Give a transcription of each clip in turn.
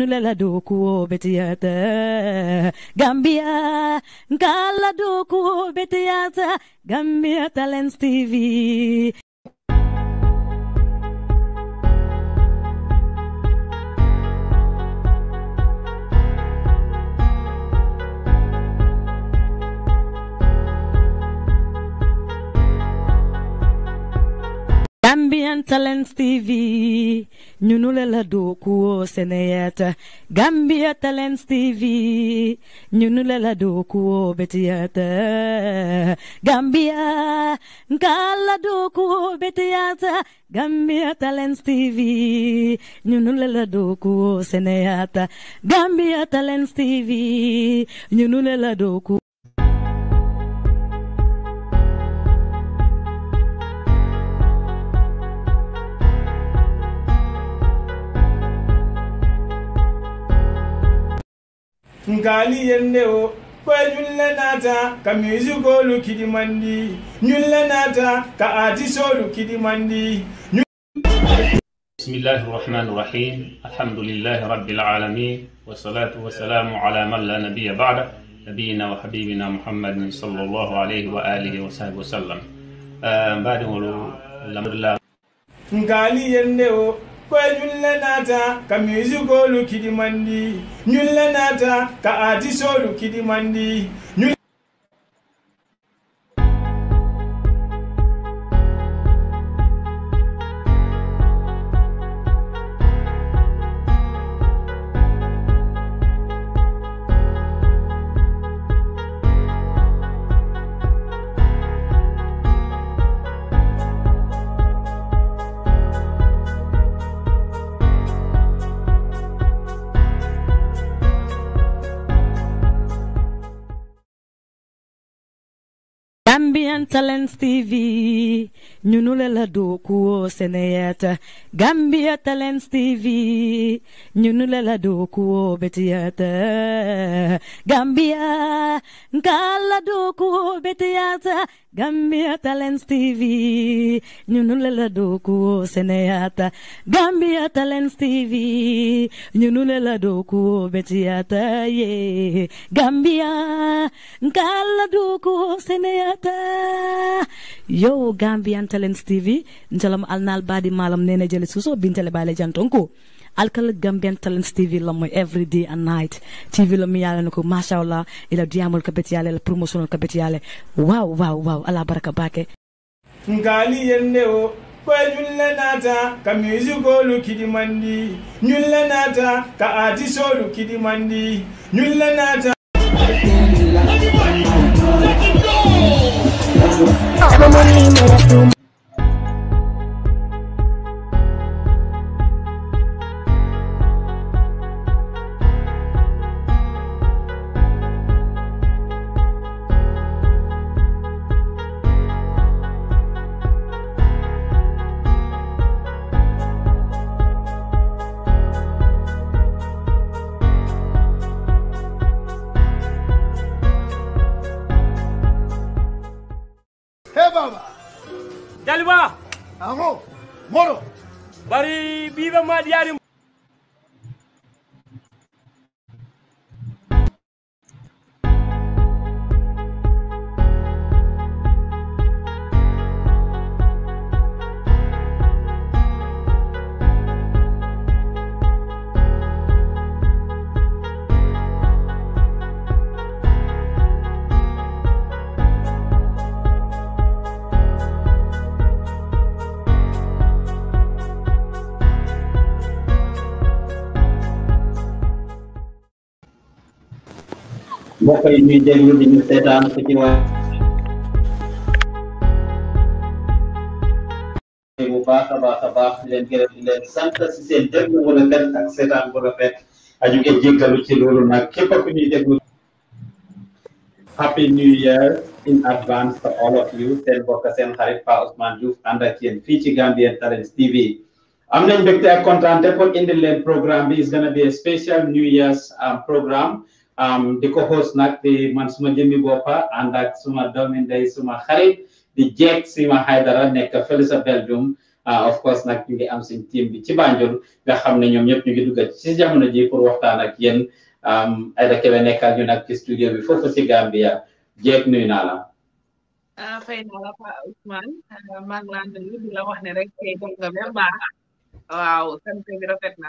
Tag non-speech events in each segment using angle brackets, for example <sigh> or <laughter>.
nulala doku betiata Gambia nkala doku betiata Gambia Talents TV Gambian Talents TV ñu nu le la Gambia Talents TV ñu nu le la Gambia nkaa la dookuwoo betiyata Gambia Talents TV ñu nu le Gambia Talents TV ñu nu nkali yende o ko ñulle nata ka musicolu kidimandi nyulle nata ka artisolu kidimandi بسم الله الرحمن الرحيم الحمد لله رب العالمين والصلاة والسلام على من لا نبي بعد نبينا وحبيبنا محمد صلى الله عليه وآله وصحبه وسلم بعد ولو الحمد لله نقالي ينه koye ñulle naata ka musicolu kiɗimandi ñulle naata ka atisolu kiɗimandi Talents TV ñunulala dokuwo seneyata Gambia Talents TV ñunulala dokuwo betiyata Gambia nkala dokuwo betiyata Gambia Talents TV ñunulala dokuwo seneyata Gambia Talents TV ñunulala dokuwo betiyata ye Gambia nkala dokuwo seneyata yo Gambian talents tv jalam alnal badi malam nene jeli suso bintele bale jantonko alkal gambian talents tv la moy every day and night tv la mi yalla nako mashallah ila diamol kabet yalla la promotion kabet yalla wow wow wow ala baraka bake ngali yenne o ko ñulle naata ka musicolu kidimandi ñulle naata ka artisolu kidimandi ñulle naata I'm a money man. mbokk yi ñuy déglu di ñu seetaan ku ci wax bu baax a baax a baax di leen gërëm di leen sant si seen déglu bu rafet ak seetaan bu rafet aju ngeen jéggalu ci loolu nag képp ku ñuy déglu happy new year in advance to all of you seen mbokk seen xarit Pa Ousman Joof ànd ak yéen fii ci Gambian Talents TV am nañ mbégte ak kontaan pour indil leen programme bi is gonna be a special new year's um, programme di ko xoos nag di man suma jëmmi boppa ànd ak suma doomi ndey suma xarit di jeeg sima Haidara nekk fële sa Belgium ah, of course nag ñu ngi am seen team bi ci Banjul nga xam ne ñoom ñëpp ñu ngi dugg ci jamono ji pour waxtaan ak yéen Aida Kebe nekkal ñu ci studio bi foofu si Gambia jeeg nuyu naa la. Ah, la ah, waaw sant bi rafet na.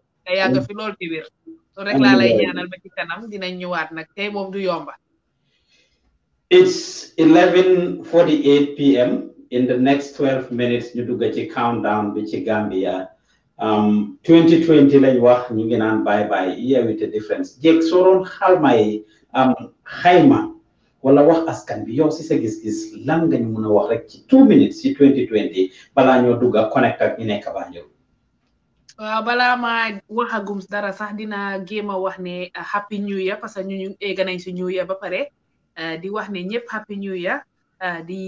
da yàgg fi loolu ci wér loolu rek laa lay ñaanal ba ci kanam dina ñëwaat nag tey moom du yomba It's 11:48 p.m. In the next 12 minutes, ñu dugg ci countdown bi ci Gambia. Um, 2020 lañ wax ñu ngi naan bye bye year with a difference. Jek soo doon xalma yi am um, xayma wala wax askan bi yow si sa gis-gis lan nga ñu mën a wax rek ci 2 minutes ci 2020 balaa ñoo dugg connect ak ñi nekk Banjul. waaw balaa maa waxagum dara sax dina géem a wax ne xappi uh, new ya parce que ñu ñu éega si new year ba pare uh, di wax ne ñëpp happy new ya uh, di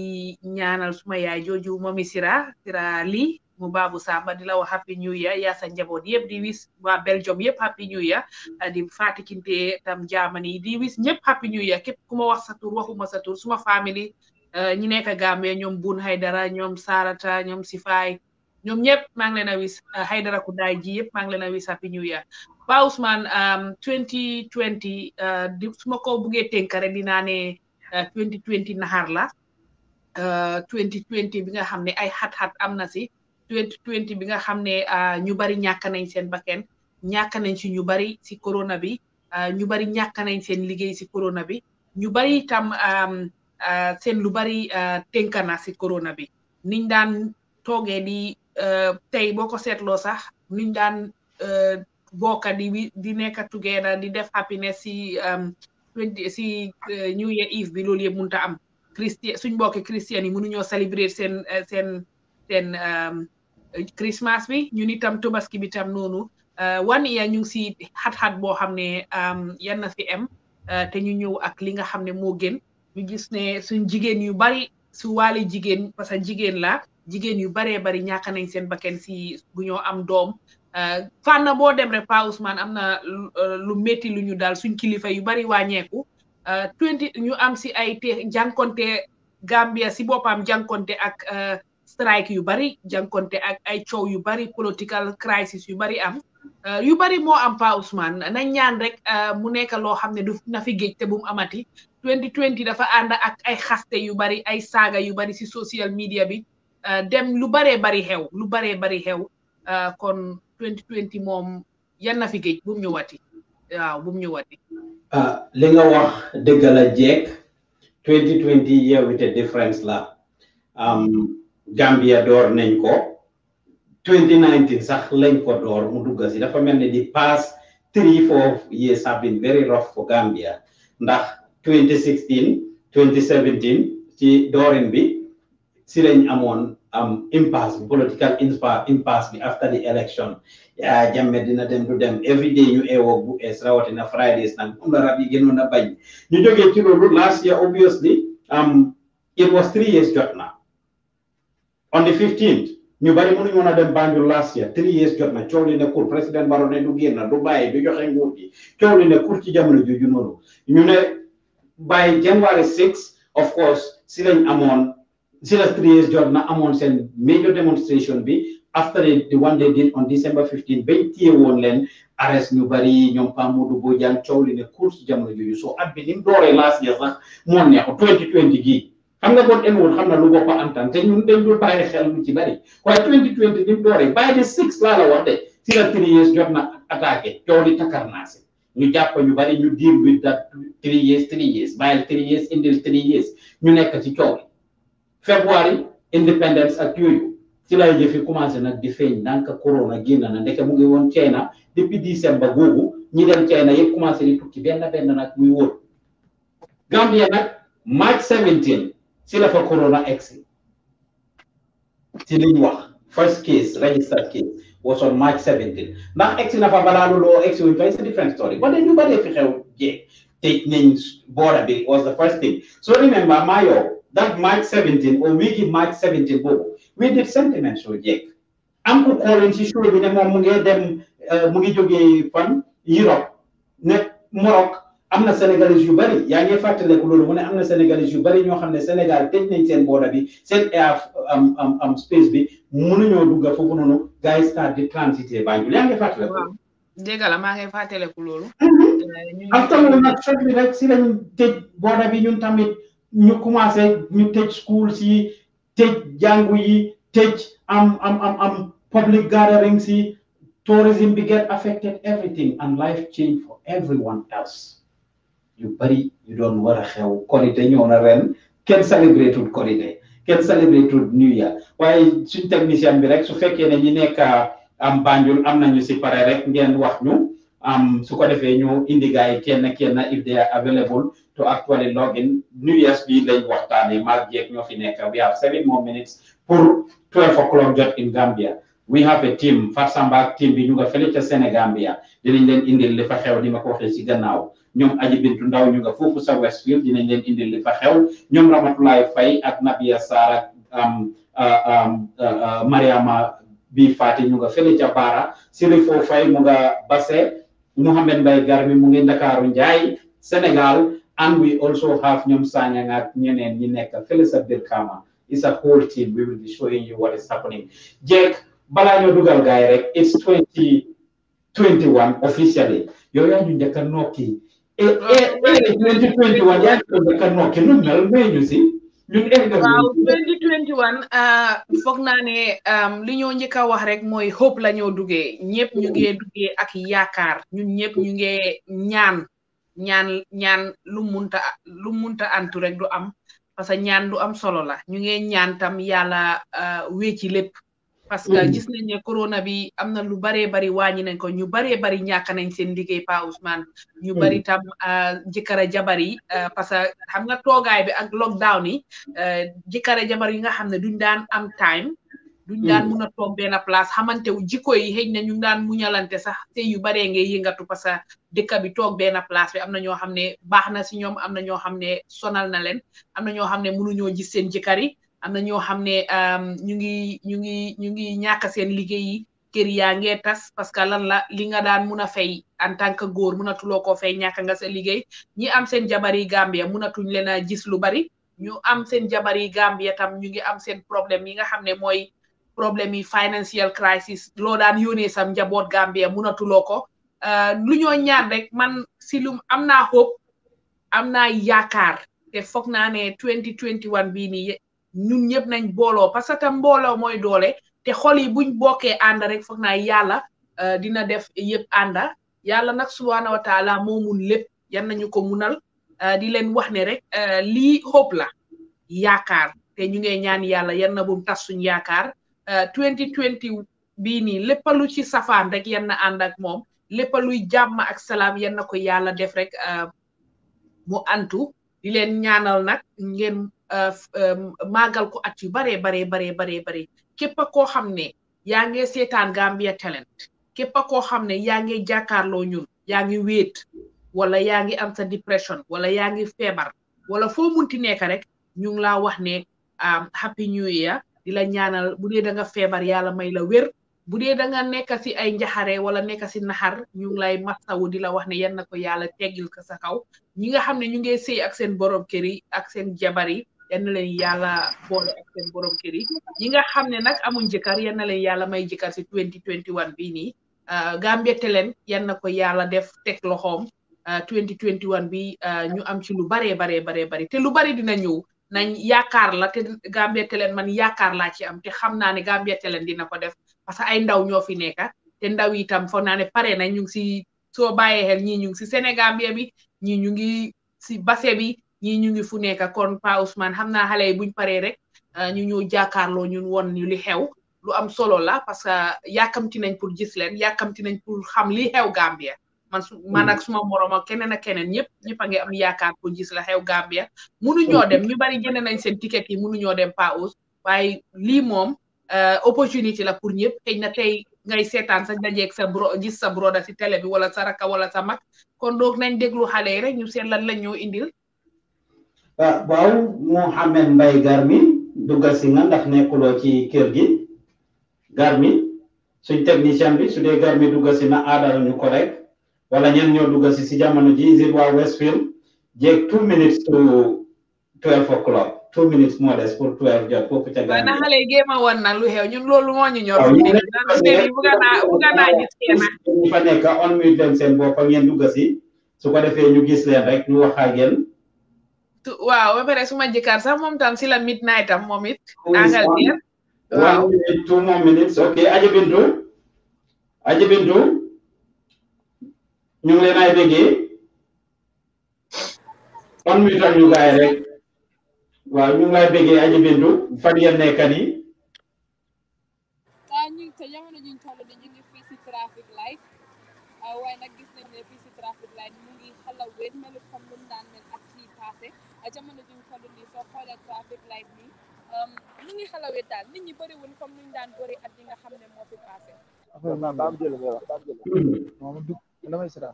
ñaanal suma yaay jooju mami sira sira lii mu baabu samba di la wax happy new ya ya sa njaboot yëpp di wis waa Belgium yëpp happy new year di fatikinte tam Germany di wis ñëpp happy new year képp ku ma wax sa waxuma sa tur suma famille ñi nekk Gambie ñoom Bun dara ñoom Sarata ñoom Sifaay ñoom ñëpp maa ngi leen a wis uh, Haidara Kundaay ji yëpp maa ngi leen a wis happy new year Pa Ousmane 2020 um, uh, di su ma ko buggee tënk rek dinaa ne 2020 uh, naxar la 2020 bi nga xam ne ay xat-xat am na si 2020 bi nga xam ne ñu bari ñàkk nañ seen bakkan ñàkk nañ si ñu bari si corona bi ñu bari ñàkk nañ seen liggéey si corona bi ñu bari itam um, seen lu bari tënk na si corona bi niñ daan toogee di. Eh, tey boo ko seetloo sax nuñ daan eh, bokka di di nekk together di def happiness si um, si eh, New Year Eve bi loolu yëpp mënut am christian suñ mbokki christian yi mënuñoo célébrer seen seen seen um, Christmas bi ñun itam tobaski bi tam noonu wan ya ñu ngi si xat-xat boo xam ne um, yan na fi am te ñu ñëw ak li nga xam ne moo gën ñu gis ne suñ jigéen yu bari su waale jigéen parce que jigéen la jigéen yu baree bari ñàkk nañ seen bakken si bu ñoo am doom euh, fànn boo dem rek Pa Ousmane am na lu euh, métti lu ñu daal suñ kilifa yu bari wàññeeku euh, twenty ñu am si ay te jànkonte Gambia si boppam jànkonte ak strike yu bari jànkonte ak ay coow yu bari political crisis yu bari am yu bari moo am Pa Ousmane na ñaan rek mu nekk loo xam ne du na fi géej te bu mu amati 2020 dafa ànd ak ay xaste yu bari ay saaga yu bari si social media bi Euh, dem lu baree bari xew lu baree bari xew euh, kon 2020 moom yan na fi géej bu mu ñëwaati waaw ah, li nga wax dëgg la jeeg 2020 year with a difference la Gambia door nañ ko 2019 sax lañ ko door mu dugg si dafa mel ni di past three four years have very rough for Gambia ndax 2016 2017 ci doorin bi si lañ amoon am impasse political impasse impasse after the election Yeah, jàmme dina dem du dem every day ñu eewoo bu ees rawatina Fridays nag moom la rab yi gënoon a bañ ñu jógee ci last year obviously Um, it was three years jot na on the 15th ñu bari mënuñu woon a dem Banjul last year three years jot na coow li nekkul président Barrow ne du génn du do du joxe nguur gi coow li nekkul ci jamono jooju noonu ñu ne by January 6 of course si lañ three jot na amoon seen major demonstration be after the one they did on December 15 twenty téye woon leen arrest ñu bari ñoom Pa Modou Bojang coow li course jamono jooju So I bi ni mu dooree last year sax moo neexu 2020 gii xam nga kon en woon xam na lu bokk antan te ñun dañ dul bàyyi xel lu ci bari waaye 2020 ni mu dooree by the six laa la wax de three jot na attaqué coow li takar naa si ñu jàpp ñu bari deal with that three years three years bàyyil three years indil three years You nekk ci coow February independence ak yooyu ci lay jëfi commencé nag di feeñ ndànk corona génn na ndeke mu ngi woon China depuis décembre googu ñi dem China yëpp commencé di tukki benn benn nag muy wóor Gambia nag march 17 ci la fa corona egsi ci liñ wax first case registered case was on march 17 ndax egsi na fa balaa loolu oo egsi wuñ fa it's a different story ba ñu bëree fi xew jeeg tëj nañ border bi was the first thing so remember Mayo that March 17 or wiki March 17 boobu we did sentiment soo jekk am ku kóolin si show bi ne moom mu ngi dem uh, mu ngi jógee fan Europe ne Morok amna na sénégalais yu bari yaa ngi fàttaleku loolu mu ne amna na sénégalais yu bari ñoo xam Sénégal tëj nañ seen border bi seen air am am am space bi mënuñoo dugga foofu noonu gars yi start di transité Banjul yaa ngi fàttaleku. dégg la maa ngi fàttaleku loolu. after mm-hmm. euh, loolu nag bi rek si lañ tëj border bi ñun tamit. ñu commencé ñu tëj school si tëj jàngu yi tëj am am am am public gathering si tourism bi get affected everything and life change for everyone else yu bari yu doon war a xew korite ñëw na ren kenn celebratul korite kenn celebratul new year waaye suñ technicien bi rek su fekkee ne ñi nekk ah, am Banjul am nañu si pare rek ngeen wax ñu am su ko defee ñu indi gaay kenn kenn if they are available to actually log in New Year's bi lañ waxtaanee maag jeeg ñoo fi nekk we have seven more minutes pour twelve o'clock jot in Gambia we have a team Fat Samba ak team bi ñu nga fële ca Sénégambia dinañ leen indil li fa xew ni ma ko waxee ci gannaaw ñoom aji bintu ndaw ñu nga foofu sa Westfield dinañ leen indil li fa xew ñoom Ramatulaay Fay ak Nabia Sarr ak um, uh, um, uh, uh, Mariama bi Fati ñu nga fële ca Baara Sirifo Fay mu nga Basse Mouhamed Mbaye Garmi mu ngi And we also have Nyom Sanyang at Nyenem Yineka, Felisa Birkama. It's a whole team. We will be showing you what is happening. Jack, Balanyo Dugal Gairek, it's 2021 officially. Yoya Yunjaka Noki. 2021 yaa ngi doon ka nokki lu mel mais ñu si ñun eggal waaw ah, foog naa li ñoo njëkk a wax rek mooy hope la ñoo duggee ñëpp ñu ngee ak yaakaar ñun ñëpp ñu ngee ñaan ñaan ñaan lu munta lu munta antu rek du am parce que ñaan du am solo la ñu ngi ñaan tam yàlla euh, wécci lépp parce que mm. gis nañ ne corona bi am na lu baree bari wàññi nañ ko ñu baree bari ñàkk nañ seen liggéey Pa Ousmane ñu mm. bari tam euh, jëkkër jabar yi euh, parce que xam nga toogaay bi ak lockdown yi jëkkër jabar yi nga xam ne duñ daan am time duñ daan hmm. mun a toog benn place xamante wu jikko yi xëy na ñu daan muñalante sax te yu baree ngay yëngatu parce que dëkk bi toog benn place bi am na ñoo xam ne baax na si ñoom am na ñoo xam ne sonal na leen am na ñoo xam ne mënuñoo gis seen jëkkër yi am na ñoo xam ne ñu ngi ñu ngi ñu ngi ñàkk seen liggéey yi kër yaa ngee tas parce que lan la li nga daan mun a fay en tant que góor munatuloo koo fay ñàkk nga sa liggéey ñi am seen jabar yi Gambia munatuñ leen a gis lu bari ñu am seen jabar yi Gambia tam ñu ngi am seen problème yi nga xam ne mooy problème yi financial crisis loo daan yónnee sam njaboot Gambia munatuloo ko euh, lu ñoo ñaan rek man si lu am naa hope am naa yaakaar te foog naa ne 2021 bii nii ñun ñëpp nañ booloo parce que tam mbooloo mooy doole te xol yi buñ bokkee ànd rek foog naa yàlla euh, dina def yëpp ànda yàlla nag subhaana wa taala moo lépp yan nañu ko munal euh, di leen wax ne rek lii hope la yaakaar te ñu ngi ñaan yàlla yan na bum tas suñ yaakaar 2020 euh, bii nii lépp lu ci safaan rek yal na ànd ak moom lépp luy jàmm ak salaam yal na ko yàlla def rek euh, mu antu di leen ñaanal nag ngeen euh, màggal ko at yu baree baree baree baree baree képp koo xam ne yaa ngi seetaan Gambia Talents képp koo xam ne yaa ngi jàkkaarloo ñun yaa ngi wéet wala yaa ngi am sa dépression wala yaa ngi feebar wala foo munti nekk rek ñu ngi laa wax ne um, happy new year dila la ñaanal bu dee da nga feebar yàlla may la wér bu dee da nga nekk si ay njaxare wala nekk si naxar ñu ngi lay masawu di la wax ne yan na ko yàlla teggil ko sa kaw ñi nga xam ne ñu ngi sëy ak seen borom kër yi ak seen jabar yi yan na leen yàlla ak seen borom kër yi ñi nga xam ne nag amuñ jëkkër yan na leen yàlla may si 2021 bii nii ah, Gambia Talents yan na ko yàlla def teg loxoom 2021 ah, bi ah, ñu am ci lu baree baree baree bari te lu bari dina ñëw nañ yaakaar la te Gambian Talents man yaakaar laa ci am te xam naa ne Gambian Talents dina ko def parce que ay ndaw ñoo fi nekk ah te ndaw yi itam foog naa ne pare nañ ñu ngi si soo bàyyee xel ñii ñu ngi si Sénégambie bi ñii ñu ngi si base bi ñii ñu ngi fu nekk ah kon Pa Ousmane xam naa xale yi buñ paree rek ah, ñu ñëw jàkkaarloo ñun won ñu li xew lu am solo la parce que yàkkamti nañ pour gis leen yàkkamti nañ pour xam li xew Gambia man man ak suma morom ak keneen ak keneen ñëpp ñëpp a ngi am yaakaar ku gis la xew Gambia mënuñoo hmm. dem ñu bari jënd nañ seen ticket yi mënuñoo dem Paos waaye lii moom eh, opportunity la pour ñëpp xëy na tey ngay seetaan sa dajeeg sa bro gis sa broda si télé bi wala sa raka wala sa mag kon donc nañ déglu xale rek ñu seen lan la ñoo indil. waaw Mohamed mbay Garmin duggal si nga ndax nekkuloo ci kër gi Garmin suñ technicien bi su dee Garmin duga si na aadal ñu ko rek. wala ñen ñoo dugg si si jamono ji zir waa Westfield jéeg two minutes to twelve o'clock two minutes moo pour twelve jot foofu ca gàllankoor. waaw na xale yi géem a ñun loolu moo ñu ñor. waaw naa ñu fa nekk on mute seen bopp ak ngeen dugg si su ko defee ñu gis leen rek ñu wax waaw ba pare suma jëkkër sax moom tam si la midnight am moom it. Angleterre waaw one minute two more minutes ok Aja Bintu Aja Bintu ñu ngi leen ay déggee on mi ñu gaay rek waaw ñu ngi lay déggee bindu fan ngeen nekk nii waaw ñu ngi fii si traffic light waaye nag gis nañ ne fii si traffic light mu ngi xala a wéet melu mel ak kii passé jamono ñu toll nii soo xoolee traffic light nii um, mu ngi xala daal nit ñi bëriwul comme lu ñu daan bëri at yi nga xam ne moo fi passé. Hmm. damay setan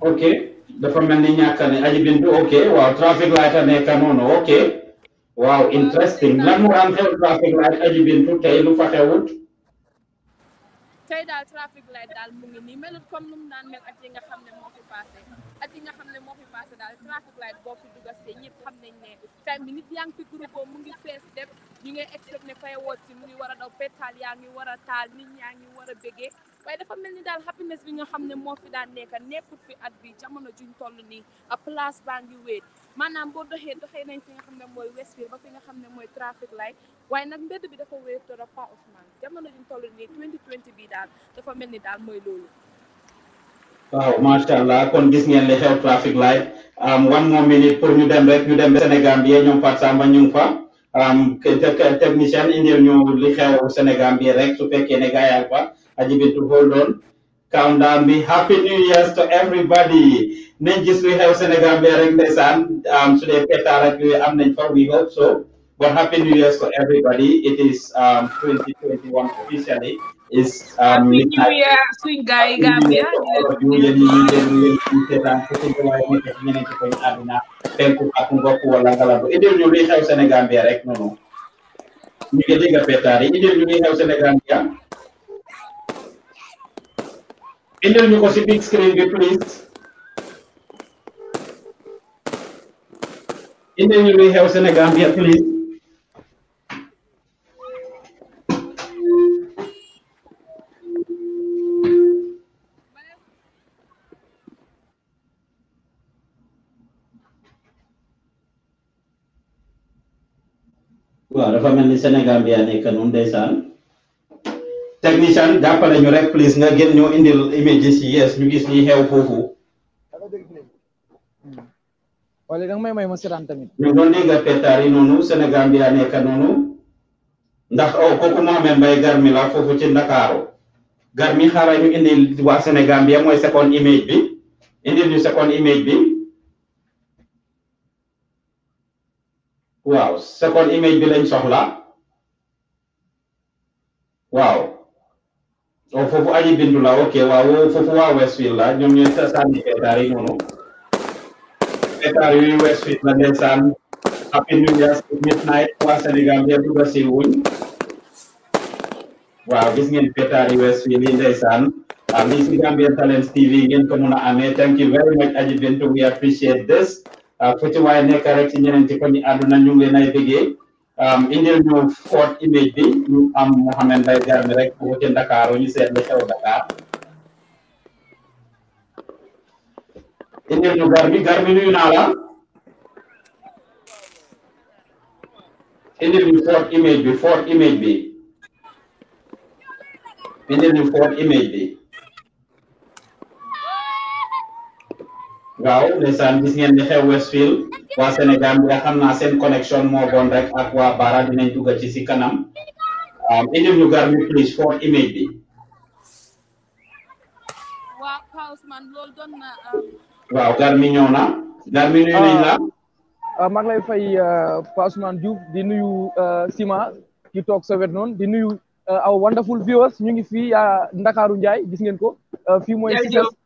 ok dafa melni ñakane aji bintu ok wow, traffic light ane ka nono ok waaw interesting lan mo am xew traffic light aji bintu tay lu fa xewut tey daal traffic light Dal mu ngi nii melut comme num naan mel at yi nga xam ne moo fi passé at yi nga xam ne moo fi passé daal traffic light boo fi duga see ñëpp xam nañ ne time bi nit yaa ngi fi groupe mu ngi fees def ñu ngay expect ne fay woot si mu ngi war daw pétal yaa ngi taal nit ñaa ngi war waaye dafa mel ni daal happiness bi nga xam ne moo fi daan nekk nekkut fi at bi jamono juñ toll nii place baa ngi wéet maanaam boo doxee doxee nañ fi nga xam ne mooy ba fi nga xam ne mooy traffic light waaye nag mbedd bi dafa wéet trop pas Ousmane jamono juñ toll nii 2020 bi daal dafa mel ni daal mooy loolu. waaw macha allah kon gis ngeen li xew traffic light um, one more minute pour ñu dem rek ñu dem Sénégal bi ñoom Fatou Samba ñu ngi fa. Um, technicien indil ñu li xew Sénégal bi rek su fekkee ne gars yi fa. Ajibi to hold on. Countdown be happy new years to everybody. nañ gis luy Sénégal bi rek ndeysaan um, su dee pétard am we hope so but happy new Year's to everybody it is um, 2021 officially is um, new year suñ gaay yi Gambia yéen ñi leen leen ci seetaan ci ci waaye nekk ci ñeneen ci koñ àddina penku ak ngopp wala ngalabu indil ñu luy xew Sénégal bi rek noonu ñu ngi dégg pétard yi indil indil ñu ko si big screen please indil ñu luy xew Sénégal bi please waaw dafa mel ni Sénégal bi yaa nekk noonu ndeysaan Technician, jàppale ñu rek please nga gën ñoo indil images yi yes ñu gis ni xew fofu wala dang may may mo seetaan tamit ñu do ni pétard pétari nonu. Sénégal bi yaa nekk nonu ndax oh, koku mo Mohamed Mbaye Garmi la fofu ci dakaro Garmi xara ñu indil wa Sénégal bi moy second image bi indil ñu second image bi waaw second image bi lañ soxla Wow o oh, fofo aji bindu la wa wo fofo wa westfield la ñoom ñooy sa sànni pétard yi noonu pétard yooyu westfield la ndeysaan happy new midnight waa sénégal yëpp ba si wuñ wa gis ngeen pétard yi westfield yi ya, ndeysaan Um, this is Gambia Talents TV again Ame. Thank you very much, Ajibento. We appreciate this. Uh, Kuti wa ene karek si nyenen tiko ni aduna nyungle na indil ñu foot image bi ñu am Mohamed Mbaye rek bu ci Ndakaaru ñu seet la xew Dakar indil ñu garmi garmi nuyu naa la indil ñu foot image bi foot image bi indil ñu foot image bi waaw ndeysaan gis ngeen ni xew Westfield wa senegal bi nga xam naa seen connexion bon rek ak wa Bara dinañ dugga ci ci kanam ene um, ñu gar ñu please for image bi um, waaw gar lol don na gar mi nuyu ñu la ah, ah mag lay fay Pa ah, Ousmane Diouf di nuyu ah, Sima ki tok sa wet di nuyu our wonderful viewers ñu ngi fi ya Ndakaaru Njaay gis ngeen ko fii mooy Cissesse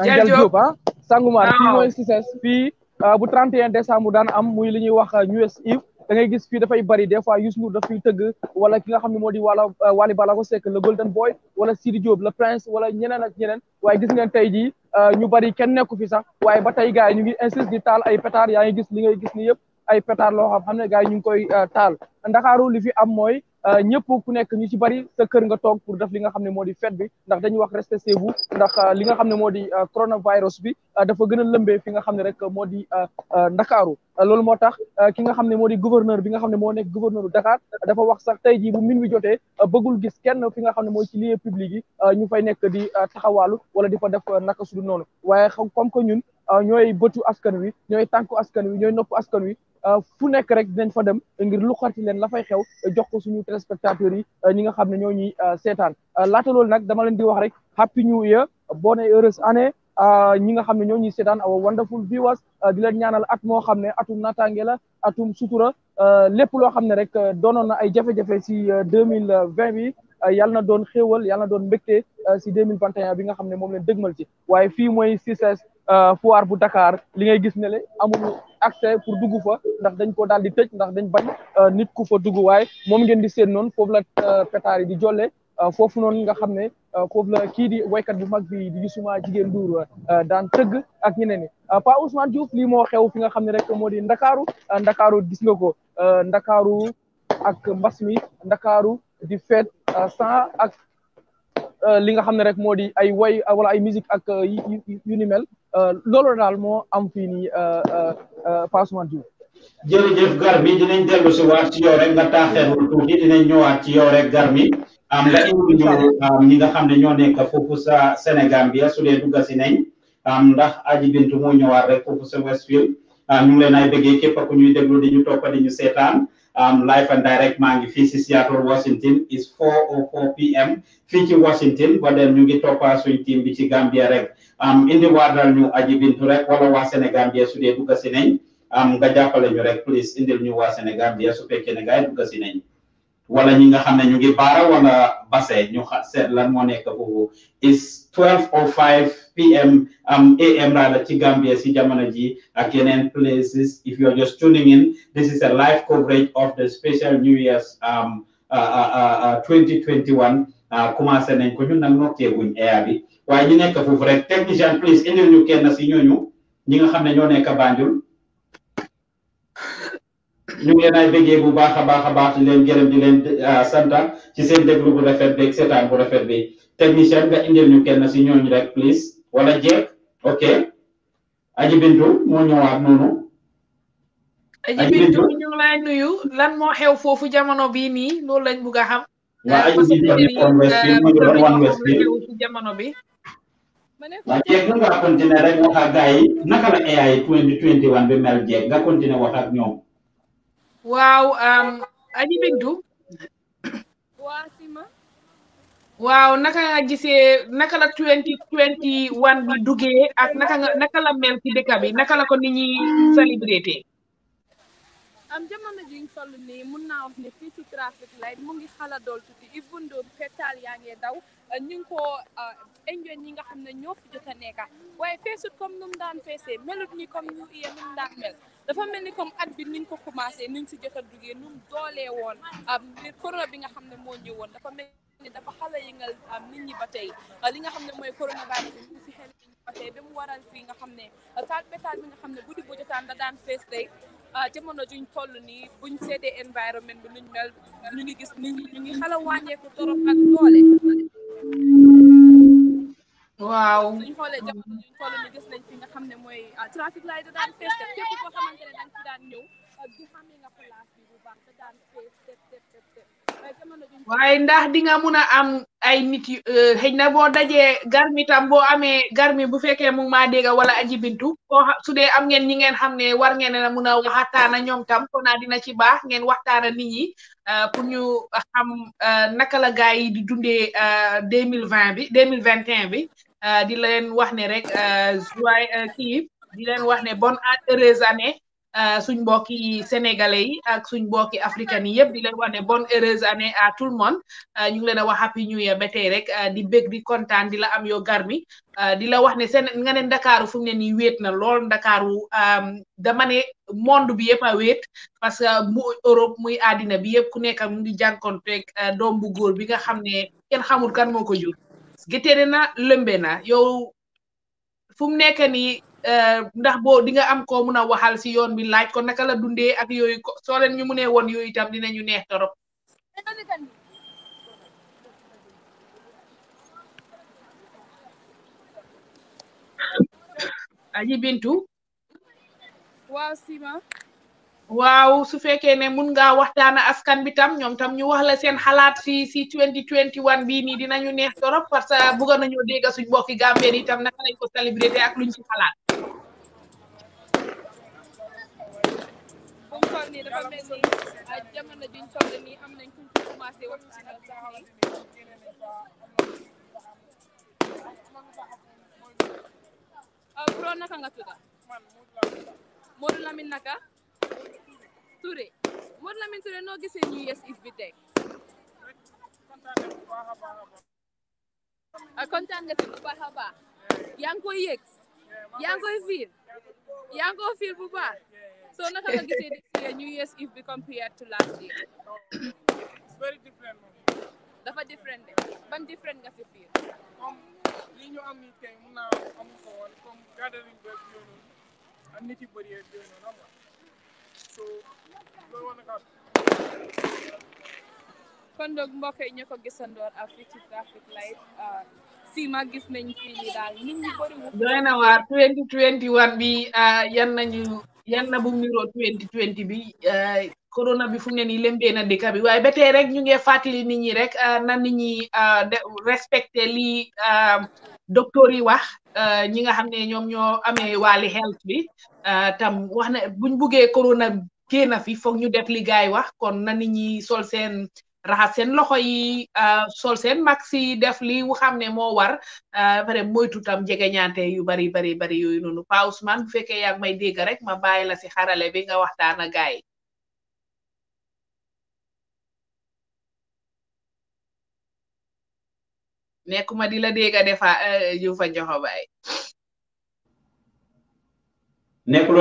Jaal Diop ah Sangoumar fii mooy Cissesse fi Euh, bu 31 décembre daan am muy li ñu wax US euh, Eve da ngay gis fii dafay bëri des fois Youssou Ndour daf fiy tëgg wala ki nga xam ne moo di wala euh, Wally Ballago Seck le Golden Boy wala Sidi Diop la Prince wala ñeneen ak ñeneen waaye gis ngeen tey jii ñu bari kenn nekku fi sax waaye ba tey gars ñu ngi insiste di taal ay pétard yaa ngi gis ni ngay gis ni yëpp ay pétard loo xam xam ne gars ñu ngi koy taal Ndakaaru li fi am mooy Euh, ñëpp ku nekk ñu ci bari sa kër nga toog pour def li nga xam ne moo di fête bi ndax dañuy wax restez chez ndax euh, li nga xam ne moo di euh, coronavirus bi dafa gën a lëmbee fi nga xam ne rek moo di ndakaaru loolu moo tax ki nga xam ne moo di gouverneur bi nga xam ne moo nekk gouverneur bu Dakar dafa wax sax tey jii bu min wi jotee bëggul gis kenn fi nga xam ne mooy ci lieu public yi ñu fay nekk di taxawaalu wala difa fa def naka su dul noonu waaye comme que ñun ñooy bëtu askan wi ñooy tànku askan wi ñooy nopp askan wi Euh, fu nekk rek dinañ fa dem ngir lu leen la fay xew jox ko suñu téléspectateurs yi euh, ñi nga xam ne ñoo ñuy euh, seetaan laata loolu nag dama leen di wax rek happy new year bonne et heureuse année ñi nga xam ne ñoo ñuy seetaan our wonderful viewers di leen ñaanal at moo xam ne atum naataange la atum sutura lépp loo xam ne rek doonoon na ay jafe-jafe si deux mille vingt bi yàlla na doon xéewal yàlla doon mbégte si deux mille vingt et bi nga xam ne moom leen dëgmal ci waaye fii mooy CICES foire bu Dakar li ngay gis ne le amuñu accès pour dugg ndax dañ ko daal di tëj ndax dañ bañ euh, nit ku fa dugg waaye moom ngeen di seen noonu foofu la euh, pétard yi di jolle euh, foofu noonu nga xam ne foofu la kii di waykat bu mag bi di Youssouma Jigéen Ndour daan tëgg ak ñeneen ñi Pa Ousmane Diouf xew fi nga xam ne rek moo di Ndakaaru Ndakaaru gis nga ko Ndakaaru ak mbas mi Ndakaaru di fête sans ak li nga xam ne rek moo di ay way wala ay musique ak yu Euh, loolu daal moo am fii nii Pa euh, euh, Ousmane Diouf. jërëjëf Garmi dinañ dellu si waat ci yow rek nga taaxeerul dinañ ñëwaat ci yow rek Garmi. am nga indi ñu ñi nga xam ñoo nekk foofu sa Sénégal bi su dee dugga si nañ am ndax aji bintu moo ñëwaat rek foofu sa Westfield ñu ngi leen ay bëggee képp ñuy déglu di ñu topp di ñu seetaan. um, live and direct maa ngi fii si Seattle Washington is 4:04 p.m. fii ci Washington ba dem ñu ngi toppa suñ team bi ci Gambia rek um, indi waadal ñu aji bintu rek wala waa Sénégambia su dee dugg si nañ um, nga jàppale ñu rek please indil ñu waa Sénégambia su fekkee ne dugg si nañ. wala ñi nga xam ne ñu ngi baara wala base ñu seet lan moo nekk foofu is 12:05 pm am am rather ci Gambia si jamono ji ak yeneen places if you are just tuning in this is a live coverage of the special New Year's um 2021 uh, uh, uh, ah, commencé nañ ko ñun nag notteeguñ air bi waaye ñu nekk foofu rek technicien please indil ñu kenn si ñooñu ñi nga xam ne ñoo nekka Banjul ñu ngi leen ay bëggee bu baax a baax a baax di leen gërëm di leen ah, santa ci seen déglu bu rafet bi ak bu rafet bi technicien nga indil ñu kenn si ñooñu rek please wala jeeg ok aji bintu moo ñëwaat noonu aji bintu ñu lay nuyu lan moo xew foofu jamono bii nii loolu lañ bugg a xam waa aji bintu ci jamono bi waa jeeg nga continuer rek wax ak gars yi naka la AI 2021 bi mel jeeg nga continuer wax ñoom waaw um, aji Bintu waa Sima waaw naka nga gisee naka la 2021 bi duggee ak naka nga naka la mel ci dëkk bi naka la ko ni ñi célébrer am jamono ji ñu toll nii mun naa wax ne fii si trafic mu ngi xala dool tuuti even though yaa ngi daw ñu ngi enjoy euh, ñi nga xam ne ñoo fi jot a nekk waaye feesut comme nu daan feesee melut ni comme ñu iye nu daan mel dafa mel ni comme at bi niñ ko commencé niñ si jot a duggee nu mu doolee woon mbir corona bi nga xam ne moo ñëwoon dafa mel ni dafa xala yëngal nit ñi ba tey li nga xam ne mooy coronavirus bi ñu si xel nit ñi ba tey ba nga xam ne taal pétal bi nga xam ne guddi bu jotaan da daan fees tey ah, jamono juñ toll nii buñ seetee environnement bi nuñ mel ñu ngi gis nit ñi ñu ngi xala wàññeeku torop ak doole Wow. suñ xoolee jamono ñu toll ñu gis nañ fi nga xam ne mooy ah, trafic laay da daan fees def képp koo xamante ne dañ daan ñëw ah, di nga place bi bu baax da daan fees def def def def waaye ndax di nga mun a am ay nit yu euh, xëy na boo dajee garmi tam boo amee garmi bu fekkee mu maa dégga wala aji bintu koo su dee am ngeen ñi ngeen xam ne war ngeen a mun a waxtaana ñoom tam konaa dina ci baax ngeen nit ñi euh, pour ñu xam euh, naka la gaay yi di dundee 2020 bi bi Euh, di leen wax ne rek euh, joy euh, kii di leen wax ne bonne heureuse année suñ mbokki sénégalais yi ak suñ mbokki africaine yi yëpp di leen wax ne bonne heureuse année à tout le monde ñu ngi leen a wax happy new year ba tey rek di bég di kontaan di la am yoo garmi di la wax ne seen nga ne ndakaaru fu mu ne nii wéet na lool ndakaaru dama ne monde bi yëpp a wéet parce que mu Europe muy àddina bi yëpp ku nekk mu ngi jànkoonteeg doom bu góor bi nga xam ne kenn xamul kan moo ko jur géttéere na lëmbe na yow fu mu nekk nii euh, ndax boo di nga am koo mun waxal si yoon bi laaj ko naka la dundee ak yooyu soo leen ñu munee woon yooyu itam dinañu neex torop aji bintu waaw sima waaw su fekkee ne mun ngaa waxtaana askan bi tam ñoom tam ñu wax la seen xalaat si si 2021 bii nii dinañu neex torop parce que bëgg nañoo dégg suñ mbokki gambeen yi tam naka lañ ko célébrité ak luñ ci xalaat buñ toll nii dafa mel ni ah, jamono ah, naka Touré Modou Lamine Touré noo gisee ñu yes if bi tey ah, kontaan nga si a baax yaa ngi koy yëg yaa ngi koy fiil yaa ngi koy fiil bu baax soo naka nga gisee this new year's eve bi compared to last year dafa different de ban different nga si kon donc mbokk yi ñu gisandoor ak fii ci light euh, si ma gis nañ fii nii daal nit ñi bëri wu. doy na waar 2021 bi euh, yan nañu yan na bu miro 2020 bi euh, corona bi fu mu ne nii lembee na dëkk bi waaye ba tey rek ñu nge fàttali nit ñi rek na nit ñi respecté lii docteur yi wax euh, ñi nga xam ne ñoom ñoo amee wàlli health bi euh, tam wax na buñ buggee corona génn fi foog ñu def li gaay wax kon na nit ñi sol seen raxas seen loxo yi euh, sol seen max yi def li xam ne moo war pare moytu tam jege ñaante yu bari bari bari yooyu noonu Pa Ousmane bu fekkee yaa ngi may dégg rek ma bàyyi la si xarale bi nga waxtaan ak gaay nekuma eh, di la dégg defa fois yu fa joxo baay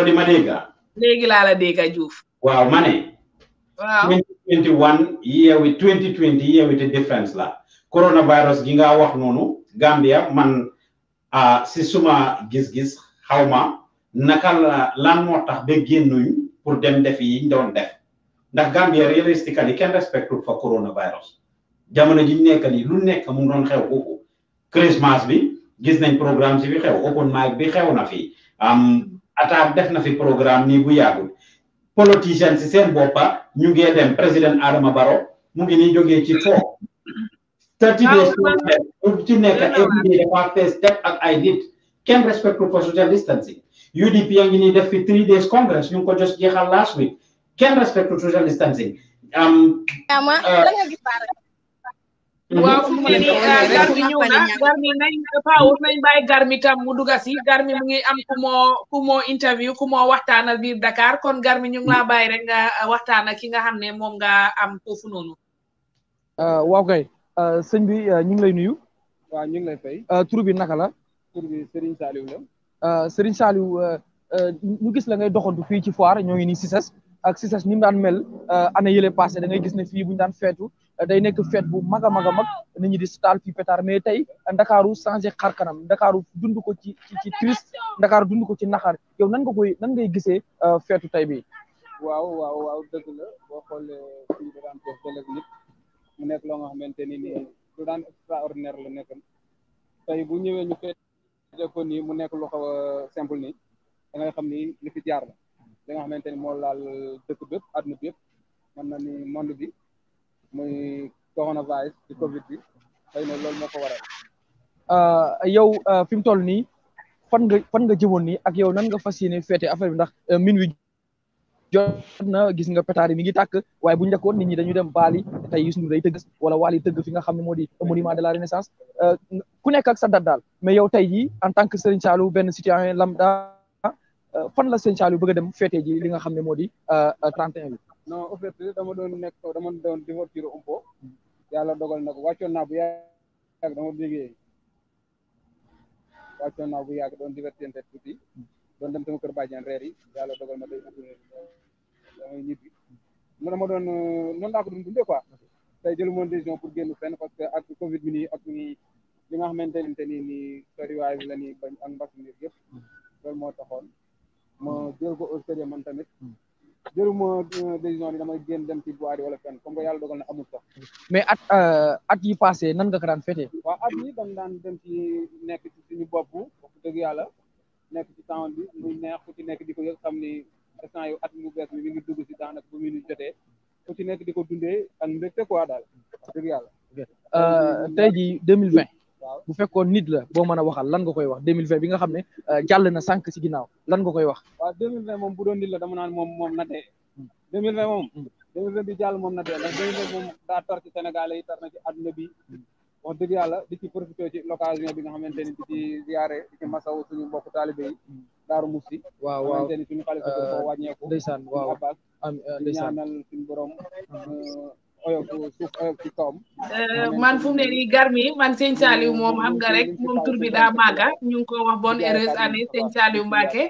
di ma dégg léegi la la dégg Juuf waaw mané waaw 2021 year with 2020 year with a difference la coronavirus gi nga wax nonu Gambia man si suma gis-gis xawma naka la lan mo tax be génnuñ pour dem def yi ñu doon def ndax Gambia realistically kenn respectul fa coronavirus jamono ji ñu nekk nii lu nekk mu ngi doon xew kooku Christmas bi gis nañ programme si bi xew open mic bi xew na fi am attaque def na fi programme nii bu yàggul politicien si seen boppa ñu ngee dem président Adama Barrow mu ngi nii jógee ci foo certides ci nekk everyday dafa fees step ay nit kenn respect pour social distancing UDP a ngi nii def fi three days congress ñu ngi ko jos jeexal last week kenn respect pour social distancing am euh, waaw fu mu garmi ñëw na garmi nañ pawur nañ bàyyi garmi tam mu duga si garmi mu ngi am ku moo ku moo interview ku moo waxtaanal biir Dakar uh, ki nga xam ne moom nga am uh, uh, sëñ bi ñu ngi lay nuyu waaw ngi lay fay tur bi naka la tur bi Serigne gis la ngay doxantu fii ci foire ñoo ngi nii Cices ak Cices ni mu daan mel année yële passé da ngay gis ne fii bu daan feetu day nek fête bu maga maga mag nit ñi di stal fi pétard mais tay dakaru changer xar kanam ndakaaru dund ko ci ci ci triste ndakaaru dund ko ci naxar yow nan nga koy nan ngay gisé euh, feetu tay bi waaw waaw waaw deug la bo xolé ci grand daan def bëlëg nit mu nek lo nga xamanteni ni du dan extraordinaire la nek tay bu ñëwé ñu féete ko ni mu nek lu xaw simple ni da nga xamni ni li fi jaar la da nga xamanteni mo laal deug aduna bi na ni monde bi muy coronavirus di hmm. Covid bi xëy na loolu moo ko waral. Euh, yow euh, fi mu toll nii fan nga fan nga jëmoon nii ak yow nan nga fas yéene féete affaire bi ndax euh, min wi jot na gis nga pétard yi mi ngi tàkk waaye bu ñu njëkkoon nit ñi dañu dem yi tey Youssou Ndour day tëgg wala Wally tëgg fi nga xam ne moo di monument de la renaissance ku nekk ak sa date daal mais yow tey jii en tant que Serigne Saliou benn citoyen lambda fan la Serigne Saliou bëgg a dem féete ji li nga xam ne moo di 31 bi. non offerté dama doon nekk dama doon dévorture un peu yàlla dogal na ko wàccoon naa bu yàgg dama liggéey wàccoon naa bu yàgg doon divertente tuuti doon dem sama kër bàjjen reer yi yàlla dogal ma day damay ñibbi mu dama doon noonu laa ko doon dundee quoi tey jëlu moon décision pour génn fenn parce que ak covid bi nii ak nii li nga xamante ne ni nii soriwaay bi la nii bañ ak mbas mi yëpp loolu moo taxoon ma jël ko man tamit jëruma décision bi damay génn dem ci boîte wala fenn comme que yàlla dogal na amul sax. mais at euh, at yi passé nan nga ko daan fete. waaw at yi dañ daan dem ci nekk ci suñu bopp wax dëgg yàlla nekk ci temps bi muy neex ku ci nekk di ko yëg xam ni instant yu at mu bees mi mi ngi dugg si daanaka ba mu ñu jotee ku ci nekk di ko dundee ak mbégte quoi daal wax dëgg yàlla. Euh, tey ji deux mille vingt bu fekkoon nit la boo mën a waxal lan nga koy wax 2020 bi nga xam ne euh, jàll na sànq ci ginnaaw lan nga koy wax. waaw 2020 moom bu doon nit la dama naan moom moom na dee. 2020 moom. 2020 hmm. bi jàll moom na dee ndax 2020 moom daa tar ci Sénégal yi tar na ci àdduna bi. Hmm. wax dëgg yàlla di ci profité ci l'occasion bi nga xamante ni di ci ziare di ci masaw suñu mbokk taalibe yi. Hmm. Daaru Musti. waaw waaw xamante ni suñu xalifa ko euh, wàññeeku. ndeysaan waaw am euh, ndeysaan borom. oyof suuf oyof ci kawam euh, man fu mu ne nii garmi man sëñ Saliou moom xam nga rek moom tur daa màgga ñu ngi ko wax bonne heureuse année sëñ Saliou Mbacke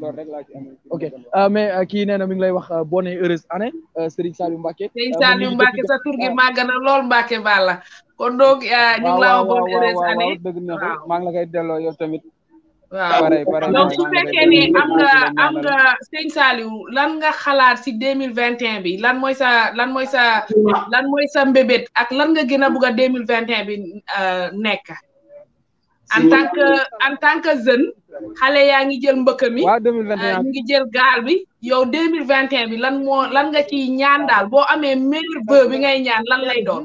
loolu rek ok euh, mais euh, kii ne na mi ngi lay wax bonne heureuse année Serigne Saliou Mbacke Serigne Saliou Mbacke sa tur gi màgg na lool Mbacke Balla kon donc ñu ngi laa wax bonne heureuse année waaw waaw donc su fekkee ni am nga am nga sëñ Saliou lan nga xalaat si deux mille vingt et un bi lan mooy sa lan mooy sa lan mooy sa mbébét ak lan nga gën a bugg a deux mille vingt et un bi nekk en tant que en tant jeune xale yaa ngi jël mbëkk mi ngi jël gaal bi yow deux mille vingt et bi lan moo lan nga ciy ñaan daal boo amee meilleur vœu bi ngay ñaan lan lay doon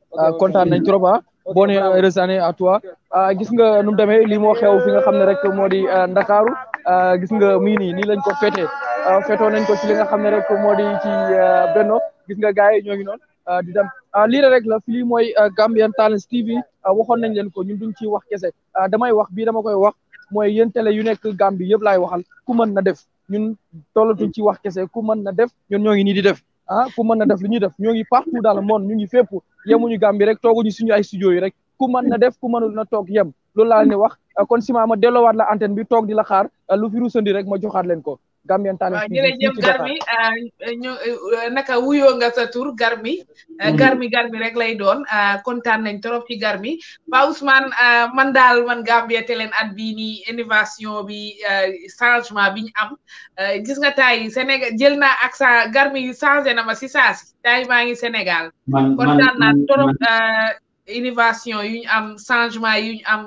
Ah, kontaan nañ trop ah bonne a année à toi ah, gis nga nu mu demee lii moo xew fi nga xam ne rek moo di ah, Ndakaaru gis nga mii nii nii lañ ko féetee féetoo nañ ko ci li nga xam ne rek moo di ci benno gis nga gars yi ñoo ngi noonu di dem lii rek la fii mooy Gambian Talents TV waxoon nañ leen ko ñun duñ ciy wax kese damay wax bii dama koy wax mooy yéen télé yu nekk Gambie yëpp laay waxal ku mën na def ñun tollatuñ ci wax kese ku mën na def ñun ñoo ngi nii di def. ah ku mën na def lu ñuy def ñoo ngi partout dans le monde ñu ngi fépp yemuñu Gambie rek tooguñu suñu ay studio yi rek ku mën na def ku mënul na toog yem loolu laa leen wax ah, kon Sima ma delloowaat la antenne bi toog di la xaar ah, lu fi ruusandi rek ma joxaat leen ko Gambian Talents TV jërëjëf Garmi ah, ñu eh, naka wuyoo nga sa tur Garmi eh, mm. Garmi Garmi rek lay doon ah, kontaan nañ trop ci Garmi Pa Ousmane ah, man daal man Gambia Talents at bii nii innovation bi eh, changement bi ñu am gis nga tay Sénégal jël naa accent Garmi changé na ma si saasi tay maa ngi Sénégal kontaan naa trop innovation yu ñu am changement yu am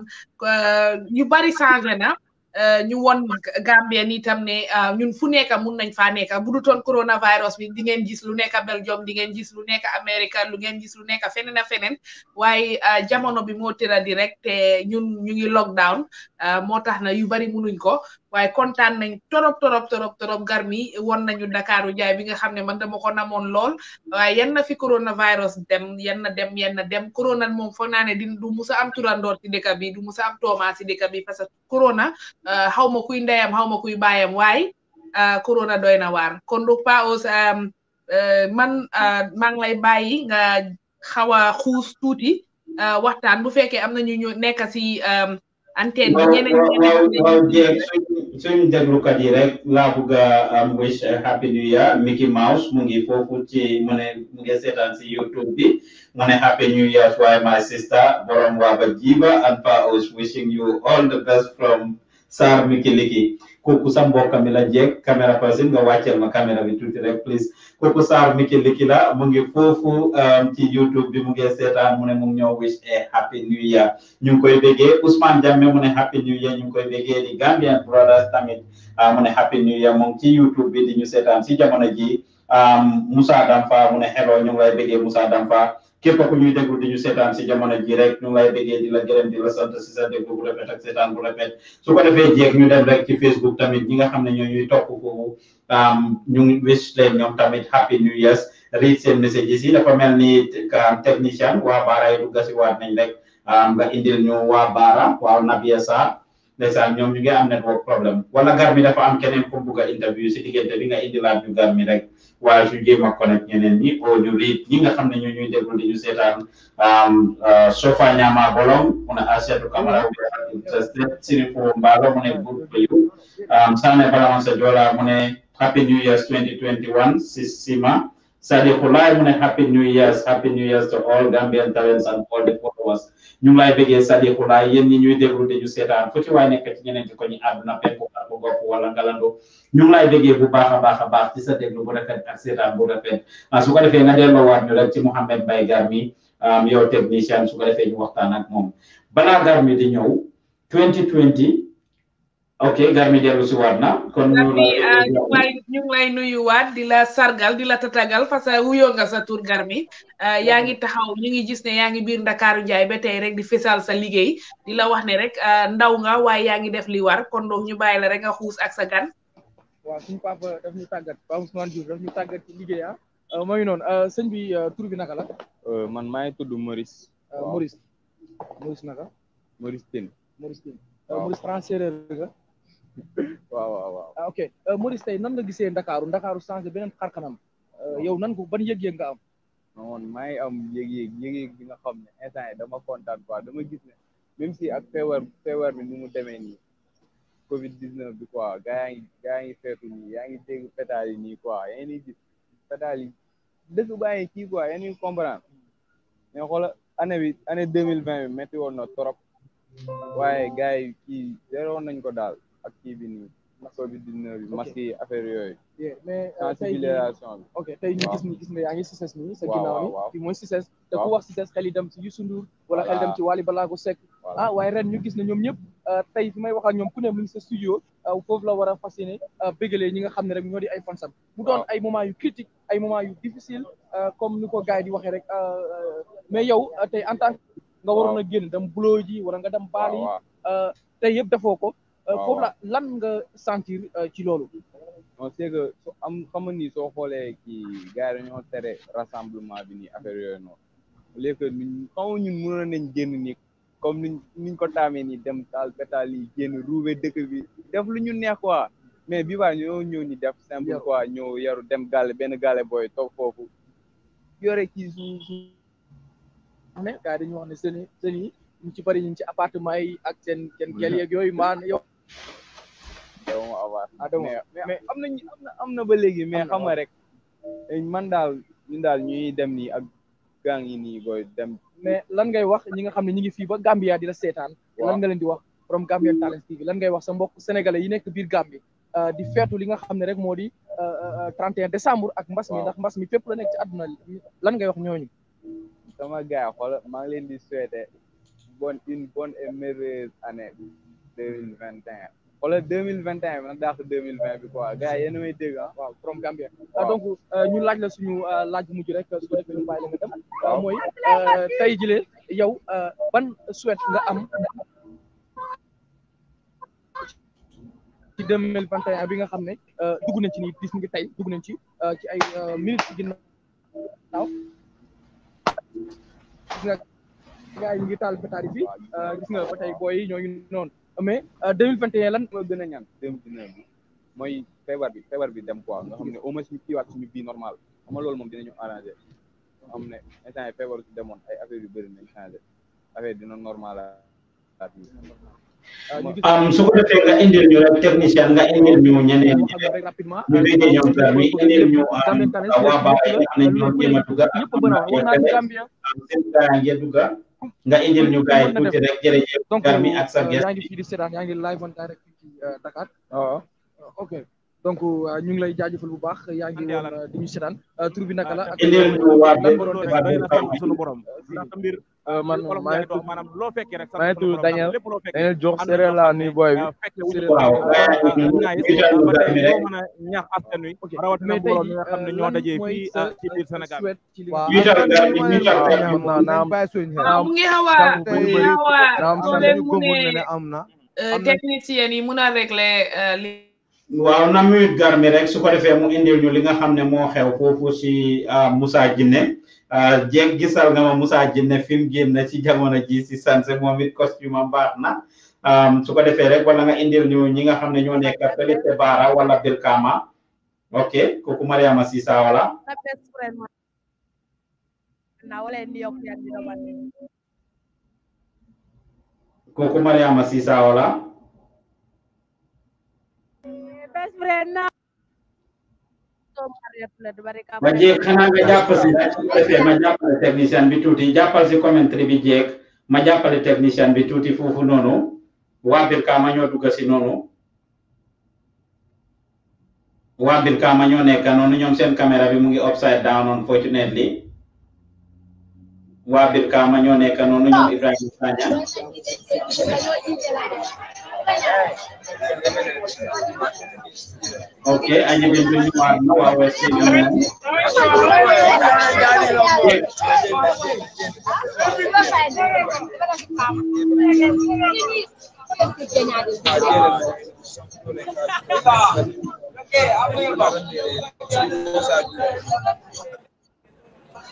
yu bari changé na Euh, ñu won Gambien itam ne euh, ñun fu nekka mun nañ faa neka bu dutoon coronavirus bi di ngeen gis lu nekka Belgium di ngeen gis lu nekka Amérique lu ngeen gis lu nekka feneen a feneen waaye euh, jamono bi moo tëra di rek te ñun ñu ngi lockdown Euh, moo tax na yu bari munuñ ko waaye kontaan nañ torop torop torop torop garmi won nañu Dakaaru jaay bi nga xam ne man dama ko namoon lool waaye yan na fi coronavirus dem yan na dem yan na dem corona moom foog naa ne du musa am turandoor ci dëkk bi du musa am tooma ci dëkk bi parce que corona euh, xaw ma kuy ndeyam xaw ma kuy baayam waaye euh, corona doy na waar kon donc Pa Ous man maa ngi lay bàyyi nga xaw a xuus tuuti waxtaan bu am na ñu nekk ci antenne bi ñeneen ñeneen suñ déglukat yi rek laa bëgg um, a happy new year Mickey Mouse mu ngi foofu ci mu ne mu ngi seetaan si YouTube bi mu ne happy new year waaye my sister borom waa ba jiiba and pa wishing you all the best from Sarr Mikilikii. koku sa mbokami la jeeg caméra person nga waccel ma caméra bi tuuti rek please kooku Sarr liki la mu ngi foofu ci um, YouTube bi mu ngi seetaan mu ne mu ngi ñoo wish a happy new year ñu ngi koy bégee Ousmane jamme mu ne happy new year ñu ngi koy bégee di Gambian Brothers tamit uh, mu ne happy new year moom ci YouTube bi di ñu seetaan si jamono ji um, Musa Dampa mu ne hello ñu ngi lay béggee Musa Dampa képp ku ñuy déglu di ñu seetaan si jamono ji rek ñu ngi lay déggee di la gërëm si sa déglu bu rafet ak seetaan bu rafet su defee jeeg ñu dem rek ci Facebook tamit ñi nga xam ne ñoo ñuy topp foofu ñu wish leen ñoom tamit happy new years read seen messages yi dafa mel ni technicien waa Baara yi dugg waat nañ rek nga indil ñu waa Baara waaw Nabia ndeysaan ñoom ñu ngi am network problème wala gar mi dafa am keneen ku bugg a interview si diggante bi nga indi laaj ñu rek waaye su a connect ñeneen ñi o ñu ñi nga xam ne ñu ñuy déglu di ñu seetaan euh, Sofa Ñaama Bolong mu ne Asiatu Camara interested Sirifo Mbaalo mu ne good for you Sane Balamansa Jola mu happy new year 2021 si Sima c'est-à-dire ku laay mu ne happy new years happy new years to all Gambian talents and all the followers ñu ngi lay bëggee cest à laay yéen ñi ñuy déglu di seetaan fu ci waay nekk ci ñeneen ci ko ñu àdduna pekku ak gopp wala ngalandoo ñu ngi lay bëggee bu baax a baax a baax ci sa déglu ak seetaan bu rafet ah, su ko defee nga delloowaat ñu rek ci Mouhamed Baye Garmi yow technicien su ko defee ñu waxtaan ak moom balaa Garmi di ñëw ok Garmi dellu ci waat na kon ñu lay ñu ngi lay nuyuwaat di la sargal di la tatagal fa sa wuyo nga sa tour Garmi eh, yaa ngi taxaw ñu ngi gis ne yaa ngi biir Ndakaaru Njaay ba tey rek di fessal sa liggey di la wax ne rek eh, ndaw nga way yaa ngi def li war kon do ñu bayila rek nga xuus ak sa gan wa suñu papa daf ñu tàggat Papa Ousmane Diouf daf ñu tagat ci liggey ah eh, moo non señ bi tour bi naka la man may tuddu Maurice Maurice Maurice naka Maurice tin Maurice tin Maurice français nga waaw waaw waaw ah, ok euh, Maurice nan nga gisee ndakaaru ndakaaru changé beneen xarkanam euh, yow nan ko bari yëg-yëg nga am non maa ngi am yëg-yëg yëg bi nga xam ne instant yi dama kontaan quoi dama gis ne même si ak feebar feebar bi ni mu demee nii covid 19 bi quoi gaa yaa gaa ngi feetu nii yaa ngi dégg pétale yi nii quoi yaa ngi gis pétale yi dëkk baa ngi kii quoi yaa ngi comprendre mais xoola année bi année deux mille vingt bi métti woon na trop waaye gars yi kii zeroon nañ ko daal ak kii bi nii covid 19 bi masque affaire yooyu euh, sensibilisation bi ok tey ñu gis ni gis na yaa ngi Ciss nii sa ginnaaw ni fii mooy Ciss te ku wax Ciss xel yi dem si Youssou Ndour wala xel dem ci Wally Ballago Seck ah, waaye ren ñu gis ne ñoom ñëpp euh, tey fi may wax ak ñoom ku ne mu ngi sa studio euh, foofu la war a fas yéene bégalee ñi nga xam ne rek ñoo di ay fansam mu doon ay moment yu critique ay moment yu difficile comme ni ko gars yi di waxee rek mais yow tey en tant nga waroon a génn dem buloo ji wala nga dem baal yi yëpp defoo ko Euh, foofu la lan nga sentir euh, ci loolu non c'est que su am xam ni soo xoolee ki gars yi dañoo tere rassemblement bi nii affaire yooyu noonu léegi que ñun xaw ñun mënoon nañ génn nii comme niñ niñ ko taamee nii dem taal pétal yi génn ruube dëkk bi def lu ñu neex quoi mais bi baa ñoo ñëw ñu def simple quoi ñëw yaru dem gaale benn gaale booy toog foofu yore kii suñu suñu ne gars yi dañu wax ne seen seen yi ci bari ñu ci appartement yi ak seen seen gel yeeg yooyu maan yow Adama ah, mais am na am na am na ba léegi mais xam rek eh, man daal ñun daal ñuy dem nii ak gang yi nii booy dem mais lan ngay wax ñi nga xam ne ñu ngi fii ba Gambia di la seetaan lan nga leen di wax from Gambian Talents TV lan ngay wax sa mbokk sénégalais yi nekk biir Gambie euh, di feetu li nga xam ne rek moo di 31 euh, euh, décembre ak mbas mi ndax mbas mi fépp la nekk ci àdduna lan ngay wax ñooñu sama gars xool maa ngi leen di souhaiter bonne une bonne et merveilleuse année 2021 wala deux mille vingt et un bi nag daax deux mille vingt bi quoi gars yi yéen a may dégg ah waaw from Gambia ah, donc euh, ñu laaj la suñu euh, laaj bu mujj rek su ko defee ñu bàyyi la nga dem waaw euh, mooy tey jile ban souhait nga am ci deux mille vingt et bi nga xam ne dugg nañ ci nii bis ngi tey dugg nañ ci ci ay minutes ci na gis nga yi ngi taal pétard bi gis nga ba tey booy ñoo noonu mais 2021 euh, lan moo gën a ñaan 2019 bi mooy feebar bi feebar bi dem quoi nga xam ne au moins ñu kiiwaat suñu vie normal xam nga loolu moom dinañu arrangé xam ne instant yi feebar si demoon ay affaire yu bëri nañ changé affaire dina normal a am euh, ah, su ko defee nga indil ñu rek technicien nga indil ñu ñeneen ñi ñu déggee ñoom euh, a dugg am seen gaa yi nga indil ñu gars yi tuuti rek jërëjëf Garmi euh, ak sa guest yaa ngi fii di seetaan yaa ngi live on direct ci euh, Dakar ah. euh, ok donc ñu ngi lay jaajëfal bu baax yaa ngi woon di ñu seetaan tur bi naka la ah, ak indil ñu sunu borom Euh, man maa ngi tudd maa ngi tudd Daniel Daniel Diop séeréer laa nuyu booy bi. waaw mais tey jii euh, mooy euh, lan mooy. technicien yi mun a régler waaw na muyut gar mi rek su ko defee mu indil ñu li nga xam ne moo xew foofu si ah, Moussa Jinne ah, jéeg gisal nga ma Moussa Jinne fi mu génn ci jamono ji si sanse moom it costume am baax na ah, su ko defee rek wala nga indil ñi nga xam ne ñoo nekk fële te baara wala Birkama ok kooku Mariama Sisa wala kooku Mariama Sisa wala ma jéeg xanaa nga jàppal si bi tuuti jàppal si commentary bi jéeg ma jàppale technicien bi tuuti foofu noonu waa Brikama ñoo dugg si noonu waa Brikama ñoo nekk noonu ñoom seen caméra bi mu ngi upside down unfortunately waa Brikama ñoo nekk noonu ñoom Ibrahima Sagna Okay, i bimbing warna awasi dengan. Okay, apa yang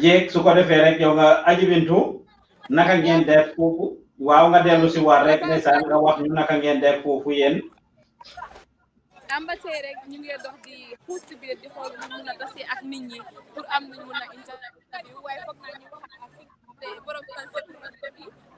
jeeg su ko defee rek yow nga aji bintu naka ngeen def foofu waaw nga dellu si war rek ndeysaan nga wax ñu naka ngeen def foofu yéen rek ñu ngi dox di xuus si biir di xool ñu mun a ak nit ñi pour am ñu ñu wax ak borom concept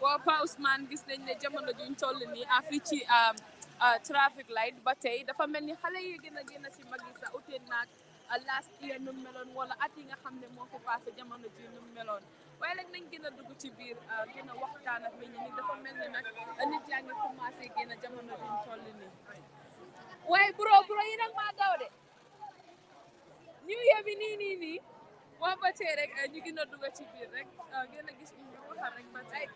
waaw Pa Ousmane gis nañ ne jamono juñ toll nii a fii ci ah, ah, traffic light ba tey dafa mel ni xale yi gën a gën a ci mag yi comparer naag last year nu meloon wala at yi nga xam ne moo fa passé jamono ji nu meloon waaye nag nañ gën a dugg ci biir ah, gën a waxtaan ak nit ñi dafa mel ni nag ah, nit yaa ngi commencé gën a jamono ji ñu toll nii waaye bro bro yi nag maa daw de new year nii nii nii waa ba tey ñu gën a dugg ci biir rek ah, gën a gis ñu waxtaan rek ba tey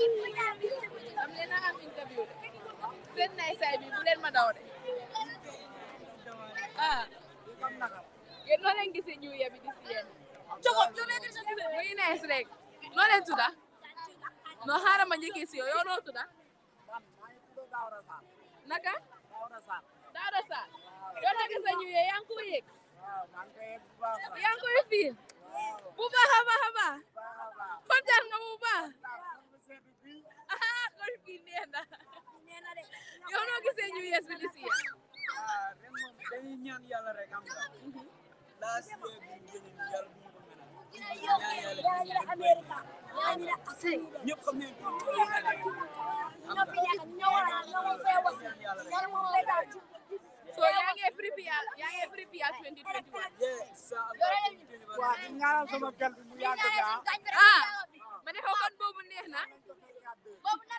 am leen a am interview seen nay bi bu leen ma daw de ah yéen noo leen gisee ñëw di si yéen muy nees rek noo leen tudda no xaaral ma njëkkee si yow yow noo tudda naka Daouda Sarr yow noo gisee ñëw yee yaa ngi koy yëg yaa ngi koy bu baax a baax Ya ya neena uh, neena de yow noo gisee ñu yees bi di si ah ren moom dañuy ñaan yàlla rek am la laas yee bu ñu gënee yàlla bu ñëpp xam nañ ko So yang prepare, yang prepare 2021. Yes, sir. Wah, tinggal sama kelbu yang kerja. Ah, mana kau kan bawa benih na bawa benar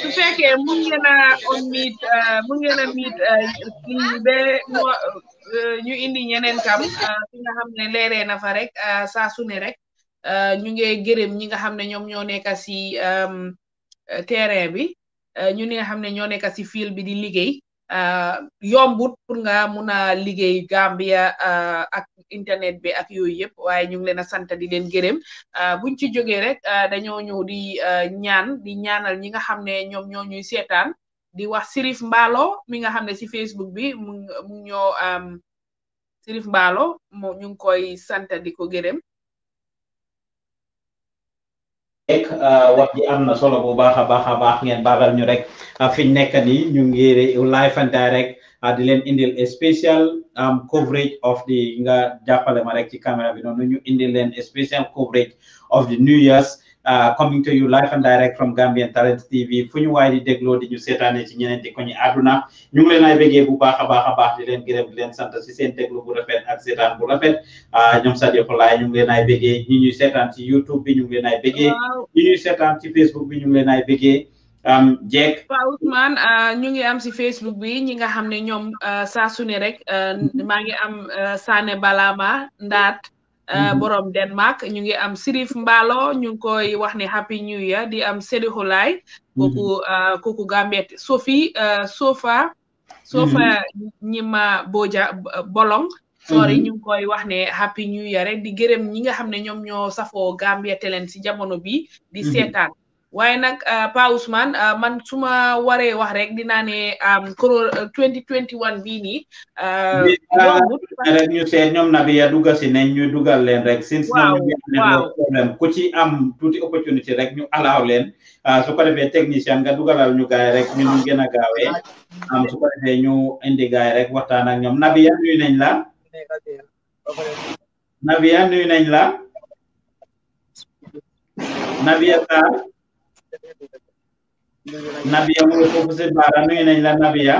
su fekkee mun ngeen a on euh, mun ngeen a miit kii euh, be euh, ñu indi ñeneen kam nga xam ne leeree nafa rek saa su rek ñu ngi gërëm ñi nga xam ne ñoom ñoo nekk si terrain bi ñu ni nga xam ne ñoo nekk si fil bi di liggéey. Euh, yombut pour nga mun a liggéey Gambia euh, ak internet bi ak yooyu yëpp waaye ñu ngi leen a sant di leen gërëm euh, buñ ci jógee rek dañoo ñëw di ñaan di ñaanal ñi nga xam ne ñoom ñoo ñuy seetaan di wax Sirif Mballo mi nga xam ne ci Facebook bi mu ñoo Sirif Mballo mo ñu ngi koy sant di ko gërëm rek euh, wax ji am na solo bu baax a baax a baax ngeen baagal ñu rek euh, fiñ nekk nii ñu ngi live and direct euh, di leen indil a special um, coverage of the nga jàppale ma rek ci caméra bi noonu ñu indil leen a special coverage of the New Year's Uh, coming to you live and direct from Gambian Talents TV fu waay di dégloo di ñu seetaanee ci ñeneen di ko ñu àdduna ñu ngi leen bëggee bu baax a baax a baax di leen gërëm di leen sant si seen déglu bu rafet ak seetaan bu rafet uh, ñoom ñu ngi leen ay bëggee ñi ñuy seetaan ci YouTube bi ñu ngi Facebook bi ñu ngi leen ay um, uh, ñu ngi am si Facebook bi ñi nga xam ne ñoom saa su ne rek mm-hmm. maa ngi am Sané Balama Ndaat Euh, mhm. borom Denmark ñu ngi am Sirif Mballo ñu ngi koy wax ne happy new year di am Sedikhou Laye. Mhm. kooku euh, kooku Gambie Sophie euh, Sofa. Sofa Ñima mhm. Boja Bolong. sorry ñu ngi koy wax ne happy new year rek di gërëm ñi nga xam ne ñoom ñoo safoo Gambia leen ci jamono bi di seetaan. waaye nag eh, Pa Ousmane eh, man suma ma wax rek dinaa ne koro 2021 ni euh ñu seet ñoom Nabiya dugg ci né ñu dugal leen rek. since ñu ñu am problème ku ci am touti opportunité rek ñu alaw leen ah, su ko defee technicien nga dugalal ñu gaay rek ñu gëna gaawé am su ko defee ñu indi gaay rek waxtaan ak nabi Nabiya ñuy nañ la. Nabiya ñuy nañ la. Nabiya Sarr nabiya mooy foofu si baara nuyu nañ la nabiya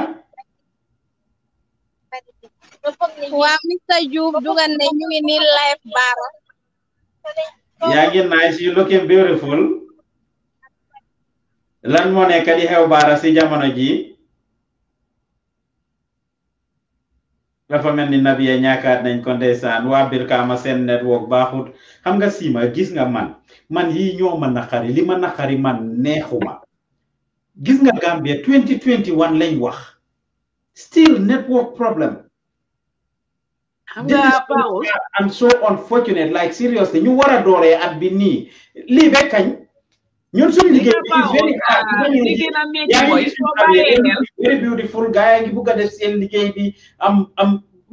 waa Mr Diouf dugal kan ne ñu ngi nii live baara yaa ngi nice you looking beautiful lan moo nekk di xew baara si jamono ji dafa mel ni nabiya ñaakaat nañ ko ndeysaan waa Brikama seen network baaxut xam nga siima gis nga man man yi ñoo ma naqari li ma naqari man neexuma gis nga Gambia 2021 lañ wax still network problem am so unfortunate like seriously ñu war a dooree at bi nii lii ba kañ ñun suñu liggéey bi is very hard ah, very beautiful gaa yaa ngi bugg a def seen liggéey bi am am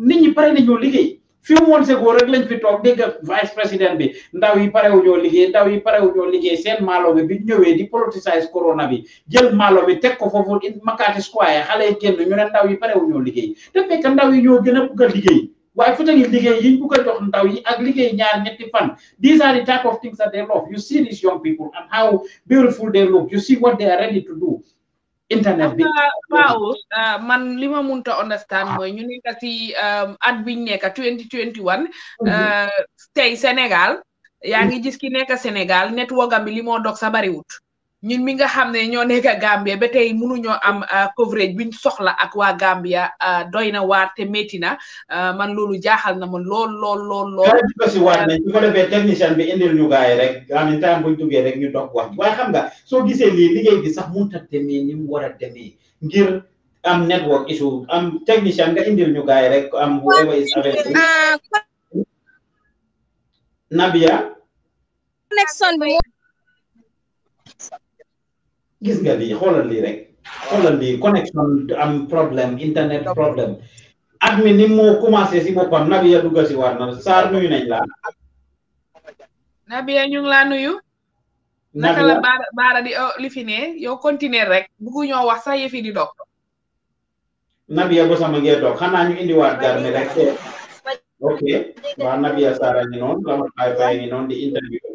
nit ñi pare nañoo liggéey few months ago rek lañ fi toog dégg vice président bi ndaw yi pare wu ñoo liggéey ndaw yi pare wu ñoo liggéey seen maalo bi bi ñëwee di politicize corona bi jël maalo bi teg ko foofu Makati Square xale yi génn ñu ne ndaw yi pare wu ñoo liggéey te fekk ndaw yi ñoo gën a bugg a liggéey waaye fu tegi liggéey yiñ bugg a jox ndaw yi ak liggéey ñaar ñetti fan these are the type of things that they love you see these young people and how beautiful they look you see what they are ready to do internet bi waaw ah, man li ma mënut a understand mooy ñu nekk si um, at biñ nekk 2021. Mhm. Ah, tey senegal yaa ngi mhm. gis ki nekk Sénégal network am bi li moo dog sa bariwut. ñun mi nga xam ne ñoo nekk Gambia ba tey mënuñoo am uh, coverage biñ soxla ak waa gàmbia uh, doy na waar te métti na uh, man loolu jaaxal na ma lool lool lool lool. ko si waat nañ su ñu gars rek en ñu dog wax xam nga soo gisee lii sax mënut a ni mu war a demee ngir am network issue am am. whoever is available ah, gis nga lii xoolal lii rek xoolal lii connexion am problème internet problème at mi ni moo commencé si boppam Nabiya dugg si war na Sarr nuyu nañ laa. Nabiya ñu ngi laa nuyu. naka baara di oh, li fi ne yow continuer rek buggu ñoo wax sax yëfi di dog. Nabiya ba sama ngee dog xanaa ñu indiwaat garmi rek ok waa Nabiya Sarr ngi noonu Lamar Faye Faye ngi noonu di interview.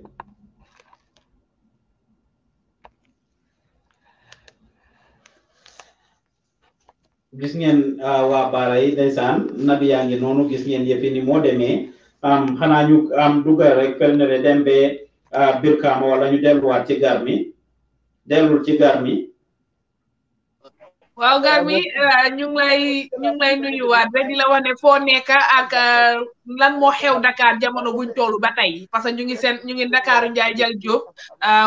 gis ngeen euh, waa baara yi ndeysaan nabi yaa ngi noonu gis ngeen yëfi ni moo am dugal rek pelnere dem bee euh, wala ñu delluwaat ci gar mi ci gar mi waaw gar mi euh, ñu ngi lay ñu ngi lay nuyuwaat rek di la wax ne foo nekk ak lan moo xew Dakar jamono buñ toll ba tey parce que ñu ngi seen ñu ngi Dakaaru Njaay Jal Jóob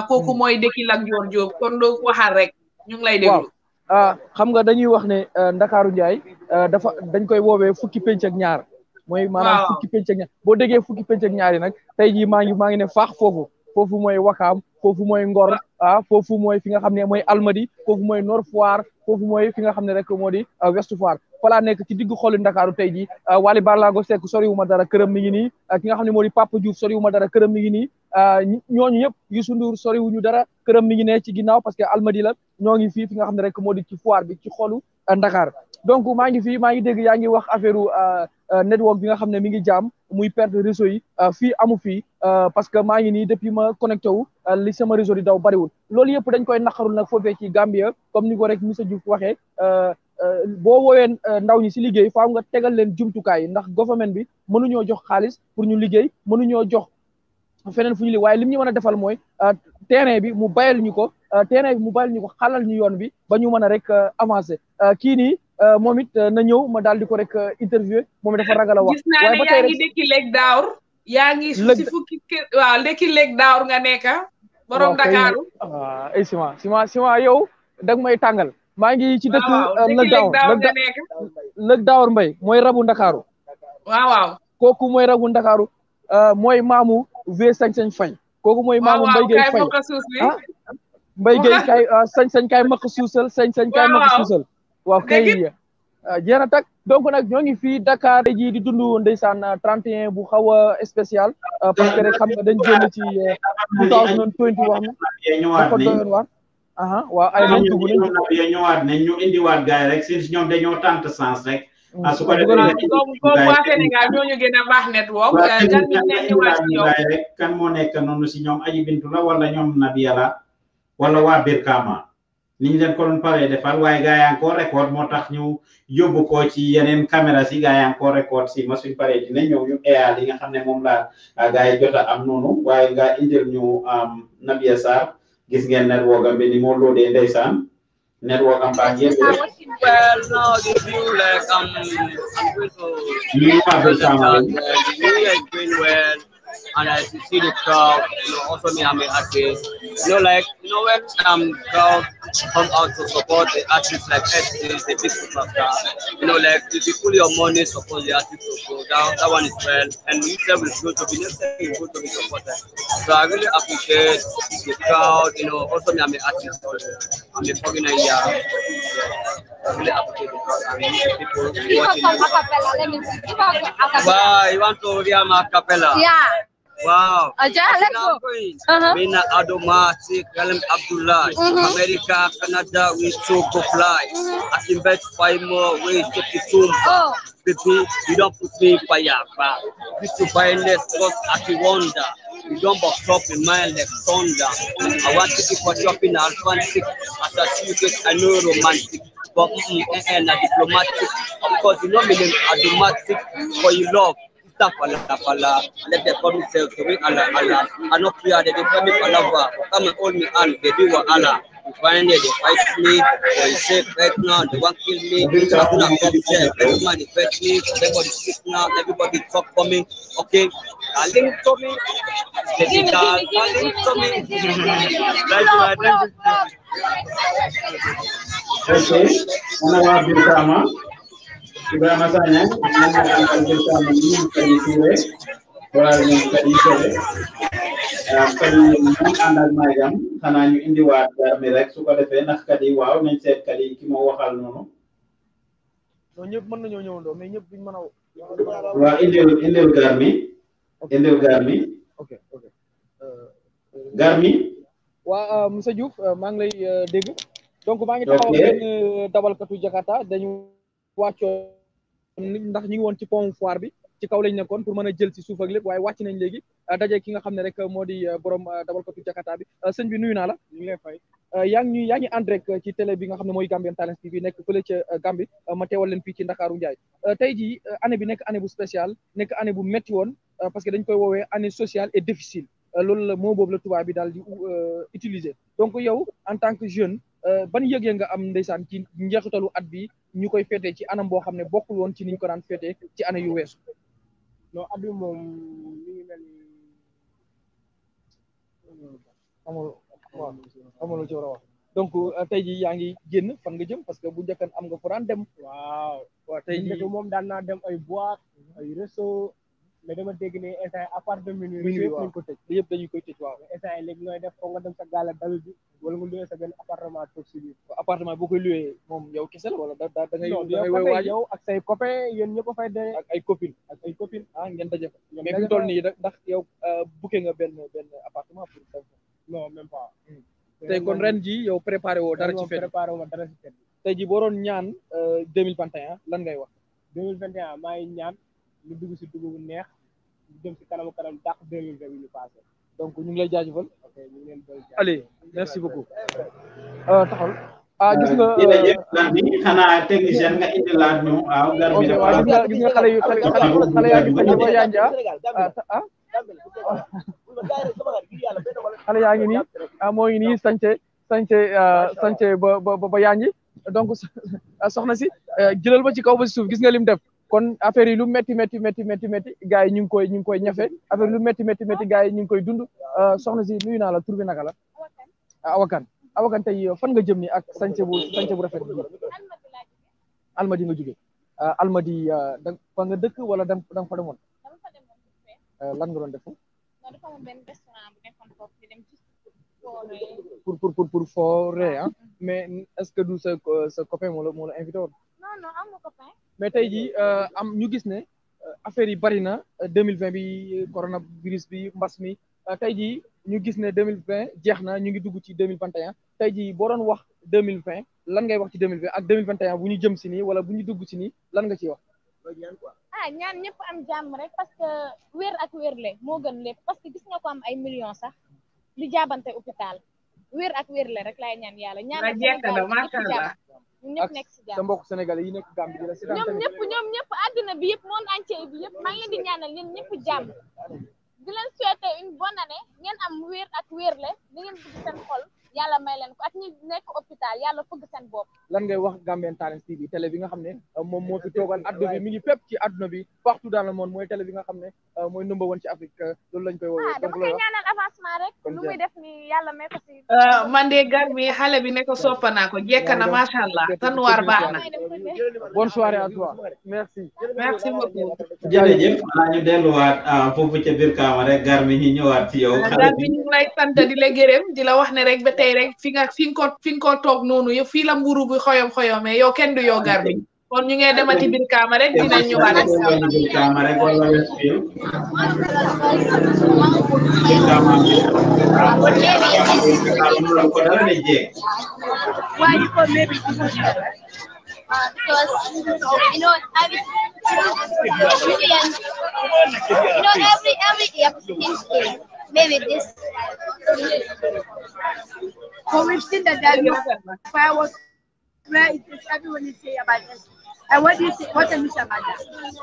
kooku mm. mooy dëkki Lat Joor Jóob kon doo waxal rek ñu lay déglu Ah, xam nga dañuy wax ne euh, Ndakaaru Njaay euh, dafa dañ koy woowee fukki penc ak ñaar mooy maanaam fukki penc ñaar boo déggee fukki penc ak ñaar yi nag tey jii maa ngi maa ngi ne faax foofu foofu mooy Wakaam foofu mooy Ngor ah foofu mooy fi nga xam ne mooy Almadi foofu mooy Nord Foire foofu mooy fi nga xam ne rek moo di West euh, Foire falaa nekk ci diggu xooli Ndakaaru tey jii Wally Ballago Seck soriwu ma dara këram mi ngi nii ki nga xam ne moo di Papa Diouf soriwu ma dara këram mi ngi nii ñooñu yëpp Youssou Ndour soriwuñu dara këram mi ngi ne ci ginnaaw parce que Almadi la ñoo ngi fii fi nga xam ne rek moo di ci foire bi ci xolu euh, Ndakaar donc maa ngi fii maa ngi dégg yaa ngi wax affaire euh, euh, network bi nga xam ne mi ngi jaam muy perte réseau yi fii amu fii parce que maa ngi nii depuis ma connecté wu li sama réseau di daw bariwul loolu yëpp dañ koy naqarul nag foofee ci Gambia comme ni ko rek monsieur Diouf waxee boo woowee ndaw ñi si liggéey faaw nga tegal leen jumtukaay ndax government bi mënuñoo jox xaalis pour ñu liggéey mënuñoo jox feneen fu ñu li waaye lim ñu a defal mooy euh, terrain bi mu bayal ñu ko euh, terrain bi mu bayal ñu ko xalal ñu yoon bi ba ñu mën rek euh, avancer kii nii moom it na ñëw ma daal di ko rek interviewé moom it dafa ragal a wax. waaye ba tey rek gis naa ne yaa ngi dëkki léeg waaw dëkki léeg daawur nga nekk ah. borom Dakar. waaw ah, ay Sima Sima Sima yow dag may tàngal. maa ngi ci dëkk lëg daawur lëg daawur mbay mooy rabu ndakaaru waaw waaw kooku mooy rabu ndakaaru moy maamu V sañ-sañ fañ. kooku mooy maamu Mbaye Gueye Faye ah Mbaye Gueye <laughs> ah, sañ-sañ kay maq suusal sañ-sañ kay maq suusal. waaw kay ah, jeex na tak donc nag ñoo ngi fii Dakar tey jii di dund ndeysaan 31 ah, bu xaw a spécial parce que rek xam nga dañ génn ci 2020 eh, wax na dafa doyoon waar aha waaw ay nañ dugg nañ ñëwaat nañ ñu indiwaat gaay rek si ah su ko defee waa Sénégal ñoo ñu a baax network. gan mi nekk waa si yow rek kan moo nekk noonu si ñoom aji bintu la wala ñoom Nabiya la wala waa Birkama ni ñu leen ko doon paree defal waaye gaa yaa ngi record moo tax ñu yóbbu ko ci yeneen caméra si gaa yaa record si ma suñ paree dina ñëw ñu air li nga xam ne moom laa gaa yi am noonu waaye nga indil ñu Nabiya Sarr gis ngeen network am bi ni moo ndeysaan. network back here. Well, no, you like um, I'm going to. You have the uh, You like and I see the crowd, you know, also me, I'm an artist. You know, like, you know, when um, crowd come out to support the artist, like artists, the big superstar, you know, like, if you put your money, support the artist to go down, that one is well, and you yourself is good to be, next time is good to be supported. So I really appreciate the crowd, you know, also me, I'm an artist, also. I'm a foreigner here. Wow, you want to Riam a cappella? Yeah. Wow. Oh, Aja, let's go. Uh-huh. Mina Adoma, Kalem Abdullah, mm-hmm. America, Canada, we choco fly. Mm-hmm. I can bet five more ways to consume. Oh. Baby, you don't put me in fire. This is violence because I can wonder. You don't box up in my left thunder. I want to keep for shopping and romantic. As a secret, I know romantic but and na diplomatic because you know meaning are diplomatic for you love stuff ala ala let them call themselves Allah, ala ala are not clear they call me palava come and hold me and they do what Allah. you find it they fight me they say right now they want kill me after upset everybody fight me everybody sick now everybody talk for me okay I link to me I link to me thank you thank Oke, menawar bersama. Ibrahim Hasannya menawar bersama ini bukan sore, walaupun bukan sore. Kadi ànd ak Mariam xanaa ñu indiwaat dara mi rek su ko defee ndax kadi waaw nañ seet kadi ki moo waxal noonu. ñoo ñëpp mën nañoo ñëwandoo mais indi, duñ mën a. waaw Oke, indil garmi. Eh, eh, garmi waa eh, monsieur Diouf eh, maa ngi lay eh, dégg donc maa ngi taxaw benn Jakarta dañu wàccoon ndax ñu ngi woon ci pont foire bi ci kaw lañ nekkoon pour mën a jël si suuf ak lépp waaye wàcc nañ léegi daje ki nga xam ne rek moo di borom Jakarta bi sëñ bi nuyu naa la ñu ngi fay yaa ngi yaa ngi ànd rek ci télé bi nga xam ne mooy Gambian TV nekk fële ca Gambie ma teewal leen fii ci Ndakaaru Njaay tey jii année bi nekk année bu spécial nekk année bu métti woon parce que dañ koy woowee année sociale et difficile Euh, loolu la moo boobu la tubaab bi daal di euh, utiliser donc yow en tant que jeune euh, ban yëgee nga am ndeysaan ci njeexitalu at bi ñu koy féetee ci anam boo xam ne bokkul woon ci niñ ko daan féetee ci année yu weesu. non at moom mi ngi mel ni a wax donc te jii yaa ngi génn fan nga jëm parce que bu njëkkan am nga fu dem. waaw waaw tey jii moom daan na dem ay boîte ay réseau. mais dama dégg ne instant à part ko tëj yëpp dañu koy tëj waaw. instant léegi nooy def foog nga dem sa appartement boo koy luwee moom yow kese wala da da da ak say copains yéen ñëpp a fay de. ak ay copines ak ay copines. ah ngeen daje fa mais fi mu toll nii ndax yow euh, booké nga benn appartement pour dem hmm. kon ren jii yow préparé wo dara ci fête bi préparé woo tey jii boo doon ñaan euh, deux mille vingt et un lan ngay wax. deux mille vingt et un ngi ñaan ñu dugg ci dugg bu neex ñu jëm ci kanamu kanam dàq 2020 bi ñu passé donc ñu ngi lay jaajëfal ok ñu ngi leen doon allez merci beaucoup taxal ah gis nga jërëjëf Lambi xanaa technicien nga indi laat ñu waaw gar bi dafa gis nga gis nga xale yu xale xale yaa ngi ko yanja ah xale yaa ngi nii moo ngi nii sance sance sance ba ba ba yanji donc soxna si jëlal ba ci kaw ba ci suuf gis nga lim def kon affaire yi lu metti metti metti metti metti gaay yi ñu koy ñu koy ñafé affaire lu metti metti metti gaay yi ñu koy dund euh, soxna ci nuyu na la tur bi naka la awakan ah, awakan tey euh, fan nga jëm ni ak sañse bu sañse bu rafet bi almadi nga jóge euh, almadi fa nga dëkk wala dem dang fa demoon lan nga doon def pour pour pour pour forêt hein ah. mais est ce que du sa sa copain moo mon invité non non am copain mais tey jii euh, am ñu gis ne euh, affaire yi bari na euh, deux mille vingt bi coronavirus bi mbas mi tey jii ñu gis ne deux mille vingt jeex na ñu ngi dugg ci deux mille vingt et un tey jii boo doon wax deux mille vingt lan ngay wax ci deux mille vingt ak deux mille bu ñu jëm si nii wala bu ñu dugg si nii lan nga ciy wax. ah ñaan ñëpp am jàmm rek parce que wér ak wérle moo gën lépp parce que gis nga ko am ay millions sax li jaabante hôpital wér ak wérle rek laay ñaan yàlla. ñaan ak ñun ñëpp nekk si jàmm sa mbokk yi nekk Gambie di la si ñoom ñëpp ñoom ñëpp àdduna bi yëpp monde entier bi yëpp maa ngi di ñaanal yéen ñëpp jàmm di leen souhaiter une bonne ngeen am wér ak wér di ngeen bëgg seen xol yalla may len ko ak ñi nek hôpital yalla fëgg seen bop lan ngay wax Gambian talent TV télé bi nga xamné euh, mom mo fi togal addu bi mi ngi fep ci adduna bi partout dans le monde moy télé bi nga xamné euh, moy number 1 ci Afrique euh, lolu lañ koy woowee ah, dama koy ñaanal avancement rek lu muy def ni yalla may ko euh man dé gar mi xalé bi ne sopana ko jekk na macha allah tanuwaar baax na bonne soirée à toi merci merci beaucoup jërëjëf xanaa ñu waat fofu ci bir kaama rek gar mi ñi ñëwaat ci yow ah, xalé bi ñu lay sant di la gërëm di la wax ne rek ba tey rek fi nga fi ko fi ko la mburu bu xoyom du garbi kon ñu ngi rek dina you uh, because you know you know every every Maybe this So we've seen that there no fireworks where it is everyone is saying about this. And what do you think? What do you about that?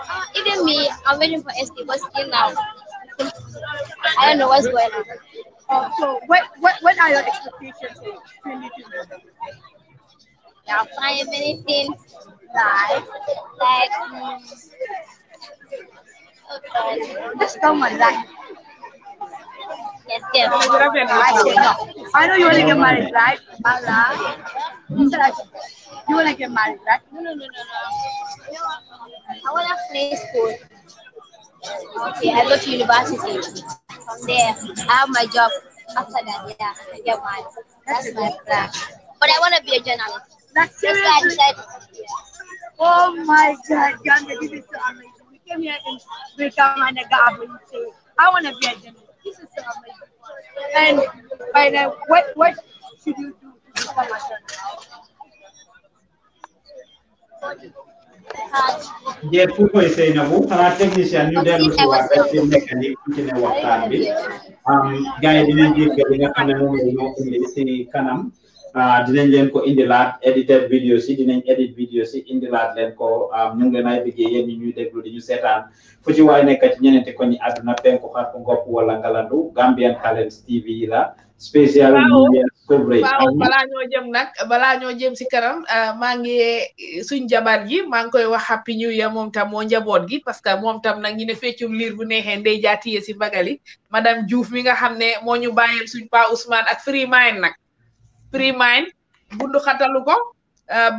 Uh, even me, I'm waiting for SD, but still now. I don't know what's going on. Uh, so what, what what are your expectations in 2020? Yeah, find anything like like um, mm, okay. just someone like Yes, yes. I know you want to get married, right? Mala. You want to get married, right? No, no, no, no, no. I want to play school. Okay, I go to university. From there, I have my job. After that, yeah, I get married. That's my plan. But I want to be a journalist. That's That's Oh my God, God, this is so amazing. We came here and we come and I got I want to be a journalist. This And by now, what what should you do to become a journalist? Jefu ko say na bu kana technician ñu delu ci the ci nek ni ci ne waxtaan Um, am gaay dinañ jéggal li nga xamne mom la ñu indi kanam Ah, dinañ leen ko indilaat edited video si dinañ edit video si indilaat leen ko ah, ñu ngi leen ay liggéey yéen ñi ñuy déglu di ñu seetaan fu ci waay nekk ci ñeneenti ko ñi àdduna penku xarfu ngopp wala ngalandu Gambian Talents TV la spécial media coverage waaw balaa ñoo jëm nag balaa ñoo jëm si kanam ah, maa ngi suñ jabar ji maa ngi koy wax happy new year moom tam moo njaboot gi parce que moom tam nag ñu ne feccum liir bu neexee ndey jaatiye si mbagali madame Diouf mi nga xam ne moo ñu bàyyil suñ pa Ousmane ak nag pre mind bundu xatalu eh, ko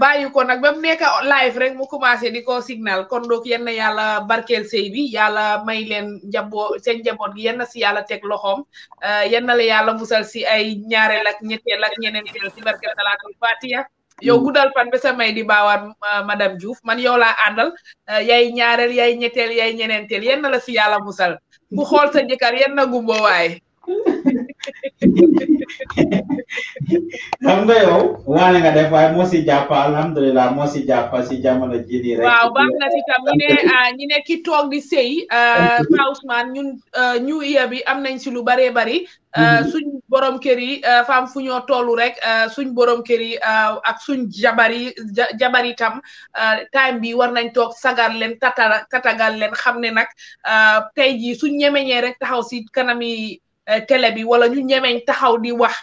bayiko nak bam nek live rek mu commencé diko signal kon dok yenn yalla barkel sey bi yalla may len jabo sen njaboot gi yenn si yalla tek loxom eh, yenn la yalla musal si ay ñaare lak ñete lak ñeneen ci si barke salaatul fatia yow mm. gudal fan be sa may di bawar eh, madame Diouf man yow la andal yay ñaareel yay ñetteel yay yenn la si yalla musal bu <laughs> xol sa jikar yenn gumbo way xam nga yow waane nga def waaye moo si jàpp alhamdulilah moo si si jamono ji nii rek. waaw baax <laughs> ah, ki toog di sëy ah, <laughs> Pa Ousmane ñun ah, ñu iya bi am nañ si lu baree bari. Mm-hmm. suñ borom kër yi fam fu ñoo rek suñ borom kër yi ak suñ jabar yi time bi war nañ toog sagar leen tata tatagal leen xam ne nag tey jii suñ ñemeñee rek taxaw si kanami. Euh, télé bi wala ñu ñemeñ taxaw di wax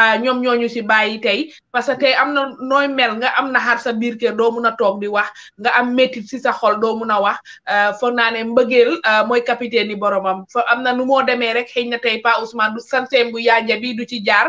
euh, ñoom ñooñu si bàyyi tey parce que tey am na nooy mel nga am na xar sa biir kër doo mun a toog di wax nga am métit si sa xol doo mun a wax euh, foog naa ne mbëggeel mooy capitaine ni boromam fa am na nu moo demee rek xëy na tey Pa Ousmane du sanseem bu yaanja bi du ci jaar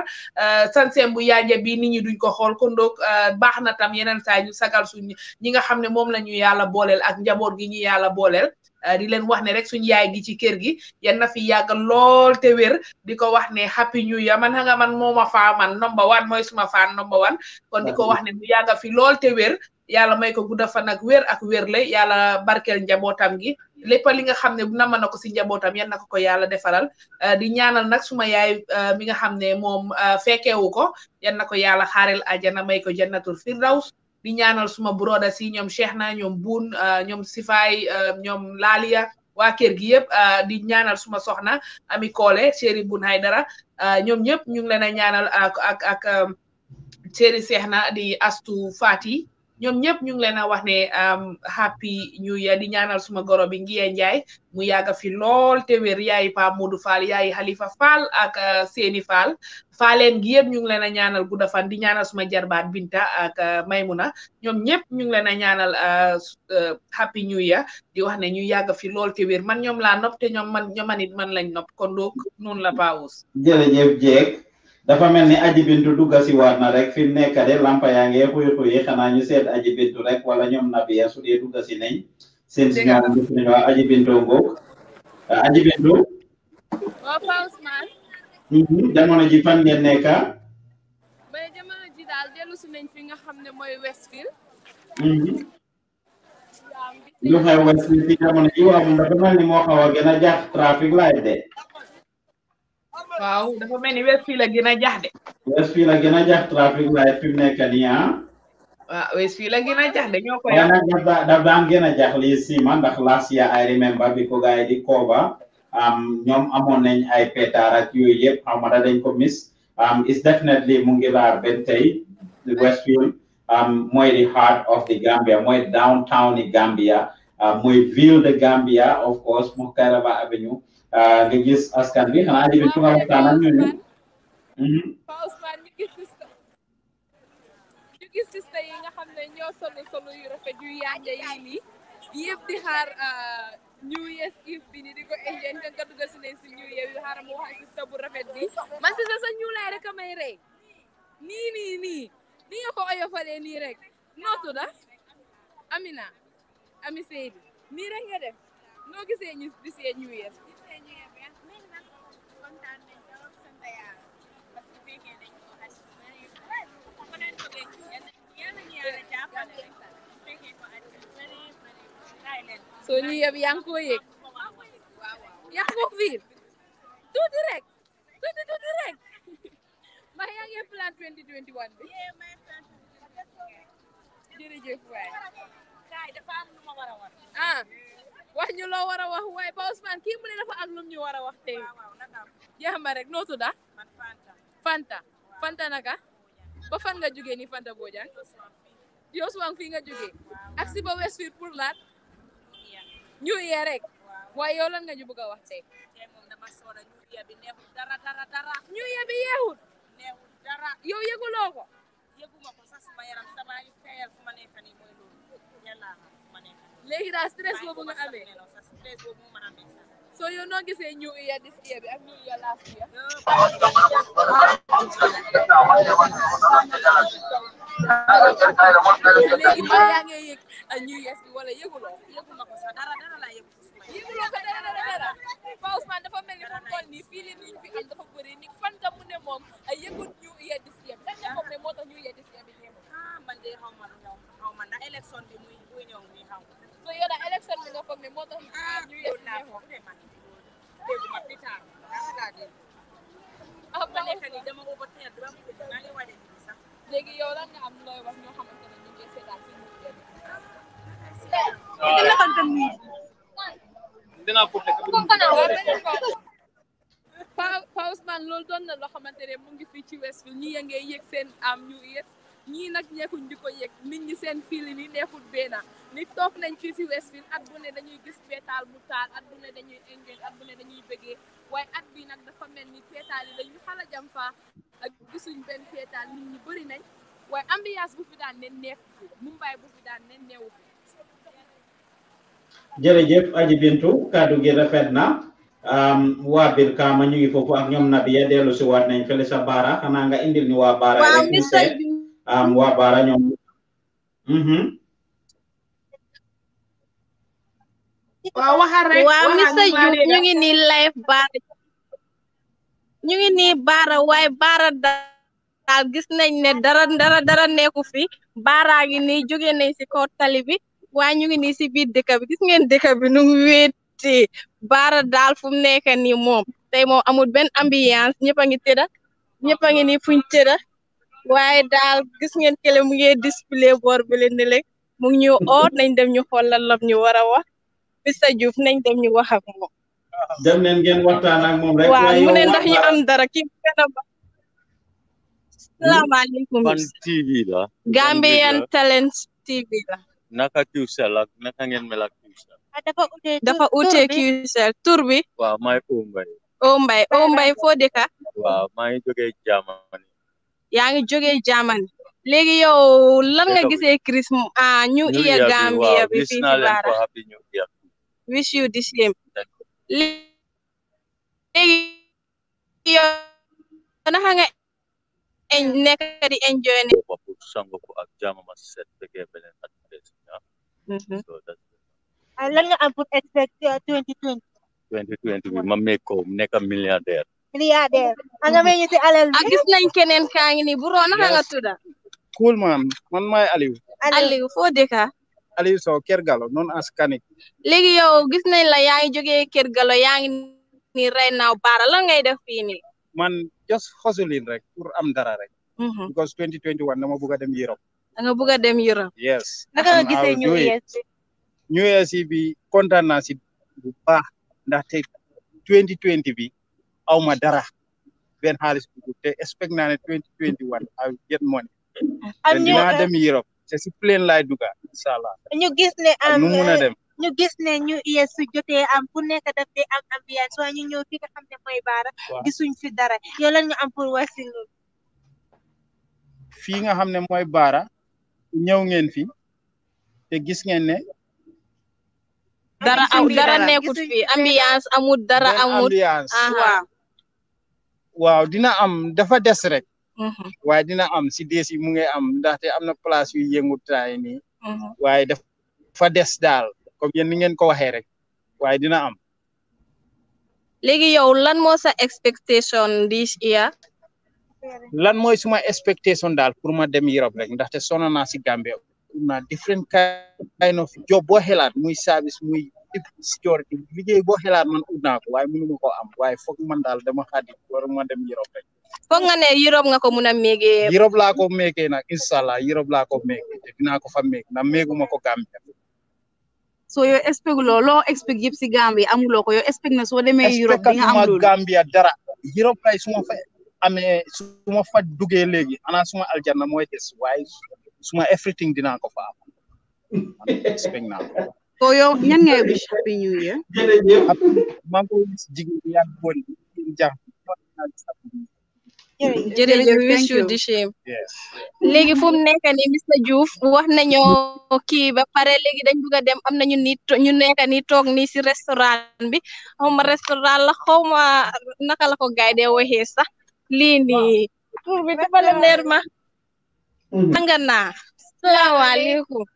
sanseem bu yaanja bi nit ñi duñ ko xool kon donc baax na tam yeneen saa ñu sagal suñ ñi nga xam ne moom la ñu yàlla booleel ak njaboot gi ñu yàlla booleel Eh, di leen wax ne rek suñu yaay gi ci kër gi yan na fi yàgg lool te wér di ko wax ne happy new year man nga man mooma faa man number one mooy suma faa number one kon di ko wax ne mu yàgg fi lool te wér yàlla may ko gudda fan ak wér ak wér la yàlla barkeel njabootam gi lépp li nga xam ne nama na ko si njabootam yan na ko ko yàlla defaral eh, di ñaanal nag suma yaay eh, mi nga xam ne moom fekkewu ko yan na ko yàlla xaarel àjjana may ko jannatul firdaws di ñaanal suma broda si ñoom Cheikh na ñoom Buun euh, ñoom Sifaay euh, ñoom Laalia waa kër gi yëpp euh, di ñaanal suma soxna Ami Koole chéri Buun Haydara ñoom ñëpp ñu ngi leen a ñaanal ak ak ak chéri Cheikh na di Astu Fati ñoom ñëpp ñu ngi leen a wax ne happy new di ñaanal suma goro bi Ngiye Njaay mu yàgga fi lool te wér yaayi Pa Modou Fall yaayi Halifa Fall ak Seeni Fall faaleen gi yëpp ñu ngi leen a ñaanal gudda fan di ñaanal suma jarbaat Binta ak uh, Maymuna ñoom ñëpp ñu ngi leen a ñaanal uh, uh, happy new year di wax ne ñu yàgg fi lool te wér man ñoom la nopp te ñoom man ñoom man lañ nopp ko donc noonu la paawus jërëjëf jeeg dafa mel ni aji bintu dugga si waat na rek fi mu de lampa yaa ngi xuyu xuyi xanaa ñu seet aji bintu rek wala ñoom nabiya su dee dugga si nañ seen si ñoom aji bintu ngoog aji bintu jamono ji fan ngeen nekk ba jamono ji daal dellu si nañ fi nga xam ne mooy Westfield lu xew Westfield fi jamono ji waaw dafa mel ni moo xaw a gën a jax trafic laay de waaw dafa mel Westfield a gën a jax de Westfield a gën a jax trafic laay fi nekk nii ah waaw Westfield a gën a jax de ñoo ko yaa daf daan gën a jax lii si man ndax last year I remember di ko di Koba. ñoom amoon nañ ay pétard ak yooyu yëpp xaw ma dañ ko mis is definitely mu ngi laar benn tey Westfield mooy the heart of the Gambia mooy downtown the Gambia mooy ville de Gambia of course mu Kairaba Avenue nga gis askan bi xanaa jibi fu nga waxtaan ak ñooñu mm-hmm. gis sista yi New Year's Eve bi ni di ko enjoy nga nga dugal si New Year bi xaaral ma wax si sa bu rafet bi man si sa sa ñu lay rek a may rey ni nii nii ni nga ko oyofalee nii rek noo tudd Amina Ami Seydi nii rek nga def noo gisee ñu gisee New Year's Sonia ñuy yeb yaa ngi koo yëg yaa ngi ko fiir tuuti rek tuuti plan 2021 dafa am ah wax ñu loo a wax waaye ba Ousmane kii mu dafa lu ñu wax ma Fanta Fanta naka ba fan nga jógee ni Fanta Bojang yow wang fi nga jógee ak si ba Westfield pour New Year rek waaye yow lan nga ñu bëgg a wax te tey moom dama soona New Year bi neexul dara dara dara. New Year bi yeexul. neexul dara. yow yëguloo ko. yëguma ko yaram sama yu teyal fu ma nekk nii mooy ma nekk. léegi daal stress boobu nga amee. stress so yow noo gisee new year this year bi ak new year last year. léegi ba yaa ngi yëg new year bi wala yëguloo yëguloo ko sax dara dara laa yëgul. yëguloo dara dara dara Paa Ousmane dafa mel ni fan toll nii fii fi am dafa bëri ni fan tam ne moom yëgul new year this year bi lan ne moo tax new year this year bi ñëw. ah man de xaw ma ñëw xaw bi muy muy ñëw muy xaw. so yow daal élection bi nga foog ne moo tax ñu yëg naa ko dégguma pitaar dama laa dégg ah ma nekk nii dama ko ba teel dama ko dégg maa ngi waaj a sax léegi yow lan nga am looy wax ñoo xamante ne ñu ngi seetaan si ñu dinaa ko fekk Pa Ousmane loolu doon na loo xamante ne mu ngi fii ci Westfield ñu yëngee yëg seen am ñu yëg ñii nag ñekkuñ di ko yëg nit ñi seen feeling yi nekkul benn nit toog nañ fii si Westfield at bu ne dañuy gis peetaal mu taal at bu ne dañuy engel at bu ne dañuy bëggee waaye at bi nag dafa mel ni peetaal yi dañu xala jam faa ak gisuñ benn peetaal nit ñi bëri nañ waaye ambiance bu fi daan ne nekk Mumbai bu fi daan ne neewu jërëjëf aji bintu kàddu gi rafet na waa Brikama ñu ngi foofu ak ñoom Nabiya dellu si waat nañ fële sa baara xanaa nga um, waa Baara ñoom. Mhm. ngi nii live Baara ñu ngi nii Baara waaye Baara daal nañ ne dara dara dara fi Baara gi nii jóge nañ si kaw tali bi waaye ñu ngi nii si biir dëkk bi gis daal fu mu nekk nii moom amul benn ambiance ñëpp a ngi tëdda ñëpp a ngi nii waye dal gis ngeen kele mu ngi display bor bi len ne mu ngi ñu or nañ dem ñu xoolal lam ñu wara wax bi sa juuf nañ dem ñu wax ak mo dem leen ngeen waxtaan ak mom rek. waye mu ne ndax ñu am dara ki gëna ba a alaykum salaamaaleykum. TV la. Gambian talent TV la. naka sel ak naka ngeen mel ak Qcell. Ah, dafa utee dafa utee sel tour bi. waaw may oumbay oumbay oumbay fo deka dëkk. waaw maa ngi Jamani. yaa ngi jógee Germany léegi yow lan nga gisee Chris ñu ah, year Gambia bi fii ci Barra wish you the same léegi yow naka nekk di enjoy ne mm-hmm. ah, lan nga am lia def nga meñu ci alal bi gis kaa ngi nii bu roo naka nga tudda cool maam man maay Aliou Aliou foo dëkka Aliou Sow Kër Galo noonu as kanik léegi yow gis nañ la yaa ngi jógee Kër Galo yaa ngi nii right now baara ngay def fii nii man just hustling rek pour am dara rek mm-hmm. because 2021 dama bëgg a dem Europe danga bëgg a dem Europe yes naka nga bi kontaan naa si bu bi aw ma dara benn xaalis bu te expect naa ne 2021 I will get money. Euh, dem Europe si plane laay duga ñu gis am mun a euh, dem. ñu gis ne ñu yees su jotee am bu nekk daf am ambiance waaye ñu ñëw fi nga xam ne mooy gisuñ fi dara yow lan am pour wax si fii nga xam ne mooy baara ñëw ngeen fi te gis ngeen ne. dara am dara nekkut fi ambiance amut dara amut. ambiance waaw dina am dafa dess rek. Mhm. waye dina am si desi yi mu ngi am ndax té amna place yu yëngu ni hmm waye dafa dess dal comme yeen ni ngeen ko waxé rek waye dina am. légui yow lan mo sa expectation this year. lan moy suma expectation dal. pour ma dem Europe rek ndaxte sonn naa ci gambie na different kind of job bo helat muy service muy security liggéey boo xelaat man ut naa ko waaye mënuma koo am waaye foog man daal dama xaddi waruma dem Europe rek foog nga ne Europe nga ko mun a méegee Europe laa ko méegee nag inshallah Europe laa ko méegee te dinaa ko fa méeg ndax méeguma ko Gambia so yo expect loo loo expect yëpp si Gambie amuloo ko yo expect na soo demee Europe di nga am loolu Gambia dara Europe kay su ma fa amee su fa duggee léegi ana suma aljanna mooy des waaye suma everything dinaa ko fa am <laughs> expect naa ko soo yow ñan ngay wish happy new year. jërëjëf maa ngi koy wish fu mu nekk nii Mr Diouf wax nañoo kii pare léegi dañ bugg a dem am nañu ni ñu nekk ni toog nii si restaurant bi xaw ma restaurant la xaw naka la ko gaay dee sax lii nii tur bi dafa la leer ma. anga mm-hmm. naa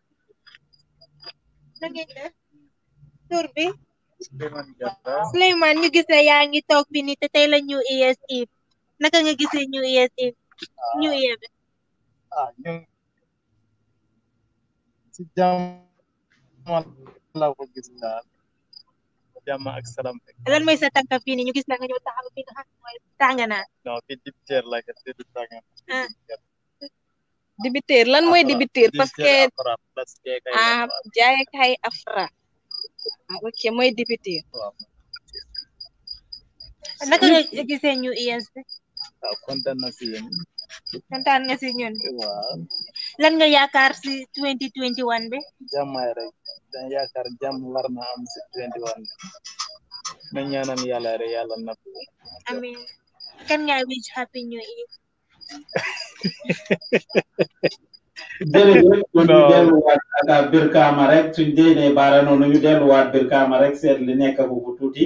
tur bi Souleymane ñu gis la yaa ngi toog fi ni te tey la ñu year's eve naka nga year's eve year ah ñu Si jàmm la ko gis daal jàmm ak salaam rek lan mooy sa tànka fii nga ñëw taxaw fi nga xam mooy tànga naa non fi dib Ah. dibiteer lan mooy dibiteer parce que ah jaay kay afra ah, ok mooy a ah, naka nga gisee ñu IS bi waaw kontaan si yéen kontaan si ñun lan nga yaakaar si 2021 bi jàmmay rek dañ yaakaar jàmm war am si 2021 bi na ñaanal yàlla rek yàlla napp amiin kan nga wish happy new year jërëjëf suñu delluwaat aka Birkaama rek suñ déynee baara noonu ñu delluwaat Birkaama rek seet nekk foofu tuuti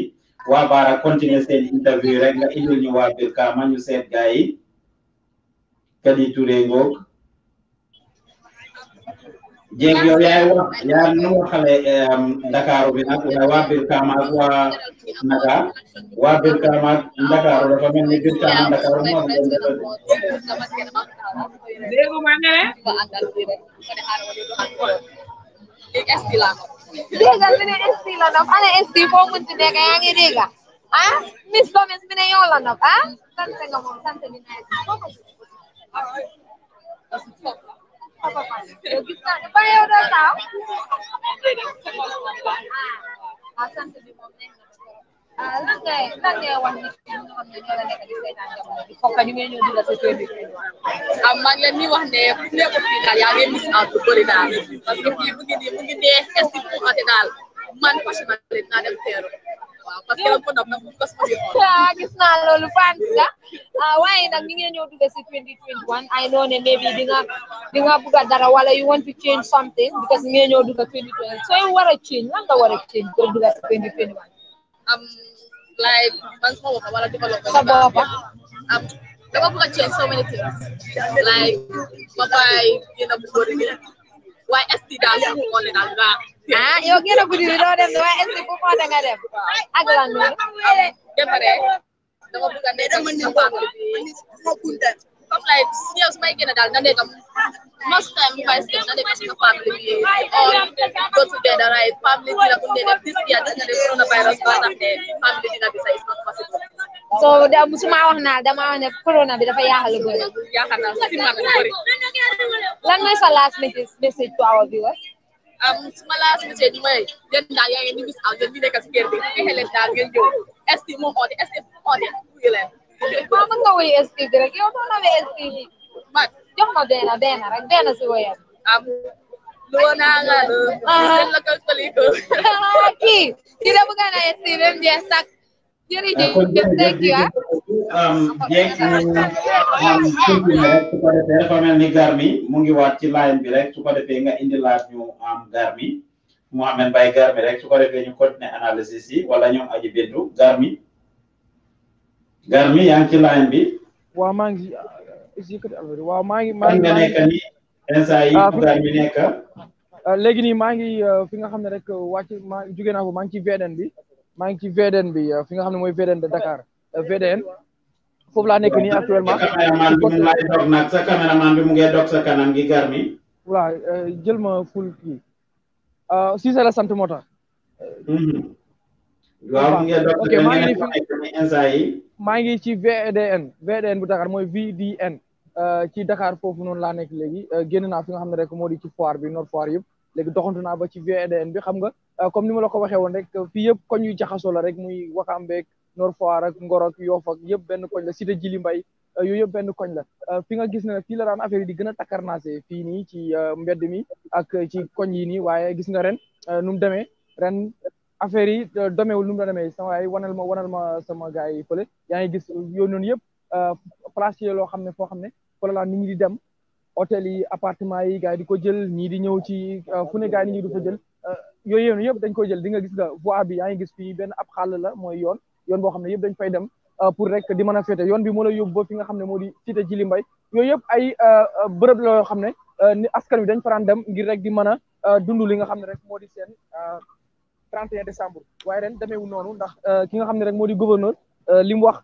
waa baara continuer seen interview rek nga indil ñu waa Birkaama ñu seet gaa yi Kadi Touré ngoog jeegi yo yaay wax yaa ngi waxale Dakar bi nag waaye waa Brikama ak waa Naga waa Brikama ak Dakar dafa mel ni Brikama ak Dakar moo fi leen defal. dégguma ne le. déggal bi ne esti la nopp ana esti foo munti nekk yaa ngi dégga ah Miss Gomez bi ne yow la nopp ah sant nga moom sant bi naa apa-apa. Ya kita, apa ya udah tahu. Hasan tuh di momen lang kay lang kay one week kanyumenyo dila sa tuwing ang manlan ni Wahne hindi ako pinalyarin mis out ko rin na kasi hindi mo gini mo gini kasi po katinal man pa siya nalit na ng waaw parce que ko dam nag ko gis naa loolu fans la waaye nag ñu I know ne maybe di nga di nga dara wala you want to change something because ñu ngi ñëw dugg 2021 sooy war a change lan nga war a change pour si 2021 am like man sa bopp am dama change so many things like ma bàyyi dina bu góor gi waaye est daal su mu ah yow gën a guddi bi doo dem waaye est-ce que bu moo da lan la. jëfare dama bëgg a nekk ak na nekk most time mu fay na nekk wax naa dama wax ne corona bi dafa yaaxal lu yaaxal na lan mooy sa last message message to our viewers Um, su ma laas message mooy yéen daal yaa ngi aw ah, yéen ñu nekk si kër gi fexe leen daal ngeen ñëw est ce moom oote est ce oote wuyu leen. waaw mën nga wuyu est na wuyu est ce man jox ma benn rek benn si woyam. am um, loo naa nga. Ah. <laughs> ah kii. kii de bëgg na est ce même jeex sax. Jadi jadi jadi ah. gitu, um, um, ya, um, Garmi mu ngi waat ci line bi rek su ko defee am Garmi Garmi rek uh, ah, Garmi uh, uh, Garmi bi. Garmi rek bi. maa ngi ci VDN bi fi nga xam ne mooy VDN de Dakar euh, VDN foofu laa nekk nii actuellement. sa caméraman bi mu lay dog nag sa caméraman bi mu ngi gi gar mi. Euh, jël ma ful kii euh, Cissé la sant moo tax. Mm-hmm. waaw mu ngi maa ngi ci VDN VDN bu Dakar mooy VDN. ci Dakar foofu noonu laa nekk léegi génn naa fi nga xam ne rek moo di ci foire bi Nord Foire yëpp. léegi doxantu naa ba ci VDN bi xam nga euh, comme ni ma la ko waxee woon rek euh, fii yëpp koñ yu jaxasoo la rek muy Wakambeeg Nord Foire ak Ngor ak Yoff ak yëpp benn koñ la Cité Djily Mbaye euh, yooyu yëpp benn koñ la fi nga gis ne fii la daan affaire di gën a takkarnaase fii nii ci mbedd mi ak ci koñ yi nii waaye gis nga ren nu mu demee ren affaire yi domewul nu mu la demee sama waay wanal ma wanal ma sama gars yi fële yaa ngi gis yooyu noonu yëpp place yi loo xam ne foo xam ne fële laa nit ñi di dem hôtel yi appartement yi gars di ko jël ñii di ñëw ci euh, fu ne gars yi ñi di ko jël euh, yooyu yoon yëpp dañ koy jël di nga gis nga voie bi yaa ngi gis fii benn ab xàll la mooy yoon yoon boo xam ne yëpp dañ fay dem euh, pour rek di mën a yoon bi moo la yóbbu ba fi nga xam ne moo di cité Djily Mbaye yëpp ay bërëb la yoo xam ne ni askan wi dañ faraan dem ngir rek di mën a dund li nga xam ne rek moo di seen 31 décembre waaye ren demeewu noonu ndax ki nga xam ne rek moo di gouverneur li mu wax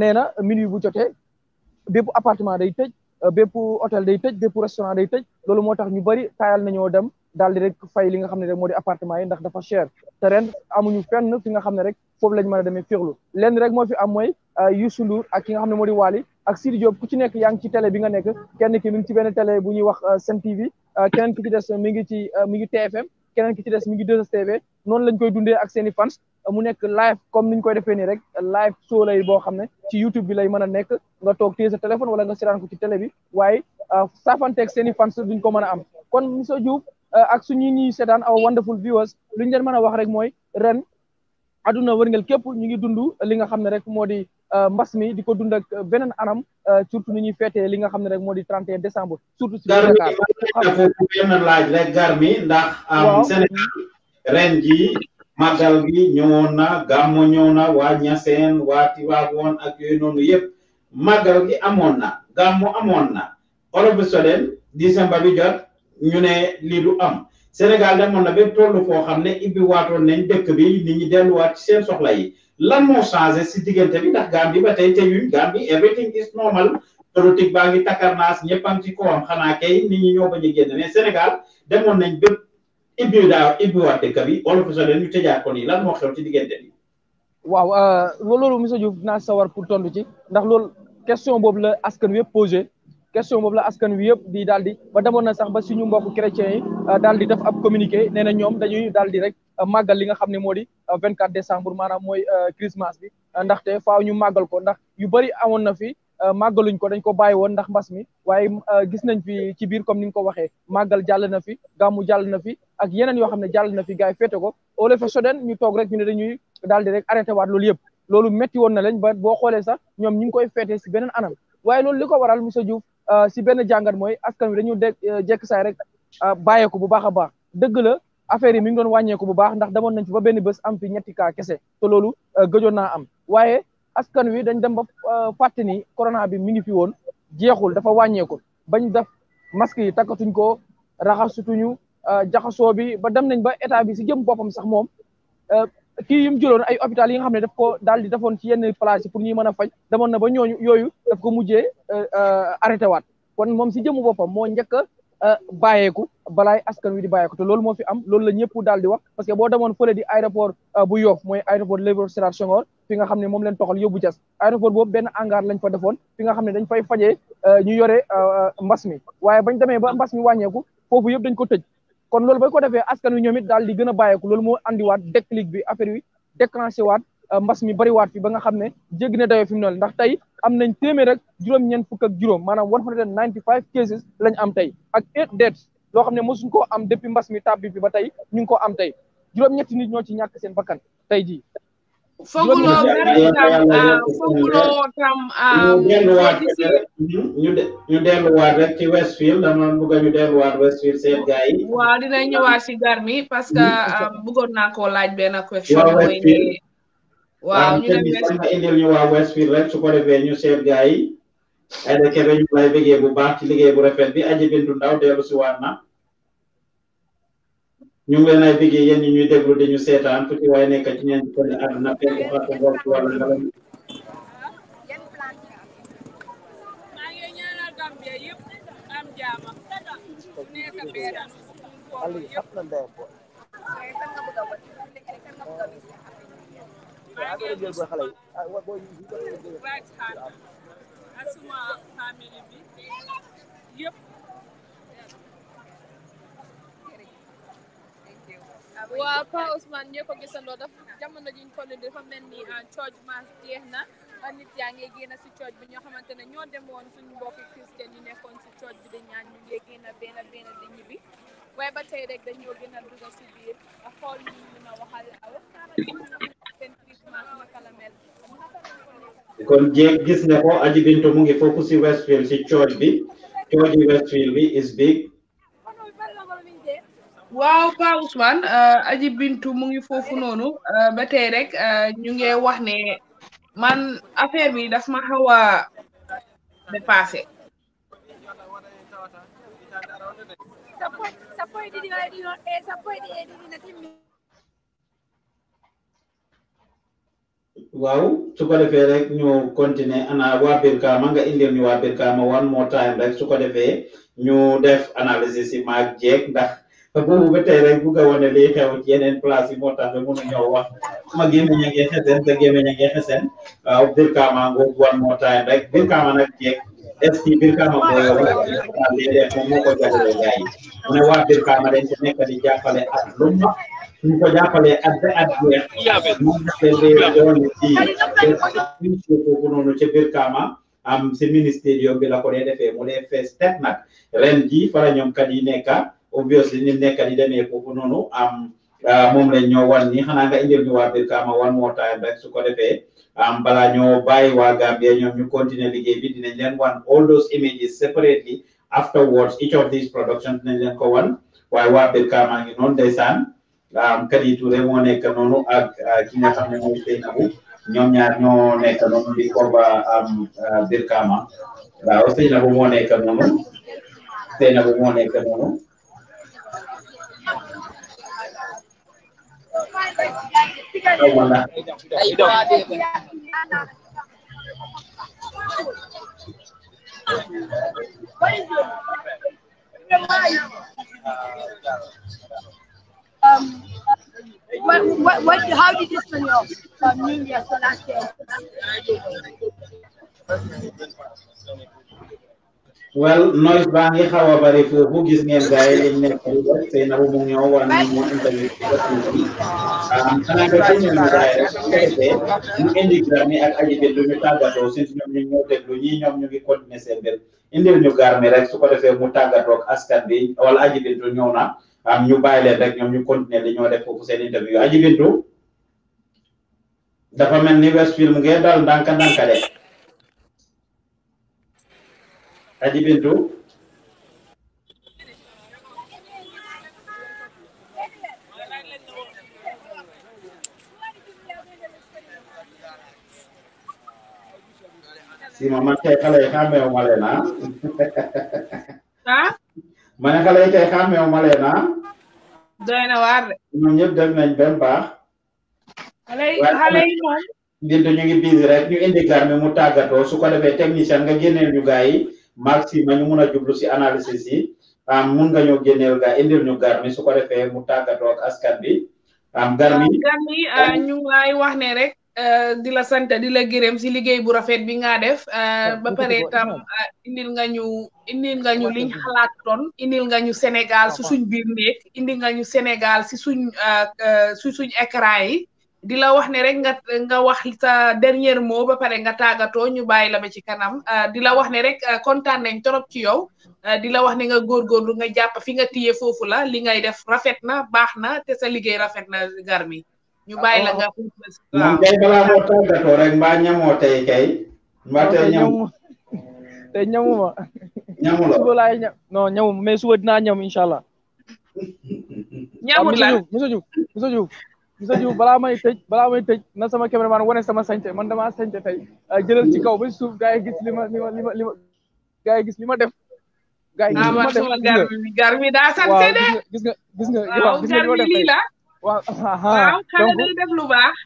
nee na minuit bu jotee bépp appartement day Euh, bépp hôtel day tëj bépp restaurant day tëj loolu moo tax ñu bëri taayal nañoo dem daal di rek fay li nga xam ne rek moo di appartement yi ndax dafa cher te ren amuñu fenn fi nga xam ne rek foofu lañ mën a demee féexlu lenn rek moo fi am mooy euh, Youssou Ndour ak ki nga xam ne moo di Wally ak Sidi Diop ku ci nekk yaa ngi ci télé bi nga nekk kenn ki mi ngi ci benn télé bu ñuy wax euh, Sen TV keneen ki ci des mi ngi ci mi ngi te TFM keneen ki ci des mi ngi 2STV noonu lañ koy dundee ak seen i mu nekk live comme ñu koy defee nii rek live show lay boo xam ne ci YouTube bi lay mën a nekk nga toog téye sa téléphone wala nga siraan ko ci télé bi waaye euh, saafanteeg seen i fans ñu ko mën a am kon monsieur Diouf euh, ak suñu ñuy seetaan aw wonderful viewers lu ñu leen mën a wax rek mooy ren aduna wërngel képp ñu ngi dund li nga xam ne rek moo di euh, mbas mi di ko dund ak beneen anam surtout ni ñuy feetee li nga xam ne rek moo di 31 décembre surtout si Dakar benn laaj rek gar ndax am Sénégal ren màggal gi ñëwoon na gàmmo ñëw na waa ñaseen waa woon ak yooyu noonu yëpp màggal gi amoon na gamo amoon na Europe bi soleen bi jot ñu ne lii du am Sénégal demoon na ba tollu foo xam ne ibbi waatoon nañ dëkk bi nit ñi delluwaat ci seen soxla yi lan moo changé si diggante bi ndax Gambie ba tey te yuñ Gambie everything is normal politique baa ngi takkarnaas ñëpp a ci kawam xanaa key nit ñi ñoo bañ a génn mais Sénégal demoon nañ bépp ibbi daa ibbiwaat dëkk bi wala ko soxla ñu tëjaat ko nii lan moo xew ci diggante bi. waaw euh, loolu monsieur Diouf dinaa sawar pour tontu ci ndax loolu question boobu la askan wi yëpp posé question boobu la askan wi yëpp di daal di ba demoon na sax ba suñu mbokk chrétien yi euh, daal di def ab communiqué nee na ñoom dañuy daal di rek euh, màggal li nga xam ne moo di vingt 24 décembre maanaam mooy Christmas bi ndaxte faaw ñu màggal ko ndax yu bëri amoon na fi. Euh, màggaluñ ko dañ ko bàyyi woon ndax mbas mi waaye euh, gis nañ fi ci biir comme ni nga ko waxee màggal jàll na fi gàmmu jàll na fi ak yeneen yoo xam ne jàll na fi gars yi féete ko au lieu soden ñu toog rek ñu ne dañuy daal di rek arrêté waat loolu yëpp loolu métti woon na lañ ba boo xoolee sax ñoom ñu ngi koy féete si beneen anam waaye loolu li ko waral monsieur Diouf euh, si benn jàngat mooy askan wi dañu de jekk saay rek bàyyeeku bu baax a baax dëgg la affaire yi mi ngi doon wàññeeku bu baax ndax demoon nañ fi ba benn bés am fi ñetti cas kese loolu gëjoon naa am askan wi dañ dem ba euh, fàtte ni corona bi mi ngi fi woon jeexul dafa wàññeeku bañ def masque yi takkatuñ ko raxasutuñu euh, jaxasoo bi ba dem nañ ba état bi si jëm boppam sax moom euh, kii yi mu jëloon ay hôpital yi nga xam ne daf ko daal di defoon ci yenn place yi pour ñuy mën a faj demoon na ba ñooñu yooyu daf ko mujjee arrêté waat kon moom si jëmu boppam moo njëkk bàyyeeku balaay askan wi di bàyyeeku te loolu moo fi am loolu la ñëpp daal di wax parce que boo demoon fële di aéroport euh, bu Yoff mooy aéroport Léopold Sédar Senghor fi nga xam ne moom leen toxal yóbbu jas aéroport boobu benn hangar lañ fa defoon fi nga xam ne dañ fay fajee euh, ñu yore euh, mbas mi waaye bañ demee ba mbas mi wàññeeku foofu yëpp dañ ko tëj kon loolu bañ ko defee askan wi ñoom it daal di gën a bàyyeeku loolu moo andiwaat déclic bi affaire wi déclenché waat Euh, mbas mi bari wat fi ba nga xamne ne na dayo fim nol ndax tay am nañ témé rek juróom ñen fuk ak juróom manam 195 cases lañ am tay. ak 8 deaths lo xamne mësuñ ko am depuis mbas mi tabbi fi ba tay ñu ko am tay. juróom ñet nit ñoo ci ñak seen bakkan tey jii foguloo foguloo tam ah, ñu delluwaat rek ci Westfield dama bëgg ñu Westfield ñëwaat parce que mm. ah, laaj question waa ñu dem Westfield indil ñu waa Westfield rek su ko defee ñu seet gaa yi ay da kebe ñu lay bëggee bu baax ci liggéey bu rafet bi aji bindu ndaw dellu si waat na ñu ngi leen ay bëggee yéen ñi ñuy déglu di seetaan fu ci waaye nekk ci ñeen kon àdduna fekk xatu bopp wala ngalam Ali, apa yang waa suma famille bi yëpp waaw Pa Ousmane ko gisandoo dafa jamono jiñ ko ne dafa mel ni church ah, mass jeex na nit yaa ngi génn si church bi ñoo xamante ne ñoo demoon suñu mbokki christian ñu nekkoon si church bi di ñaan ñu ngi benn benn di ñibbi waaye ba tey rek dañoo gën a dugg si biir ah, xool ñu mën a waxal ah, waxtaan kon jéeg gis ne ko aji bintu mu ngi fokus si Westfield ci church bi church Westfield bi is big waaw Pa Ousmane aji bintu mu ngi foofu noonu ba tey rek ñu ngi wax ne man affaire bi daf ma xaw di di di e di di na timmi waaw su ko defee rek ñu continuer ana waa Brikama nga indil ñu waa Brikama one more time rek su ko defee ñu def analysis yi maag jeeg ndax boobu ba tey rek a wane lii xew ci yeneen place yi moo tax ba mënu ñëw wax ma gémmiñ a ngi xesen te gémmiñ a ngi xesen waaw Brikama nga one more time rek Brikama nag jeeg est ce que ko jagleel gars i mu ne waa Brikama dañ ko nekk di jàppale ak lu suñ ko jàppalee at ba at jeex moom dafa leen doon ci ministre boobu noonu ca biir Kaama am si ministère bi la ko dee defee mu dee fees teg nag ren jii fara ñoom kat yi nekka obviously ni nekka di demee foofu noonu am moom lañ ñoo wan ni xanaa nga indil ñu waa biir Kaama one more time rek su ko defee am balaa ñoo bàyyi waa Gambia ñoom ñu continuer liggéey bi dinañ leen wan all those images separately afterwards each of these productions dinañ leen ko wan waaye waa biir Kaama ngi noonu ndeysaan am Kady Touré moo nekk nonu ak ki nga xam ne mooy Seynabou ñaar ñoo nekk noonu di Korba am euh, Birkama waaw Seynabou moo nekk noonu Seynabou moo nekk noonu Thank you. um, what, what, what, how did you spend your um, New Year's for last year? well noise baa ngi xaw a bari um, I'm going to yi liñ nekk seen na mu ñëw war na mu interview bi xanaa ko ci ñun gars yi mu indi garmi ak aji bi lu ñu I'm going to ñoo déglu ñii ñoom ñu ngi continuer seen mbir indil ñu garmi rek su ko defee mu tàggatoo ak askan bi wala aji bi ñëw na am ñu bayilé rek ñom ñu continuer dañu def fofu seen interview aji bintu dafa melni ni film mu dal dank dank dé aji bintu si mama te xale yi xàmmeewu ma leen ah, ah? ma ne xale yi tey xàmmeewu ma leen ah. doy na waar de. ñoom ñëpp def nañ benn baax. xale yi xale yi moom. ñu ngi busy rek ñu indi Garmi mu tàggatoo su ko defee technicien nga génneel ñu gars yi maxi ma ñu mun a jublu si analysis yi am mun nga ñoo génneel gaa indil ñu Garmi su ko defee mu tàggatoo ak askan bi am Garmi. Garmi ah, ñu ngi lay wax ne rek. Eh, di la sant di la gërëm si liggéey bu rafet bi nga def eh, ba pare tam eh, indil nga ñu indil nga ñu liñ xalaatoon indil nga ñu Sénégal suñ biir néeg indil nga ñu Sénégal si suñ si suñ écran yi di la wax ne rek nga nga wax sa dernier mot ba pare nga tàggatoo ñu bàyyi la ba ci kanam di la wax ne rek kontaan nañ torop ci yow di la wax ne nga góorgóorlu nga jàpp fi nga téye foofu la li ngay def rafet na baax na te sa liggéey rafet na Garmi ñu bàyyi la nga. waaw oh. kay balaa mbaa ñamoo tey kay. mbaa tey ñam tey ñamuma. ñamu la suba laay mais suba dinaa ñam incha allah. <laughs> ñamul la monsieur Diouf monsieur Diouf monsieur balaa may tëj balaa may tëj na sama cameraman wane sama sañte man damaa sañte tey ah, jëlal ci kaw ba suuf gaa gis li ma li ma gis li ma def. gaa yi gis li ma def ah, daa sañte de. gis nga gis nga gis nga li Wah, waaw xale day def lu baax.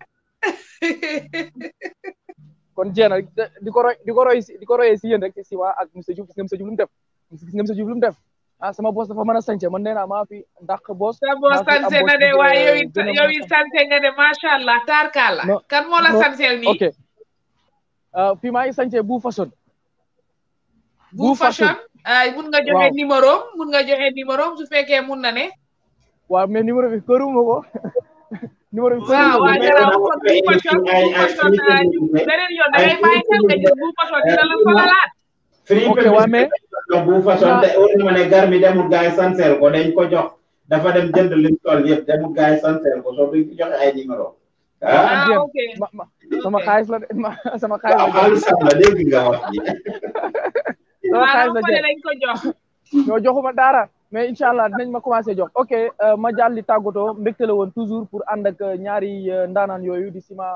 di koro, di koro isi, di koro isi si yéen rek si waa ak monsieur Diouf gis nga monsieur Diouf lu mu def gis nga monsieur Diouf def ah sama bos dafa mana a mana nak maafi, dah ke bos, ndax bos sa boss sànce na de waaye yow it yow it sànce nga de macha allah tarkalla. kan moo la sànceel nii. ok fii maa ngi bu fashion. bu fashion, bu façon ah, mun nga joxe numéro mun nga joxe numéro su fekkee mun na ne. waaw mais numéro bi këruma ko numéro bi waaw waaw dara bu pato bu pato naa ñu beneen yoon da ngay bàyyi xel nga jël bu pato dina la solalaat ok waaw mais bu façon wóor ma ne gar mi demul gaay sanseel ko dañ ko jox dafa dem jënd liñ toll yëpp demul gaay sanseel ko soo ko joxe ay numéro ah ok sama xaalis la sama xaalis la xaalis la dégg nga wax ji sama xaalis la jox ñoo joxuma dara mais incha allah dinañ ma commencé jox ok euh, ma jàll di tàggatoo mbégte la woon toujours pour ànd ak euh, ñaari euh, ndaanaan yooyu di Sima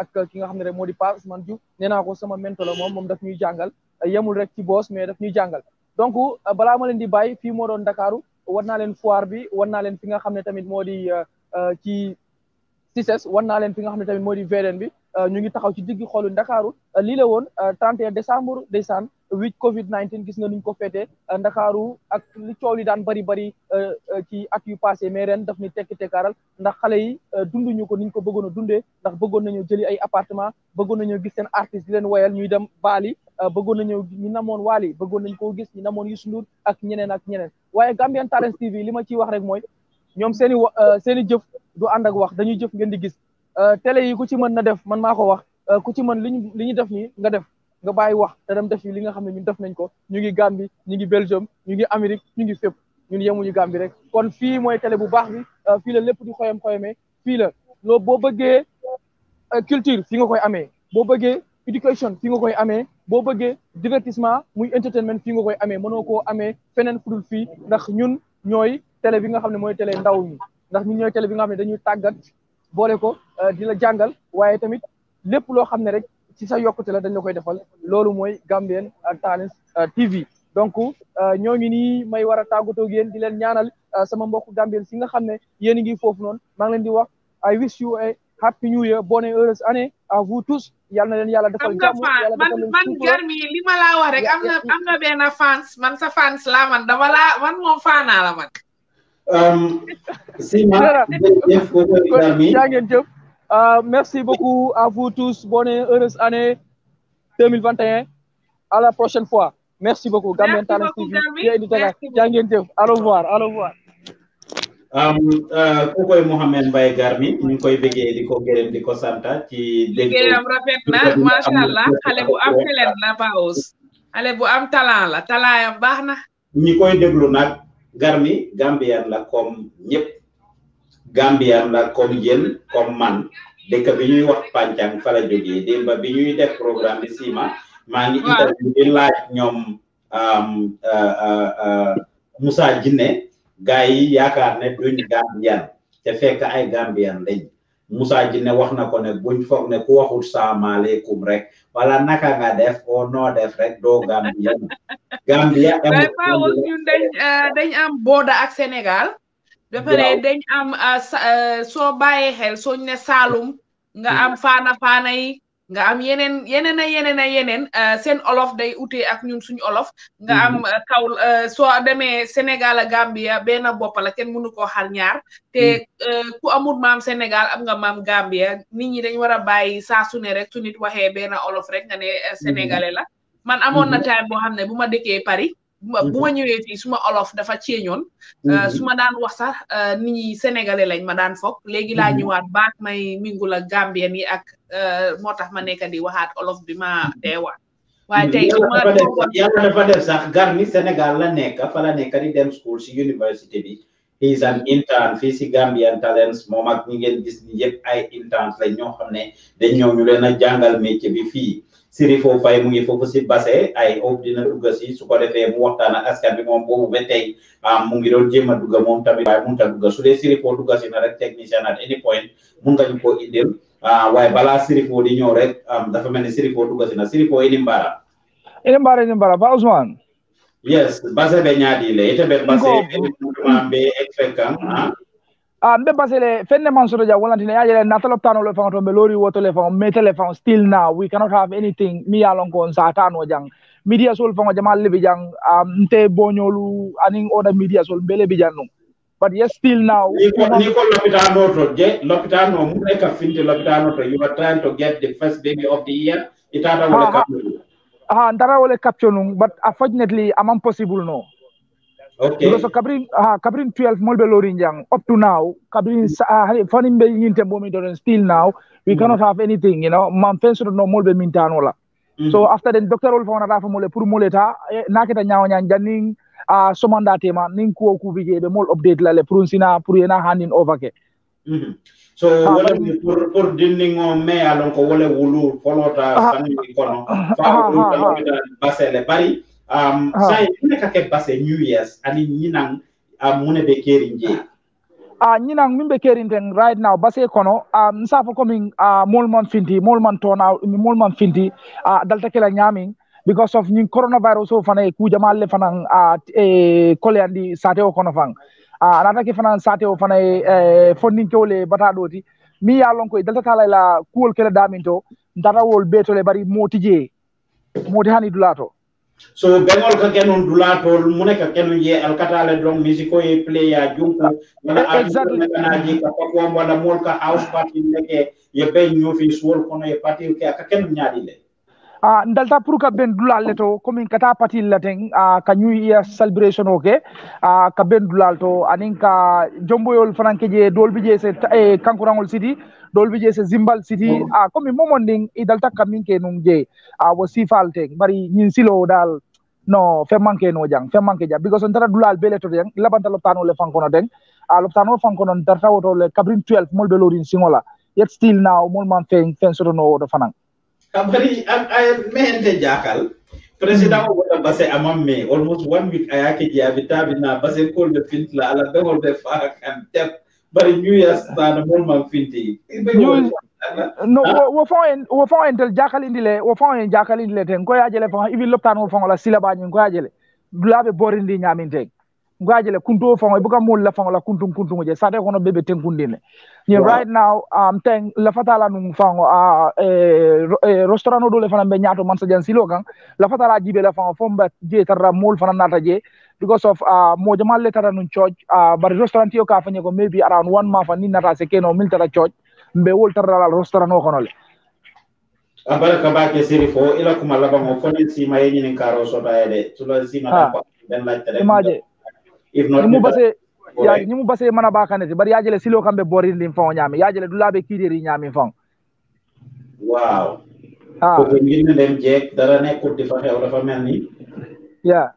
ak ki nga xam ne rek moo di Pa Ousmane Diouf nee naa ko sama mentolo la moom moom daf ñuy jàngal yemul rek ci boos mais daf ñuy jàngal donc balaa ma leen di bàyyi fii moo doon Dakaaru wan naa leen foire bi wan naa leen fi nga xam ne tamit moo di ci CICES wan naa leen fi nga xam ne tamit moo di VDN bi Euh, ñu ngi taxaw ci diggi xoolu ndakaaru euh, lii la woon 31 euh, décembre ndeysaan huit covid 19 gis nga nuñ ko féetee ndakaaru ak li coow li daan bëri bëri ci at yu passé mais ren daf ni tekki tekkaaral ndax xale yi dunduñu ko niñ ko bëggoon a dundee ndax bëggoon nañoo jëli ay appartement bëggoon nañoo gis seen artiste di leen woyal ñuy dem baali bëggoon nañoo ñu namoon waali bëggoon nañ koo gis ñu namoon Youssou Ndour ak ñeneen ak ñeneen waaye Gambian Talents TV li ma ciy wax rek mooy ñoom seen i wa seen jëf du ànd ak wax dañuy jëf ngeen di gis Euh, télé yi ku ci mën na def man maa ko wax euh, ku ci man li ñu li ñu def nii nga def nga bàyyi wax te dem def yi li nga xam ne ñun def nañ ko ñu ngi Gambie ñu ngi Belgium ñu ngi Amérique ñu ngi fépp ñun yemuñu Gambie rek kon fii mooy télé bu baax bi euh, fii la lépp di xoyam xoyamee fii la loo boo bëggee culture fi nga koy amee boo bëggee éducation fi nga koy amee boo bëggee divertissement muy entertainment fi nga koy amee mënoo koo amee feneen fudul fii ndax ñun ñooy télé bi nga xam ne mooy télé ndaw ñi ndax ñun ñooy télé bi nga xam ne dañuy tàggat boole ko euh, di la jàngal waaye tamit lépp loo xam ne rek ci sa yokkute la dañ la koy defal loolu mooy Gambian Talents euh, TV donc euh, ñoo ngi nii may war a tàggatoo ak yéen di leen ñaanal sama mbokku Gambien si nga xam ne yéen a ngi foofu noonu maa ngi leen di wax I wish you a happy new year bonne heureuse année à vous tous yal na leen yàlla defal jàmm man garmi li wax rek am na am na benn fans man sa fans laa man dama laa man moom faanaa la man Euh, euh, merci beaucoup à vous tous bonne et heureuse année 2021 à la prochaine fois merci beaucoup Gambian Talents TV jaa ngeen jëf au revoir au revoir um, uh, ku koy Mouhamed Mbaye Garmi ñu koy bëggee di ko gërëm di ko santa ci dégg liggéeyam rafet na macha allah xale bu am talent la Baos allez bu am talent la talaayam baax na ñi koy déglu nak, Garmi Gambien la koom ñëpp Gambien la comme yéen comme man dëkk bi ñuy wax Pàncang fa la jógee démba bi ñuy def programme bi Sima maa ngi interview di laaj ñoom euh, euh, euh, Moussa Jinne gars yi yaakaar ne duñ Gambien te fekk ay Gambien lañ Moussa Jinne wax na ko ne buñ foog ne ku waxul salaamaaleykum rek. wala naka nga def oo noo def rek doo Gambia Gambia <laughs> waaye paawul ñun dañ eh, dañ am booda ak Sénégal dafare dañ am eh, eh, soo bàyyee xel soo ñu ne Saalum nga am mm. faana faana yi nga am yeneen yeneen a yeneen a yeneen euh, seen olof day ute ak ñun suñu olof. nga am mm-hmm. euh, kaw euh, soo demee Sénégal ak Gambia benn bopp la kenn mënu ko xar ñaar. te mm-hmm. ku amul maam Sénégal am nga maam Gambia nit ñi dañ war a bàyyi saa su ne rek su nit waxee benn olof rek nga ne mm-hmm. sénégalais la. man amoon na time boo xam ne bu ma dëkkee Paris. bu ma ñëwee fii suma olof dafa ceeñoon mm-hmm. euh, su ma daan wax sax euh, ni ñi sénégalais lañ ma daan foog léegi laa mm-hmm. ñëwaat baat may mingu la gambien yi ak euh, moo tax ma nekk di waxaat olof bi ma deewaat waaye tey mm-hmm. yàlla dafa def sax gar mi sénégal la nekk fa la nekk di dem school si université bi he is an intern fii si Gambian Talents moom ak ñi ngeen gis ni yëpp ay interns lañ ñoo xam ne dañ ñëw ñu leen a jàngal métier bi fii Sirifo Faye mu ngi foofu si Basse ay of dina dugg si su ko defee mu waxtaan ak askan bi moom boobu ba tey ah, mu ngi doon jéem a dugg moom tamit waaye mënut a su dee Sirifo dugg si na rek technicien at any point mun nga ñu koo indil ah, waaye balaa Sirifo di ñëw rek dafa mel ni Sirifo dugg si na Sirifo ini mbaara. ini ba Ousmane. yes Basse be ñaadi le ite be Basse. be expect kan a ah, mbe basele fenne man soto ja walantine yajele natalo tano le fango to mbe lori woto le fango still now we cannot have anything mi yalon ko sa tano media sol fango jama lebi jang nte ah, bonyolu aning oda media sol mbele bi jang but yes still now niko niko lopitano to je lopitano mu e ka finde lopitano to you are trying to get the first baby of the year itata wala kapyo ha ndara wala kapyo but unfortunately amam possible no okay. because kabrin uh, kabrin 12 molbe lorin jang up to now kabrin uh, fani mbe nyinte bomi don still now we mm. cannot have anything you know man penso no molbe mintano la mm. so after the doctor ol fona rafa mole pour moleta eh, naketa nyaaw nyaan janning a uh, somanda tema nin ko ku bije be mol update la le pour sina pour yena handing over ke mm so ah, wala ni pour pour dinding o me alon ko wala wulu folota fani kono fa ko ko basele bari um uh ah. sai ne ka ke base new years ani nyinang um mune be keri nje a uh, nyinang min be keri den right now base kono um ah, sa fo coming uh, ah, molman finti molman tona molman finti a dalta kala nyaming because of ñing coronavirus o fana e kujamal le fana a e kole andi sate o kono fang a anata ke fana sate o fana e, e fondin kewle bata doti mi ya lon koy delta tala la kuol kele daminto ndata wol betole bari motije moti hani dulato so bengol ka kenun tol mu nekk kenun je alkatale dong musico ye play ya jumpa wala alkanaji ka pakom wala mol ka house party leke ye be nyofi suwol kono ye party ke ka kenun nyaadi le a uh, ndalta pour ka ben dulal le to comme kata patil la ten a uh, ka new year celebration oke a uh, ka ben dulal to anin ka jomboyol fananke je dolbi je se eh, kankurangol city dol bi jese zimbal city ah a komi momon i dalta kamin ke num je a wo sifalte bari nyin silo dal no fe manke no jang fe manke ja because on tara dulal bele to jang labanta loptano le no den a loptano fankono darta woto le kabrin 12 mol de lorin singola yet still now mol man fen fen soto no woto fanan am ay mehente jakal president o wona basse amam me almost one week ayake dia tabi na base ko le fintla ala be hol be fa kan tep bari ñu ya stada mon man finti eh, no wo fon en wo fon en tel jakal indile wo fon en jakal indile ten ko ya jele fon ibi loptan wo fon la sila ba ñu ko ya jele dulabe borindi nyamin ten ko ya jele kunto fon e buka mol la fon la kuntum kuntum je sade kono bebe ten kundine ni right now um ten la fatala num fon a e restaurant do le fon be nyaato man sa jan silo kan la fatala jibe la fon fon ba je tarra mol fon nata je because of uh mojama letter on church uh but restaurant yo ka fanyo maybe around one month and nata se keno mil tara church mbe wol la restaurant no konole abara ka ba ke siri fo ila kuma laba mo fo si ma yenyi ni karo so da ede tula si ma ko den la tere if not mu base ya ni mu base mana ba kanete bari yajele silo kambe borin din fo nyame yajele dulabe kideri nyame fo wow ko ngin dem jek dara ne ko fa xew dafa melni ya yeah.